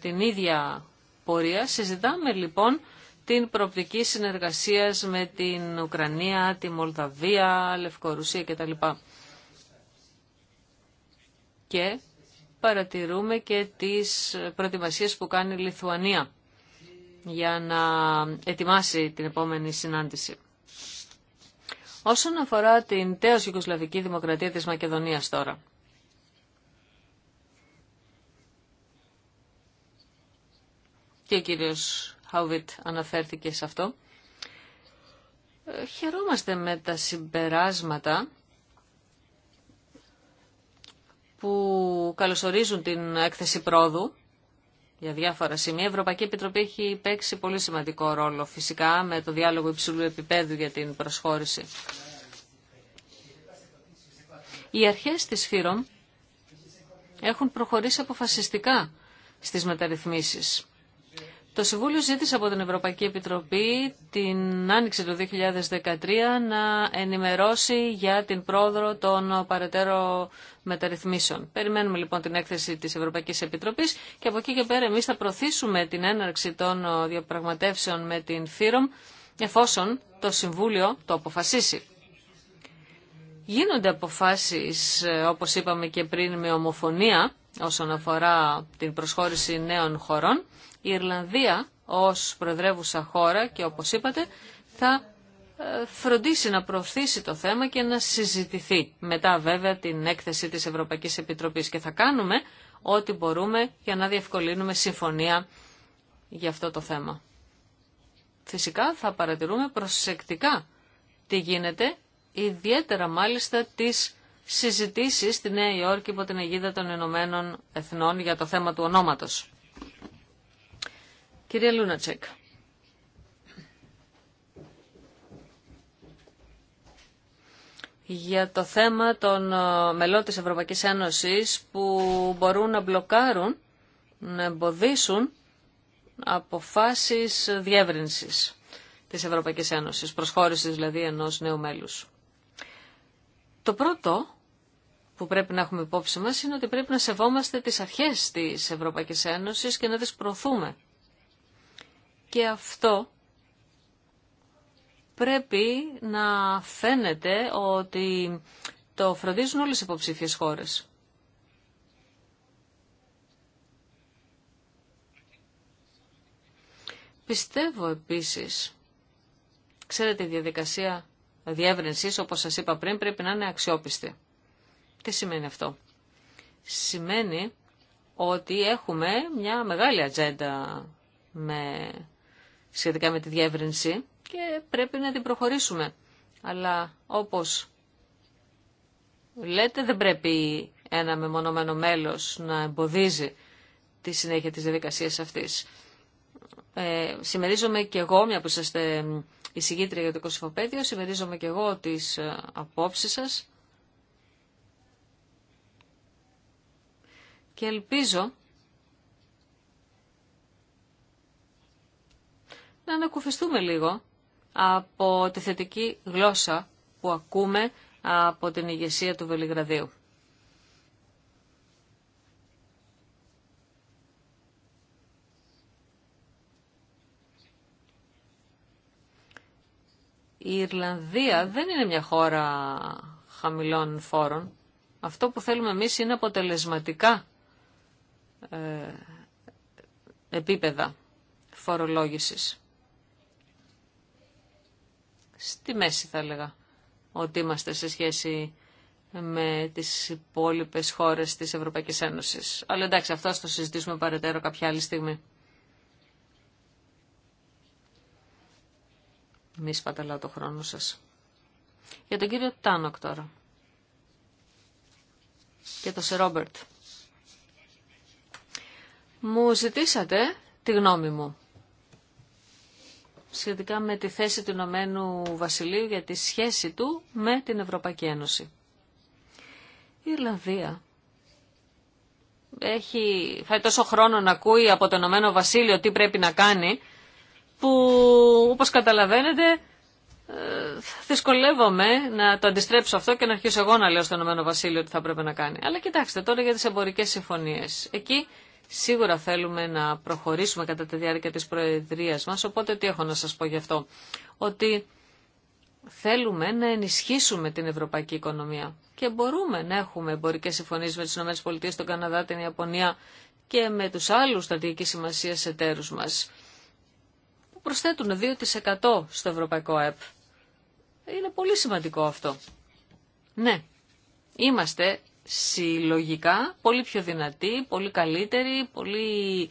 την ίδια πορεία. Συζητάμε λοιπόν την προοπτική συνεργασίας με την Ουκρανία, τη Μολδαβία, Λευκορουσία κτλ. Και παρατηρούμε και τις προετοιμασίες που κάνει η Λιθουανία για να ετοιμάσει την επόμενη συνάντηση. Όσον αφορά την τέος Ιουγκοσλαβική Δημοκρατία της Μακεδονίας τώρα. Και ο κύριος Χαουβιτ αναφέρθηκε σε αυτό. Ε, χαιρόμαστε με τα συμπεράσματα που καλωσορίζουν την έκθεση πρόδου για διάφορα σημεία. Η Ευρωπαϊκή Επιτροπή έχει παίξει πολύ σημαντικό ρόλο φυσικά με το διάλογο υψηλού επίπεδου για την προσχώρηση. Οι αρχές της ΦΥΡΟΜ έχουν προχωρήσει αποφασιστικά στις μεταρρυθμίσεις το Συμβούλιο ζήτησε από την Ευρωπαϊκή Επιτροπή την άνοιξη του 2013 να ενημερώσει για την πρόοδο των παρετέρω μεταρρυθμίσεων. Περιμένουμε λοιπόν την έκθεση της Ευρωπαϊκής Επιτροπής και από εκεί και πέρα εμείς θα προωθήσουμε την έναρξη των διαπραγματεύσεων με την ΦΥΡΟΜ εφόσον το Συμβούλιο το αποφασίσει. Γίνονται αποφάσεις, όπως είπαμε και πριν, με ομοφωνία όσον αφορά την προσχώρηση νέων χωρών η Ιρλανδία ως προεδρεύουσα χώρα και όπως είπατε θα ε, φροντίσει να προωθήσει το θέμα και να συζητηθεί μετά βέβαια την έκθεση της Ευρωπαϊκής Επιτροπής και θα κάνουμε ό,τι μπορούμε για να διευκολύνουμε συμφωνία για αυτό το θέμα. Φυσικά θα παρατηρούμε προσεκτικά τι γίνεται, ιδιαίτερα μάλιστα τις συζητήσεις στη Νέα Υόρκη υπό την αιγίδα των Ηνωμένων Εθνών για το θέμα του ονόματος. Κυρία Λούνατσεκ. για το θέμα των ε, μελών της Ευρωπαϊκής Ένωσης που μπορούν να μπλοκάρουν, να εμποδίσουν αποφάσεις διεύρυνσης της Ευρωπαϊκής Ένωσης, προσχώρησης δηλαδή ενός νέου μέλους. Το πρώτο που πρέπει να έχουμε υπόψη μας είναι ότι πρέπει να σεβόμαστε τις αρχές της Ευρωπαϊκής Ένωσης και να τις προωθούμε. Και αυτό πρέπει να φαίνεται ότι το φροντίζουν όλες οι υποψήφιες χώρες. Πιστεύω επίσης, ξέρετε η διαδικασία διεύρυνσης, όπως σας είπα πριν, πρέπει να είναι αξιόπιστη. Τι σημαίνει αυτό. Σημαίνει ότι έχουμε μια μεγάλη ατζέντα με σχετικά με τη διεύρυνση και πρέπει να την προχωρήσουμε. Αλλά όπως λέτε δεν πρέπει ένα μεμονωμένο μέλος να εμποδίζει τη συνέχεια της διαδικασίας αυτής. Ε, συμμερίζομαι και εγώ, μια που είσαστε εισηγήτρια για το κοσυφοπαίδιο, συμμερίζομαι και εγώ τις ε, απόψεις σας και ελπίζω να ανακουφιστούμε λίγο από τη θετική γλώσσα που ακούμε από την ηγεσία του Βελιγραδίου. Η Ιρλανδία δεν είναι μια χώρα χαμηλών φόρων. Αυτό που θέλουμε εμείς είναι αποτελεσματικά ε, επίπεδα φορολόγησης στη μέση θα έλεγα ότι είμαστε σε σχέση με τις υπόλοιπε χώρες της Ευρωπαϊκής Ένωσης. Αλλά εντάξει, αυτό θα το συζητήσουμε παρετέρω κάποια άλλη στιγμή. Μη σπαταλάω το χρόνο σας. Για τον κύριο Τάνοκ τώρα. Και τον Σερόμπερτ. Ρόμπερτ. Μου ζητήσατε τη γνώμη μου σχετικά με τη θέση του Ηνωμένου Βασιλείου για τη σχέση του με την Ευρωπαϊκή Ένωση. Η Ιρλανδία έχει φάει τόσο χρόνο να ακούει από το Ηνωμένο Βασίλειο τι πρέπει να κάνει, που όπως καταλαβαίνετε ε, δυσκολεύομαι να το αντιστρέψω αυτό και να αρχίσω εγώ να λέω στο Ηνωμένο Βασίλειο τι θα πρέπει να κάνει. Αλλά κοιτάξτε τώρα για τις εμπορικές συμφωνίες. Εκεί Σίγουρα θέλουμε να προχωρήσουμε κατά τη διάρκεια της Προεδρίας μας, οπότε τι έχω να σας πω γι' αυτό. Ότι θέλουμε να ενισχύσουμε την ευρωπαϊκή οικονομία και μπορούμε να έχουμε εμπορικές συμφωνίες με τις ΗΠΑ, τον Καναδά, την Ιαπωνία και με τους άλλους στρατηγικής σημασία εταίρους μας που προσθέτουν 2% στο ευρωπαϊκό ΕΠ. Είναι πολύ σημαντικό αυτό. Ναι, είμαστε συλλογικά πολύ πιο δυνατοί, πολύ καλύτεροι, πολύ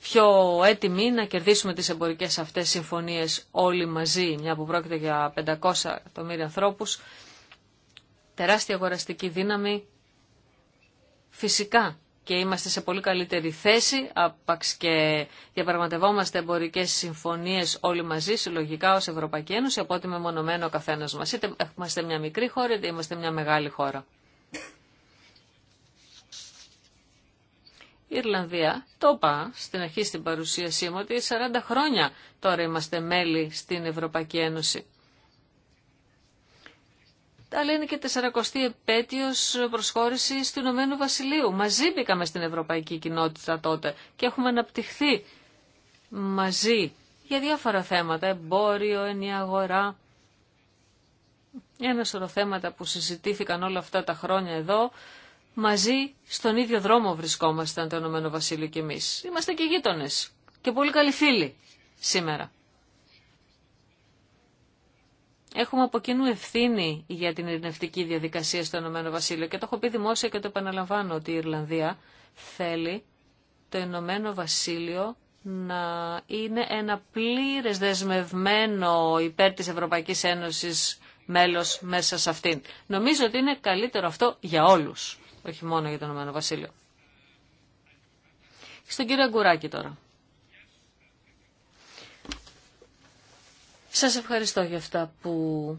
πιο έτοιμοι να κερδίσουμε τις εμπορικές αυτές συμφωνίες όλοι μαζί, μια που πρόκειται για 500 εκατομμύρια ανθρώπους, τεράστια αγοραστική δύναμη, φυσικά και είμαστε σε πολύ καλύτερη θέση, άπαξ και διαπραγματευόμαστε εμπορικέ συμφωνίε όλοι μαζί, συλλογικά ω Ευρωπαϊκή Ένωση, από ότι μεμονωμένο ο καθένα μα. Είτε είμαστε μια μικρή χώρα, είτε είμαστε μια μεγάλη χώρα. Η Ιρλανδία, το είπα στην αρχή στην παρουσίασή μου, ότι 40 χρόνια τώρα είμαστε μέλη στην Ευρωπαϊκή Ένωση. Αλλά είναι και 40η επέτειος προσχώρησης του Ηνωμένου Βασιλείου. Μαζί μπήκαμε στην Ευρωπαϊκή Κοινότητα τότε και έχουμε αναπτυχθεί μαζί για διάφορα θέματα, εμπόριο, ενιαγορά. Ένα σωρό θέματα που συζητήθηκαν όλα αυτά τα χρόνια εδώ μαζί στον ίδιο δρόμο βρισκόμασταν το Ηνωμένο Βασίλειο και εμείς. Είμαστε και γείτονε και πολύ καλοί φίλοι σήμερα. Έχουμε από κοινού ευθύνη για την ειρηνευτική διαδικασία στο Ηνωμένο Βασίλειο και το έχω πει δημόσια και το επαναλαμβάνω ότι η Ιρλανδία θέλει το Ηνωμένο Βασίλειο να είναι ένα πλήρες δεσμευμένο υπέρ της Ευρωπαϊκής Ένωσης μέλος μέσα σε αυτήν. Νομίζω ότι είναι καλύτερο αυτό για όλους όχι μόνο για το Ηνωμένο Βασίλειο. Στον κύριο Αγκουράκη τώρα. Σας ευχαριστώ για αυτά που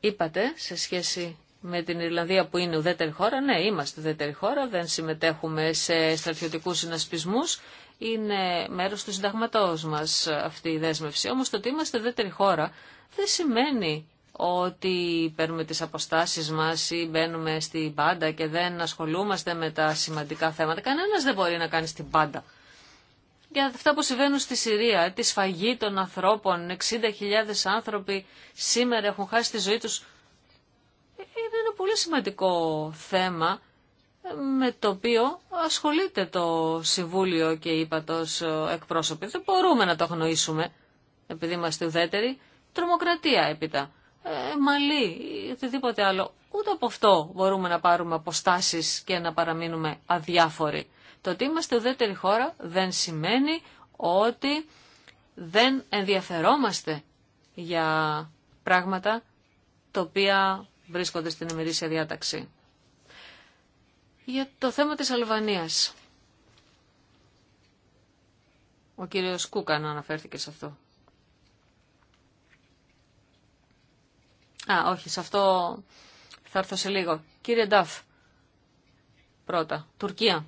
είπατε σε σχέση με την Ιρλανδία που είναι ουδέτερη χώρα. Ναι, είμαστε ουδέτερη χώρα, δεν συμμετέχουμε σε στρατιωτικούς συνασπισμούς. Είναι μέρος του συνταγματός μας αυτή η δέσμευση. Όμως το ότι είμαστε ουδέτερη χώρα δεν σημαίνει ότι παίρνουμε τις αποστάσεις μας ή μπαίνουμε στην πάντα και δεν ασχολούμαστε με τα σημαντικά θέματα. Κανένας δεν μπορεί να κάνει στην πάντα. Για αυτά που συμβαίνουν στη Συρία, τη σφαγή των ανθρώπων, 60.000 άνθρωποι σήμερα έχουν χάσει τη ζωή τους. Ε, είναι ένα πολύ σημαντικό θέμα ε, με το οποίο ασχολείται το Συμβούλιο και η ε, εκπρόσωποι. Δεν μπορούμε να το αγνοήσουμε, επειδή είμαστε ουδέτεροι. Τρομοκρατία έπειτα. Ε, μαλλί ή οτιδήποτε άλλο. Ούτε από αυτό μπορούμε να πάρουμε αποστάσεις και να παραμείνουμε αδιάφοροι. Το ότι είμαστε ουδέτερη χώρα δεν σημαίνει ότι δεν ενδιαφερόμαστε για πράγματα τα οποία βρίσκονται στην ημερήσια διάταξη. Για το θέμα της Αλβανίας. Ο κύριος Κούκαν αναφέρθηκε σε αυτό. Α, όχι, σε αυτό θα έρθω σε λίγο. Κύριε Νταφ, πρώτα, Τουρκία.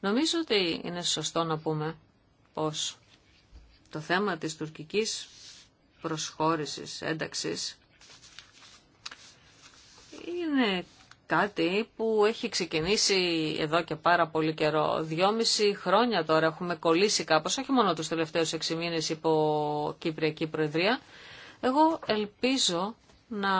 Νομίζω ότι είναι σωστό να πούμε πως το θέμα της τουρκικής προσχώρησης, ένταξης, είναι κάτι που έχει ξεκινήσει εδώ και πάρα πολύ καιρό. Δυόμιση χρόνια τώρα έχουμε κολλήσει κάπως, όχι μόνο τους τελευταίους έξι μήνες υπό Κυπριακή Προεδρία, εγώ ελπίζω να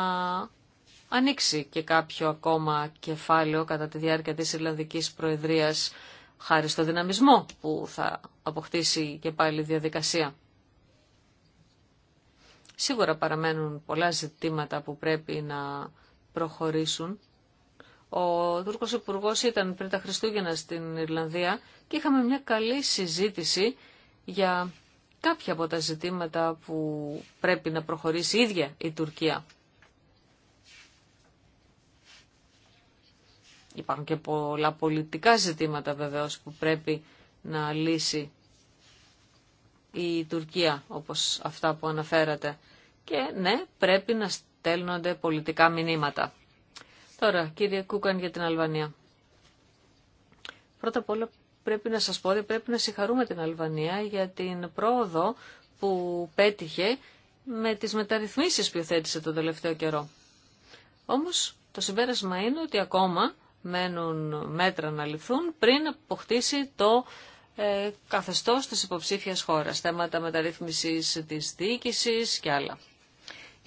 ανοίξει και κάποιο ακόμα κεφάλαιο κατά τη διάρκεια της Ιρλανδικής Προεδρίας χάρη στο δυναμισμό που θα αποκτήσει και πάλι η διαδικασία. Σίγουρα παραμένουν πολλά ζητήματα που πρέπει να προχωρήσουν. Ο Τούρκος υπουργό ήταν πριν τα Χριστούγεννα στην Ιρλανδία και είχαμε μια καλή συζήτηση για κάποια από τα ζητήματα που πρέπει να προχωρήσει η ίδια η Τουρκία. Υπάρχουν και πολλά πολιτικά ζητήματα βεβαίως που πρέπει να λύσει η Τουρκία, όπως αυτά που αναφέρατε. Και ναι, πρέπει να στέλνονται πολιτικά μηνύματα. Τώρα, κύριε Κούκαν για την Αλβανία. Πρώτα απ' όλα πρέπει να σας πω ότι πρέπει να συγχαρούμε την Αλβανία για την πρόοδο που πέτυχε με τις μεταρρυθμίσεις που θέτησε τον τελευταίο καιρό. Όμως το συμπέρασμα είναι ότι ακόμα μένουν μέτρα να ληφθούν πριν αποκτήσει το ε, καθεστώς της υποψήφιας χώρας, θέματα μεταρρύθμισης της διοίκησης και άλλα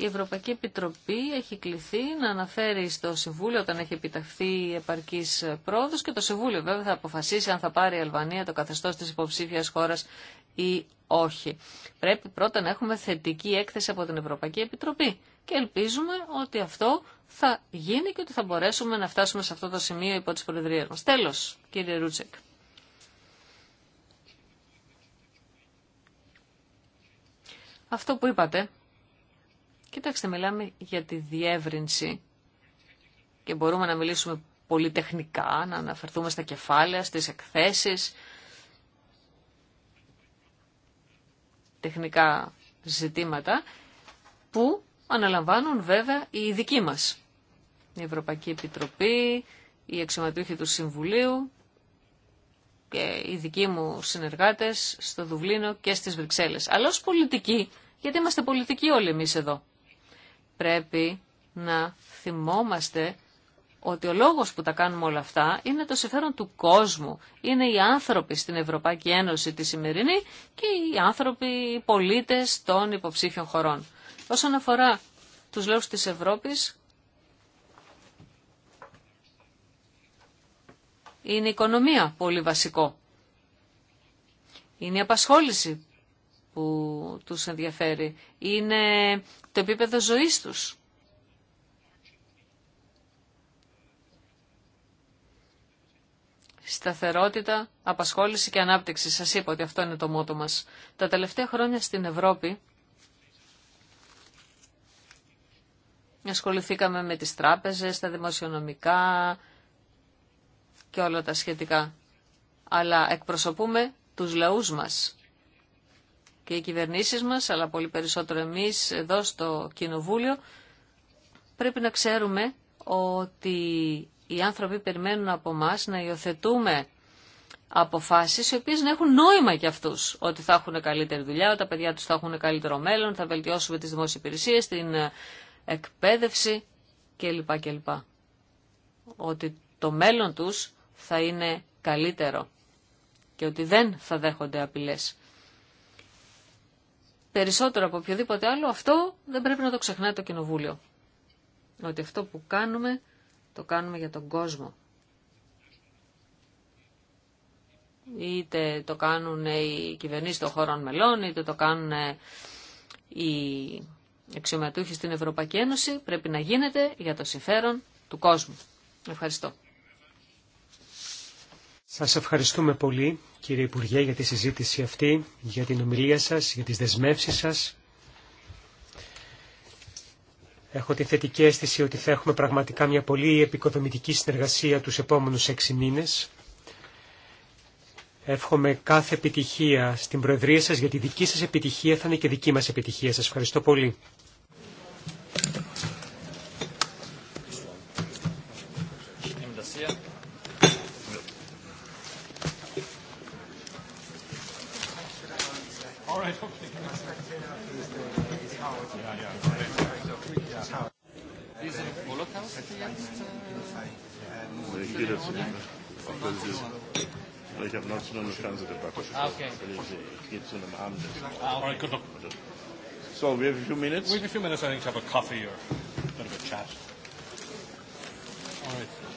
η Ευρωπαϊκή Επιτροπή έχει κληθεί να αναφέρει στο Συμβούλιο όταν έχει επιταχθεί επαρκή πρόοδο και το Συμβούλιο βέβαια θα αποφασίσει αν θα πάρει η Αλβανία το καθεστώς της υποψήφια χώρας ή όχι. Πρέπει πρώτα να έχουμε θετική έκθεση από την Ευρωπαϊκή Επιτροπή και ελπίζουμε ότι αυτό θα γίνει και ότι θα μπορέσουμε να φτάσουμε σε αυτό το σημείο υπό τις Προεδρίες μα. Τέλο, κύριε Ρούτσεκ. Αυτό που είπατε Κοιτάξτε, μιλάμε για τη διεύρυνση και μπορούμε να μιλήσουμε πολύ τεχνικά, να αναφερθούμε στα κεφάλαια, στις εκθέσεις, τεχνικά ζητήματα που αναλαμβάνουν βέβαια οι ειδικοί μας. Η Ευρωπαϊκή Επιτροπή, η αξιωματούχοι του Συμβουλίου και οι δικοί μου συνεργάτες στο Δουβλίνο και στις Βρυξέλλες. Αλλά ως πολιτικοί, γιατί είμαστε πολιτικοί όλοι εμείς εδώ πρέπει να θυμόμαστε ότι ο λόγος που τα κάνουμε όλα αυτά είναι το συμφέρον του κόσμου. Είναι οι άνθρωποι στην Ευρωπαϊκή Ένωση τη σημερινή και οι άνθρωποι οι πολίτες των υποψήφιων χωρών. Όσον αφορά τους λόγους της Ευρώπης, είναι η οικονομία πολύ βασικό. Είναι η απασχόληση του τους ενδιαφέρει. Είναι το επίπεδο ζωής τους. Σταθερότητα, απασχόληση και ανάπτυξη. Σας είπα ότι αυτό είναι το μότο μας. Τα τελευταία χρόνια στην Ευρώπη ασχοληθήκαμε με τις τράπεζες, τα δημοσιονομικά και όλα τα σχετικά. Αλλά εκπροσωπούμε τους λαούς μας και οι κυβερνήσεις μας, αλλά πολύ περισσότερο εμείς εδώ στο Κοινοβούλιο, πρέπει να ξέρουμε ότι οι άνθρωποι περιμένουν από εμά να υιοθετούμε αποφάσεις οι οποίες να έχουν νόημα για αυτούς. Ότι θα έχουν καλύτερη δουλειά, ότι τα παιδιά τους θα έχουν καλύτερο μέλλον, θα βελτιώσουμε τις δημόσιες υπηρεσίες, την ε, εκπαίδευση κλπ. κλπ. Ότι το μέλλον τους θα είναι καλύτερο και ότι δεν θα δέχονται απειλές περισσότερο από οποιοδήποτε άλλο, αυτό δεν πρέπει να το ξεχνάει το Κοινοβούλιο. Ότι αυτό που κάνουμε, το κάνουμε για τον κόσμο. Είτε το κάνουν οι κυβερνήσει των χωρών μελών, είτε το κάνουν οι αξιωματούχοι στην Ευρωπαϊκή Ένωση, πρέπει να γίνεται για το συμφέρον του κόσμου. Ευχαριστώ. Σας ευχαριστούμε πολύ κύριε Υπουργέ για τη συζήτηση αυτή, για την ομιλία σας, για τις δεσμεύσεις σας. Έχω τη θετική αίσθηση ότι θα έχουμε πραγματικά μια πολύ επικοδομητική συνεργασία τους επόμενους έξι μήνες. Εύχομαι κάθε επιτυχία στην Προεδρία σας, γιατί δική σας επιτυχία θα είναι και δική μας επιτυχία. Σας ευχαριστώ πολύ. gehe dazu? Ich habe noch zu einer Fernsehdebatte. Okay. Ich gehe zu einem Abendessen. All right, good luck. So, we have a few minutes? We have a few minutes, I think, to have a coffee or a bit of a chat. All right.